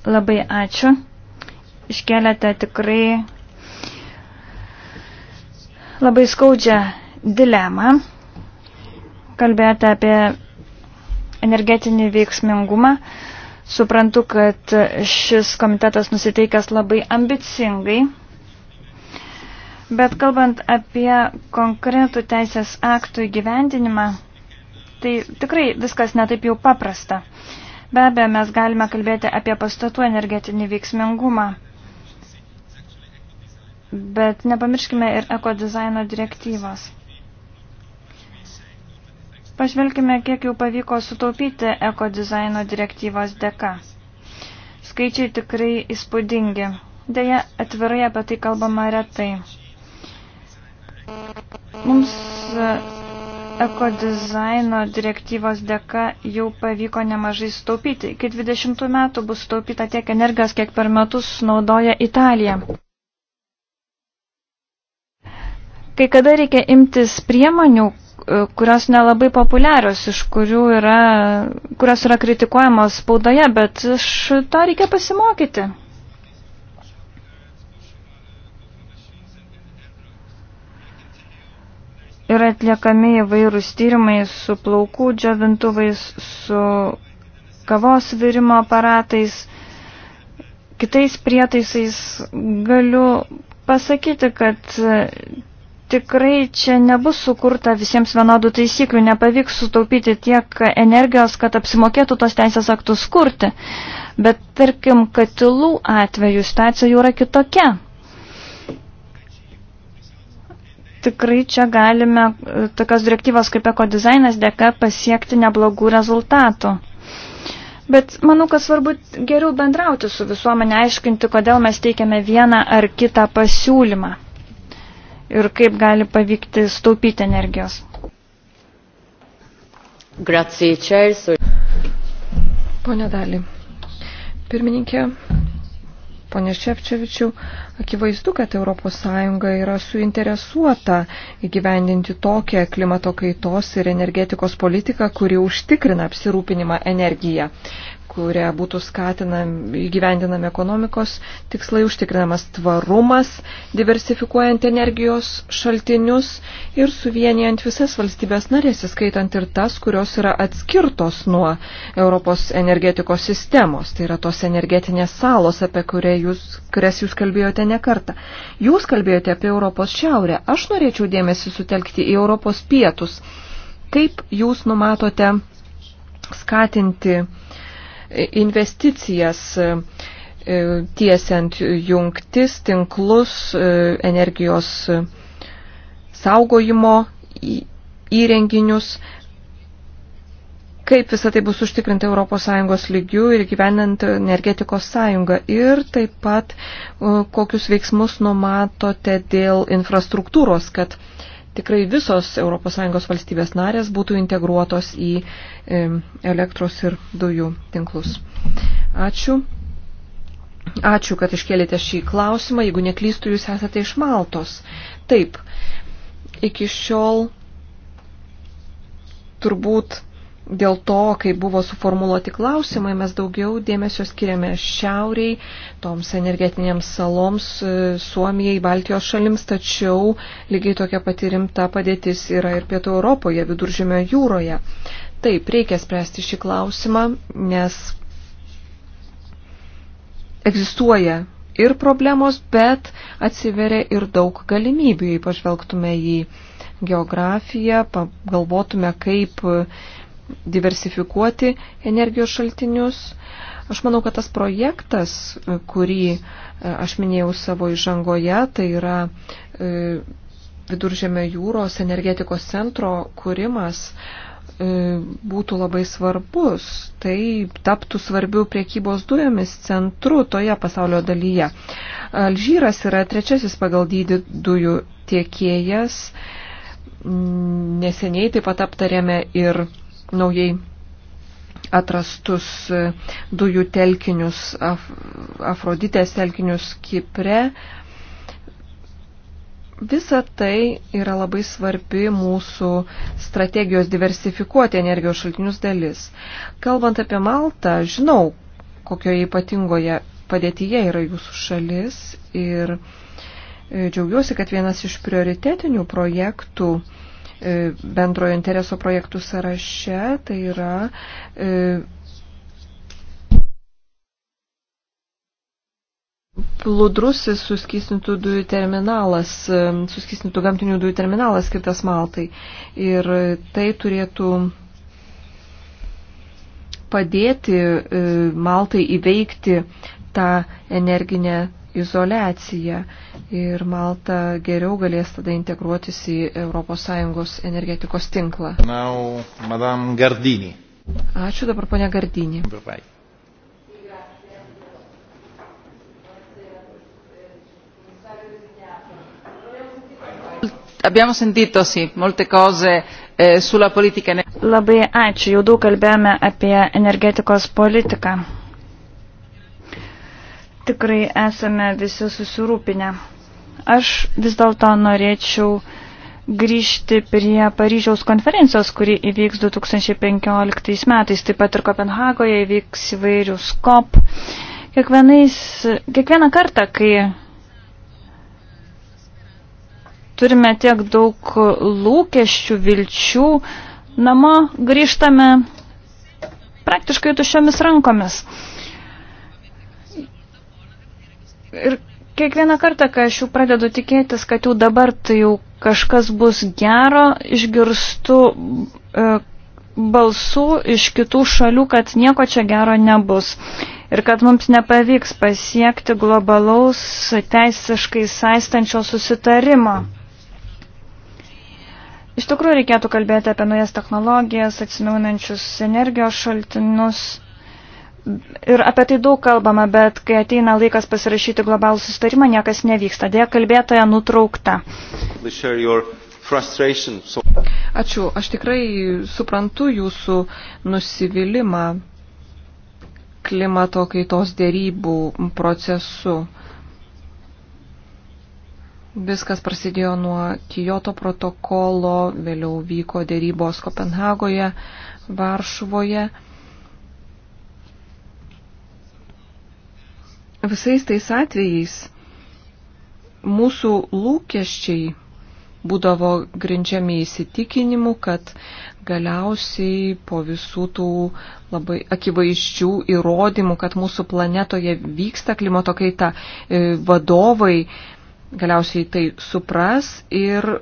Labai ačiū. Iškėlėte tikrai labai skaudžią dilemą. Kalbėjote apie energetinį veiksmingumą. Uh, Suprantu, kad šis komitetas nusiteikęs labai ambicingai, bet kalbant apie konkretų teisės aktų įgyvendinimą, tai tikrai viskas netaip jau paprasta. Be abejo, mes galime kalbėti apie pastatų energetinį veiksmingumą, bet nepamirškime ir ekodizaino direktyvos. Pažvelkime, kiek jau pavyko sutaupyti ekodizaino direktyvos dėka. Skaičiai tikrai įspūdingi. Deja, atvirai apie tai kalbama retai. Mums e, ekodizaino direktyvos dėka jau pavyko nemažai sutaupyti. Iki 20 metų bus sutaupyta tiek energijos, kiek per metus naudoja Italija. Kai kada reikia imtis priemonių, E, kurios nelabai populiarios, iš kurių yra, kurios yra kritikuojamos spaudoje, bet iš to reikia pasimokyti. Yra atliekami įvairūs tyrimai su plaukų džiavintuvais, su kavos virimo aparatais, kitais prietaisais. Galiu pasakyti, kad tikrai čia nebus sukurta visiems vienodų taisyklių, nepavyks sutaupyti tiek energijos, kad apsimokėtų tos teisės aktus kurti. Bet tarkim, katilų atveju situacija jau yra kitokia. Tikrai čia galime e, tokios direktyvos kaip ekodizainas dėka pasiekti neblogų rezultatų. Bet manau, kad svarbu geriau bendrauti su visuomenė, aiškinti, kodėl mes teikiame vieną ar kitą pasiūlymą ir kaip gali pavykti staupyti energijos. Grazie, Chelsea. Pone Dali, pirmininkė, Pone Šepčevičiu, akivaizdu, kad ES yra suinteresuota įgyvendinti tokią klimato kaitos ir energetikos politiką, kuri užtikrina apsirūpinimą energiją kuria būtų skatinami įgyvendinami ekonomikos tikslai, užtikrinamas tvarumas, diversifikuojant energijos šaltinius ir suvienijant visas valstybės narės, įskaitant ir tas, kurios yra atskirtos nuo Europos energetikos sistemos. Tai yra tos energetinės salos, apie jūs, kurias jūs kalbėjote ne kartą. Jūs kalbėjote apie Europos šiaurę. Aš norėčiau dėmesį sutelkti į Europos pietus. Kaip jūs numatote skatinti investicijas e, e, tiesiant jungtis, tinklus, e, energijos saugojimo įrenginius, kaip visą tai bus užtikrinta ES lygių ir gyvenant energetikos sąjungą. Ir taip pat kokius veiksmus numatote dėl infrastruktūros, kad tikrai visos ES valstybės narės būtų integruotos į elektros ir dujų tinklus. Ačiū. Ačiū, kad iškėlėte šį klausimą. Jeigu neklystų, jūs esate iš Maltos. Taip, iki šiol turbūt dėl to, kai buvo suformuoluoti klausimai, mes daugiau dėmesio skiriame šiauriai, toms energetinėms saloms, e, Suomijai, Baltijos šalims, tačiau lygiai tokia pati rimta padėtis yra ir Pietų Europoje, Viduržėmio jūroje. Taip, reikia spręsti šį klausimą, nes egzistuoja ir problemos, bet atsiveria ir daug galimybių, jei pažvelgtume į geografiją, pagalvotume, kaip diversifikuoti energijos šaltinius. Aš manau, kad tas projektas, kurį e, aš minėjau savo įžangoje, tai yra e, viduržėmio jūros energetikos centro kūrimas e, būtų labai svarbus. Tai taptų svarbių priekybos dujomis centru toje pasaulio dalyje. Alžyras yra trečiasis pagal dydį dujų tiekėjas. Neseniai taip pat aptarėme ir naujai atrastus dujų telkinius, Af Afroditės telkinius Kipre. Visa tai yra labai svarbi mūsų strategijos diversifikuoti energijos šaltinius dalis. Kalbant apie Maltą, žinau, kokioje ypatingoje padėtyje yra jūsų šalis ir e, džiaugiuosi, kad vienas iš prioritetinių projektų E, bendrojo intereso projektų sąraše, tai yra e, plūdrusis suskistintų dujų terminalas, e, suskistintų gamtinių dujų terminalas skirtas Maltai. Ir tai turėtų padėti Maltai įveikti tą energinę izolaciją ir Malta geriau galės tada integruotis į ES energetikos tinklą. Now, Madame Gardini. Ačiū dabar ponia Gardinį. Abbiamo sentito sì, molte cose eh, sulla politica. Labai ačiū, jau daug kalbėjome apie energetikos politiką tikrai esame visi susirūpinę. Aš vis dėlto norėčiau grįžti prie Paryžiaus konferencijos, kuri įvyks 2015 metais, taip pat ir Kopenhagoje įvyks įvairius COP. Kiekvienais, kiekvieną kartą, kai turime tiek daug lūkesčių, vilčių, namo grįžtame praktiškai tuščiomis rankomis. Ir kiekvieną kartą, kai aš jau pradedu tikėtis, kad jau dabar tai jau kažkas bus gero, išgirstu e, balsų iš kitų šalių, kad nieko čia gero nebus. Ir kad mums nepavyks pasiekti globalaus teisiškai saistančio susitarimo. Iš tikrųjų reikėtų kalbėti apie naujas technologijas, atsinaujinančius energijos šaltinius ir apie tai daug kalbama, bet kai ateina laikas pasirašyti globalų sustarimą, niekas nevyksta. Dėja, kalbėtoja nutraukta. Ačiū. Aš tikrai suprantu jūsų nusivylimą klimato kaitos dėrybų procesu. Viskas prasidėjo nuo Kijoto protokolo, vėliau vyko dėrybos Kopenhagoje, Varšuvoje. visais tais atvejais mūsų lūkesčiai būdavo grindžiami įsitikinimu, kad galiausiai po visų tų labai akivaizdžių įrodymų, kad mūsų planetoje vyksta klimato kaita, e, vadovai galiausiai tai supras ir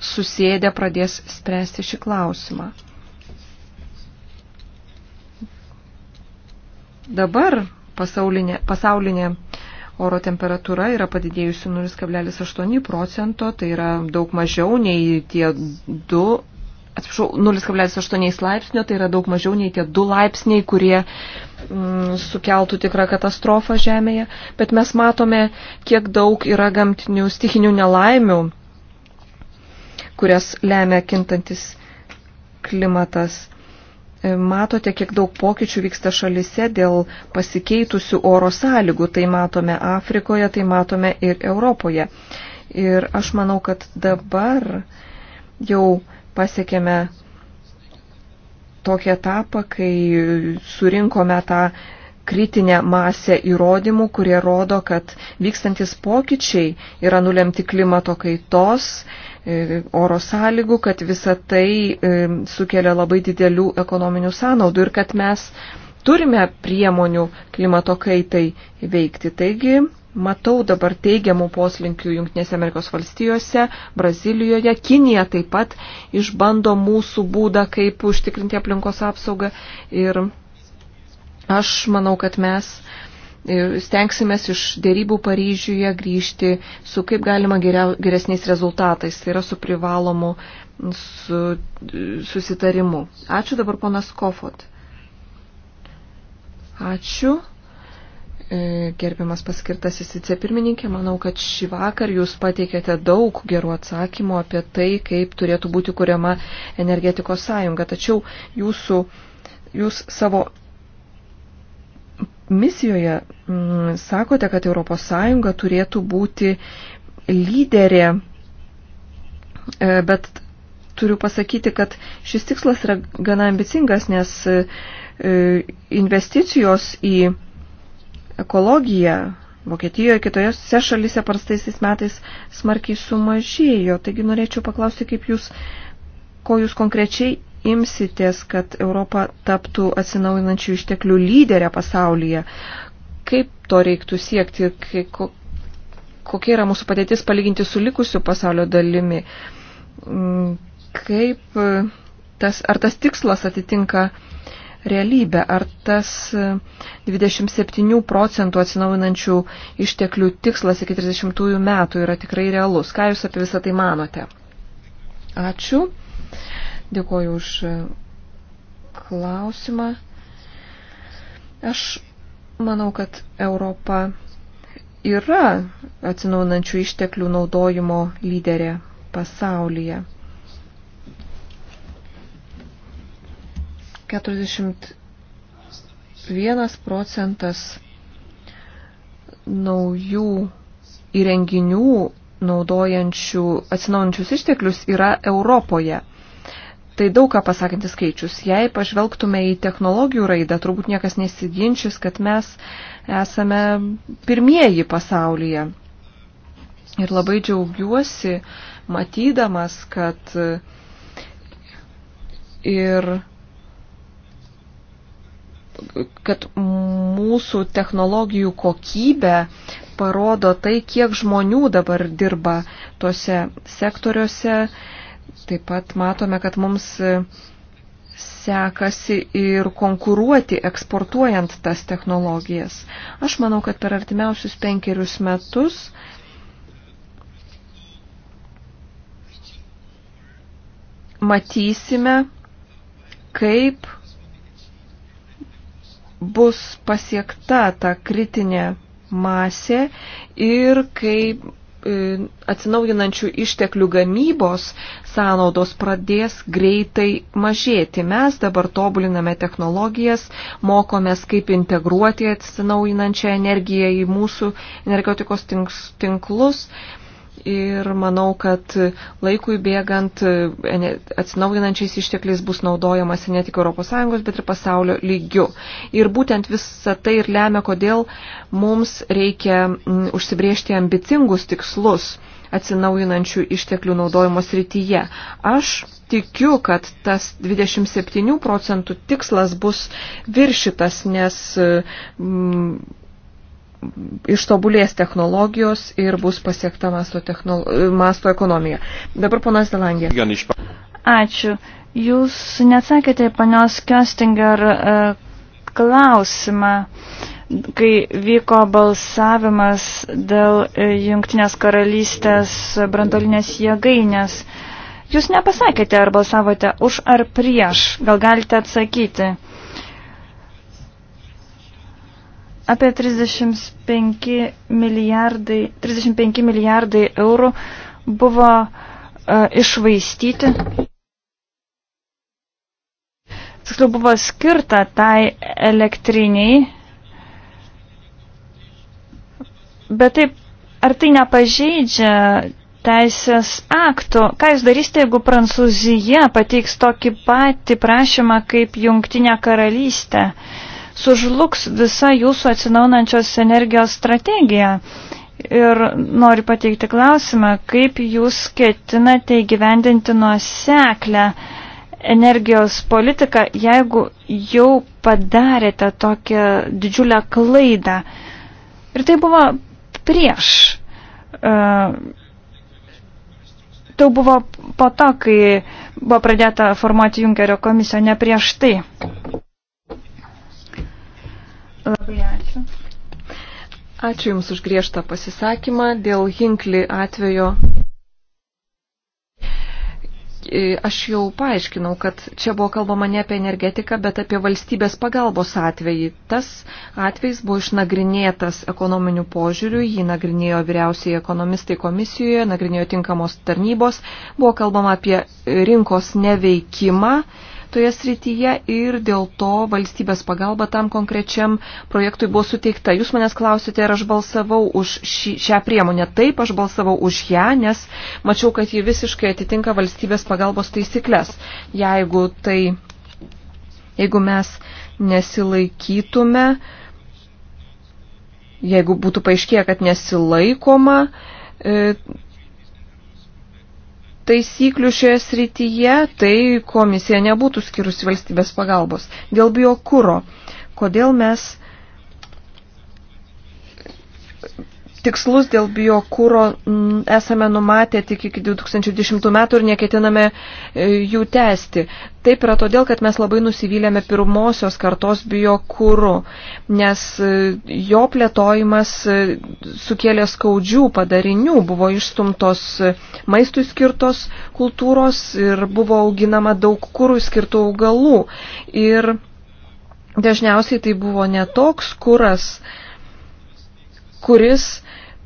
susėdę pradės spręsti šį klausimą. Dabar Pasaulinė, pasaulinė oro temperatūra yra padidėjusi 0,8 procento, tai yra daug mažiau nei tie 2, atsiprašau, 0,8 laipsnio, tai yra daug mažiau nei tie 2 laipsniai, kurie mm, sukeltų tikrą katastrofą Žemėje. Bet mes matome, kiek daug yra gamtinių stichinių nelaimių, kurias lemia kintantis klimatas. E, matote, kiek daug pokyčių vyksta šalise dėl pasikeitusių oro sąlygų. Tai matome Afrikoje, tai matome ir Europoje. Ir aš manau, kad dabar jau pasiekėme tokį etapą, kai surinkome tą kritinę masę įrodymų, kurie rodo, kad vykstantis pokyčiai yra nulemti klimato kaitos, e, oro sąlygų, kad visa tai e, sukelia labai didelių ekonominių sąnaudų ir kad mes turime priemonių klimato kaitai veikti. Taigi, matau dabar teigiamų poslinkių Junktinėse Amerikos valstijose, Brazilijoje, Kinija taip pat išbando mūsų būdą, kaip užtikrinti aplinkos apsaugą ir Aš manau, kad mes stengsimės iš dėrybų Paryžiuje grįžti su kaip galima geriau, geresniais rezultatais, tai yra su privalomu su, susitarimu. Ačiū dabar ponas Kofot. Ačiū e, gerbiamas paskirtasis vicepirmininkė, manau, kad šį vakar jūs pateikėte daug gerų atsakymų apie tai, kaip turėtų būti kuriama energetikos sąjunga. Tačiau jūsų, jūs savo misijoje m, mm, sakote, kad ES turėtų būti lyderė, e, bet turiu pasakyti, kad šis tikslas yra gana ambicingas, nes e, investicijos į ekologiją Vokietijoje, kitose šalise parstaisiais metais smarkiai sumažėjo. Taigi norėčiau paklausti, kaip jūs, ko jūs konkrečiai imsitės, kad Europa taptų atsinaujinančių išteklių lyderę pasaulyje? Kaip to reiktų siekti ir kokia yra mūsų patėtis palyginti su likusiu pasaulio dalimi? Mm, kaip e, tas, ar tas tikslas atitinka realybę, ar tas 27 e, procentų atsinaujinančių išteklių tikslas iki 30 metų yra tikrai realus? Ką Jūs apie visą tai manote? Ačiū. Dėkuoju už e, klausimą. Aš manau, kad Europa yra atsinaunančių išteklių naudojimo lyderė pasaulyje. 41 procentas naujų įrenginių naudojančių atsinaujančius išteklius yra Europoje. Tai daug ką pasakantis skaičius. Jei pažvelgtume į technologijų raidą, turbūt niekas nesiginčys, kad mes esame pirmieji pasaulyje. Ir labai džiaugiuosi matydamas, kad ir kad mūsų technologijų kokybė parodo tai, kiek žmonių dabar dirba tose sektoriuose, Taip pat matome, kad mums e, sekasi ir konkuruoti eksportuojant tas technologijas. Aš manau, kad per artimiausius penkerius metus matysime, kaip bus pasiekta ta kritinė masė ir kaip E, atsinaujinančių išteklių gamybos sąnaudos pradės greitai mažėti. Mes dabar tobuliname technologijas, mokomės, kaip integruoti atsinaujinančią energiją į mūsų energetikos tinklus ir manau, kad laikui bėgant e, atsinaujinančiais ištekliais bus naudojamasi ne tik ES, bet ir pasaulio lygiu. Ir būtent visą tai ir lemia, kodėl mums reikia užsibriežti ambicingus tikslus atsinaujinančių išteklių naudojimo srityje. Aš tikiu, kad tas 27 procentų tikslas bus viršytas, nes. Mm, ištobulės technologijos ir bus pasiekta masto, technolo, masto ekonomija. Dabar ponas Delangė. Ačiū. Jūs neatsakėte panios Kjostinger e, klausimą, kai vyko balsavimas dėl e, Junktinės karalystės brandolinės jėgainės. Jūs nepasakėte, ar balsavote už ar prieš. Gal galite atsakyti? Apie 35 milijardai, 35 milijardai eurų buvo uh, išvaistyti. Tiksliau buvo skirta tai elektriniai. Bet taip, ar tai nepažeidžia teisės aktų. Ką jūs darysite, jeigu Prancūzija pateiks tokį patį prašymą kaip Jungtinė karalystė? Uh, sužlugs visa jūsų atsinaunančios energijos strategija. Ir noriu pateikti klausimą, kaip jūs ketinate įgyvendinti nuoseklę energijos politiką, jeigu jau padarėte tokią didžiulę klaidą. Ir tai buvo prieš. E, tai buvo po to, kai buvo pradėta formuoti Junkerio komisiją, ne prieš tai. Labai ačiū. Ačiū Jums už griežtą pasisakymą dėl Hinkli atvejo. E, aš jau paaiškinau, kad čia buvo kalbama ne apie energetiką, bet apie valstybės pagalbos atvejį. Tas atvejs buvo išnagrinėtas ekonominių požiūrių, jį nagrinėjo vyriausiai ekonomistai komisijoje, nagrinėjo tinkamos tarnybos, buvo kalbama apie rinkos neveikimą toje srityje ir dėl to valstybės pagalba tam konkrečiam projektui buvo suteikta. Jūs manęs klausite, ar aš balsavau už šį, šią priemonę. Taip, aš balsavau už ją, nes mačiau, kad ji visiškai atitinka valstybės pagalbos taisyklės. Jeigu, tai, jeigu mes nesilaikytume, jeigu būtų paaiškėję, kad nesilaikoma, e, taisyklių šioje srityje, tai komisija nebūtų skirusi valstybės pagalbos. Dėl biokūro, kodėl mes tikslus dėl biokūro mm, esame numatę tik iki 2010 metų ir neketiname e, jų tęsti. Taip yra todėl, kad mes labai nusivylėme pirmosios kartos biokūrų, nes e, jo plėtojimas e, sukėlė skaudžių padarinių, buvo išstumtos maistui skirtos kultūros ir buvo auginama daug kūrų skirtų augalų. Ir dažniausiai tai buvo netoks kuras, kuris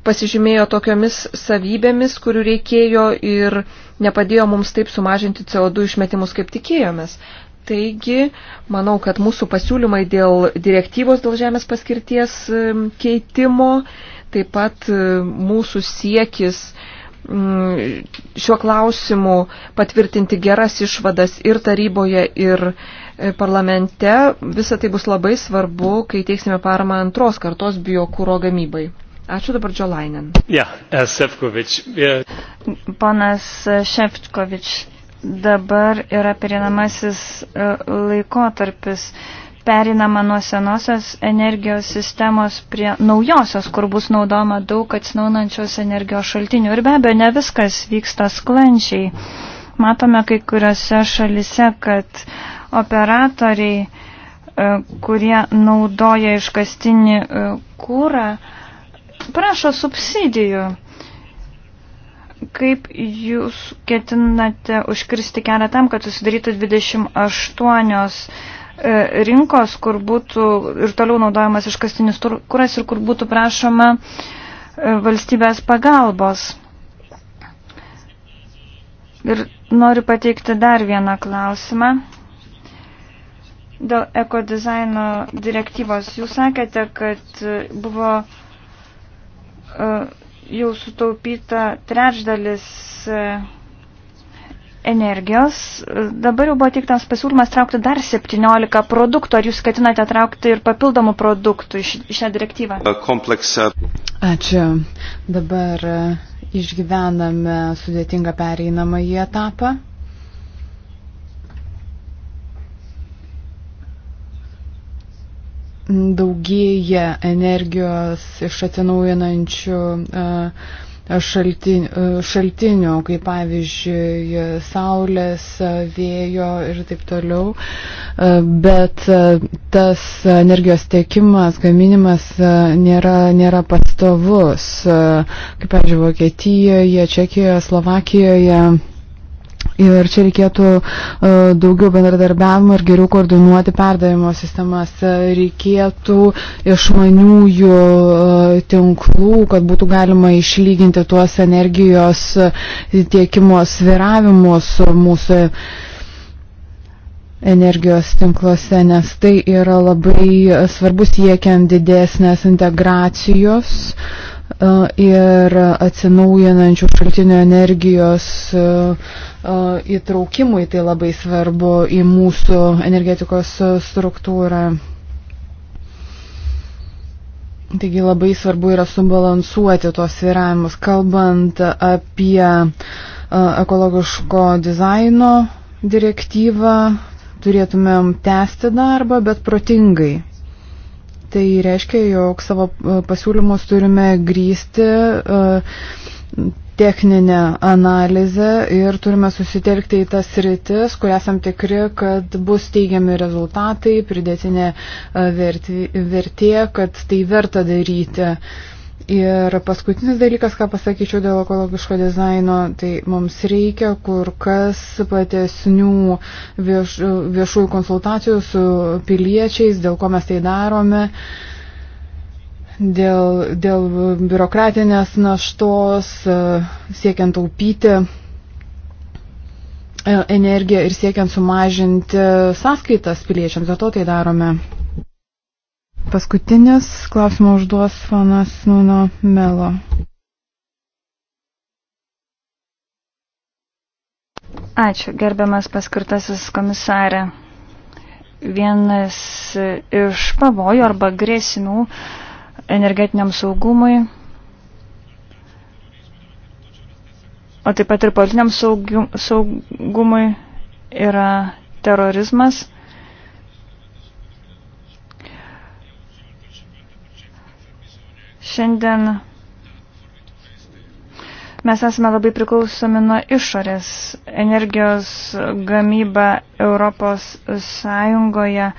pasižymėjo tokiomis savybėmis, kurių reikėjo ir nepadėjo mums taip sumažinti CO2 išmetimus, kaip tikėjomės. Taigi, manau, kad mūsų pasiūlymai dėl direktyvos dėl žemės paskirties keitimo, taip pat e, mūsų siekis šiuo klausimu patvirtinti geras išvadas ir taryboje, ir e, parlamente, visa tai bus labai svarbu, kai teiksime paramą antros kartos biokūro gamybai. Ačiū dabar Džolainen. Ja, eh, Sefkovič. Yeah. Ponas eh, Šefčkovič, dabar yra perinamasis eh, laikotarpis. Perinama nuo senosios energijos sistemos prie naujosios, kur bus naudoma daug atsinaunančios energijos šaltinių. Ir be abejo, ne viskas vyksta sklančiai. Matome kai kuriuose šalise, kad operatoriai, kurie naudoja iškastinį kūrą, prašo subsidijų. Kaip jūs ketinate užkirsti kelią tam, kad susidarytų 28 e, rinkos, kur būtų ir toliau naudojamas iškastinis kuras ir kur būtų prašoma e, valstybės pagalbos? Ir noriu pateikti dar vieną klausimą. Dėl ekodizaino direktyvos jūs sakėte, kad buvo E, jau sutaupyta trečdalis e, energijos. Dabar jau buvo teiktas pasiūlymas traukti dar 17 produktų. Ar jūs ketinate traukti ir papildomų produktų iš šią direktyvą? Kompleksą. Ačiū. Dabar e, išgyvename sudėtingą pereinamąjį etapą. daugėja energijos iš atsinaujinančių e, šaltinių, e, šaltinių, kaip pavyzdžiui saulės, e, vėjo ir taip toliau, bet tas energijos tiekimas, gaminimas nėra, nėra pastovus, kaip pavyzdžiui Vokietijoje, Čekijoje, Slovakijoje Ir čia reikėtų e, daugiau bendradarbiavimo ir geriau koordinuoti perdavimo sistemas. E, reikėtų išmaniųjų e, tinklų, kad būtų galima išlyginti tuos energijos tiekimo sviravimus mūsų energijos tinkluose, nes tai yra labai svarbus siekiant didesnės integracijos ir atsinaujinančių šaltinių energijos uh, E, įtraukimui tai labai svarbu į mūsų energetikos struktūrą. Taigi labai svarbu yra subalansuoti tos sviravimus. Kalbant apie e, ekologiško dizaino direktyvą, turėtumėm tęsti darbą, bet protingai. Tai reiškia, jog savo e, pasiūlymus turime grįsti techninę analizę ir turime susitelkti į tas rytis, kur esam tikri, kad bus teigiami rezultatai, pridėtinė e, vertė, kad tai verta daryti. Ir paskutinis dalykas, ką pasakyčiau dėl ekologiško dizaino, tai mums reikia kur kas platesnių vieš, viešųjų konsultacijų su piliečiais, dėl ko mes tai darome. Uh, dėl, dėl biurokratinės naštos, e, siekiant taupyti e, energiją ir siekiant sumažinti sąskaitas piliečiams. Dėl to tai darome. Paskutinis klausimą užduos fanas Nuno Melo. Ačiū, gerbiamas paskirtasis komisarė. Vienas iš pavojų arba grėsmių uh, energetiniam saugumui, o taip pat ir politiniam saugumui yra terorizmas. Šiandien mes esame labai priklausomi nuo išorės. Energijos gamyba Europos Sąjungoje uh,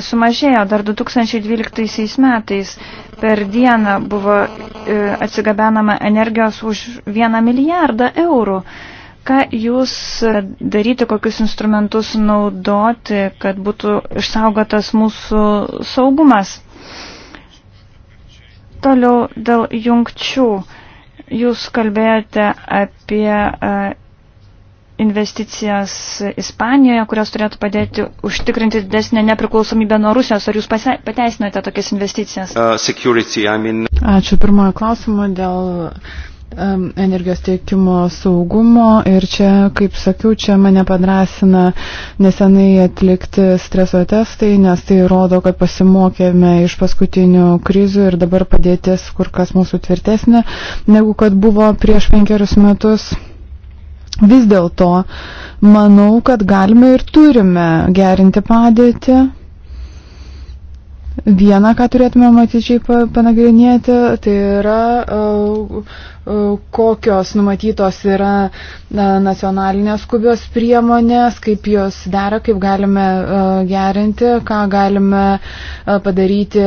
sumažėjo dar 2012 metais. Per dieną buvo e, atsigabenama energijos už 1 milijardą eurų. Ką jūs e, daryti, kokius instrumentus naudoti, kad būtų išsaugotas mūsų saugumas? Toliau dėl jungčių. Jūs kalbėjote apie e, investicijas Ispanijoje, kurios turėtų padėti užtikrinti didesnę nepriklausomybę nuo Rusijos. Ar jūs pateisinote tokias investicijas? Uh, security, I mean... Ačiū pirmojo klausimo dėl um, energijos tiekimo saugumo ir čia, kaip sakiau, čia mane padrasina nesenai atlikti streso testai, nes tai rodo, kad pasimokėme iš paskutinių krizių ir dabar padėtis kur kas mūsų tvirtesnė negu kad buvo prieš penkerius metus. Vis dėlto manau, kad galime ir turime gerinti padėtį. Viena, ką turėtume matyčiai panagrinėti, tai yra e, e, kokios numatytos yra nacionalinės skubios priemonės, kaip jos dera, kaip galime e, gerinti, ką galime padaryti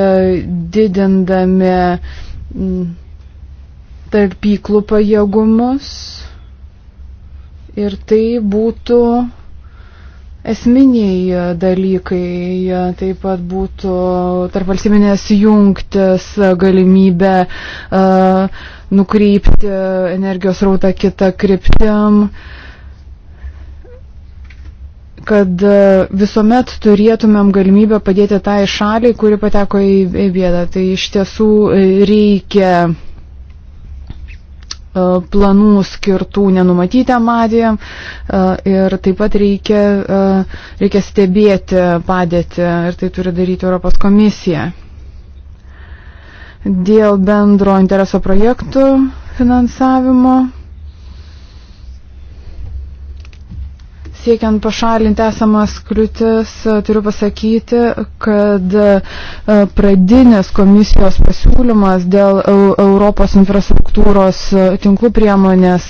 didindami tarpyklų pajėgumus Ir tai būtų esminiai e, dalykai, taip pat būtų tarp valstybinės jungtis e, galimybė uh, nukreipti energijos rautą kitą kryptim. Uh, kad visuomet turėtumėm galimybę padėti tai šaliai, kuri pateko į bėdą. Tai iš tiesų reikia E, planų skirtų nenumatytėm atėjom e, ir taip pat reikia, e, reikia stebėti padėtį ir tai turi daryti Europos komisija. Dėl bendro intereso projektų finansavimo siekiant pašalinti esamas kliūtis, e, turiu pasakyti, kad e, pradinės komisijos pasiūlymas dėl Europos infrastruktūros e, tinklų priemonės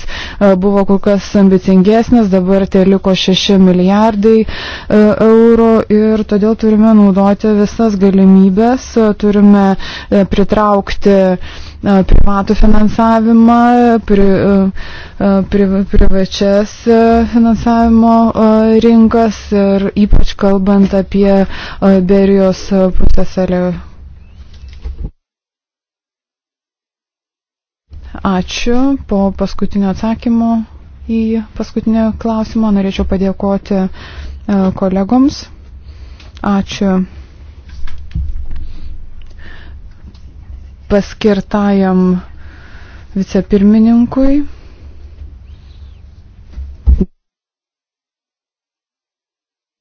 buvo kur kas ambicingesnis, dabar tai liko 6 milijardai eurų ir todėl turime naudoti visas galimybės, turime pritraukti E, privatų finansavimą, pri, e, e, pri, privačias finansavimo rinkas ir ypač kalbant apie Berijos pusėsalį. Ačiū po paskutinio atsakymo į paskutinį klausimą. Norėčiau padėkoti kolegoms. Ačiū paskirtajam vicepirmininkui.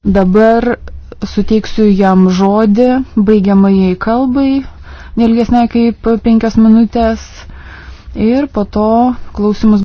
Dabar suteiksiu jam žodį baigiamajai kalbai, nelgesnė kaip penkias minutės ir po to klausimus.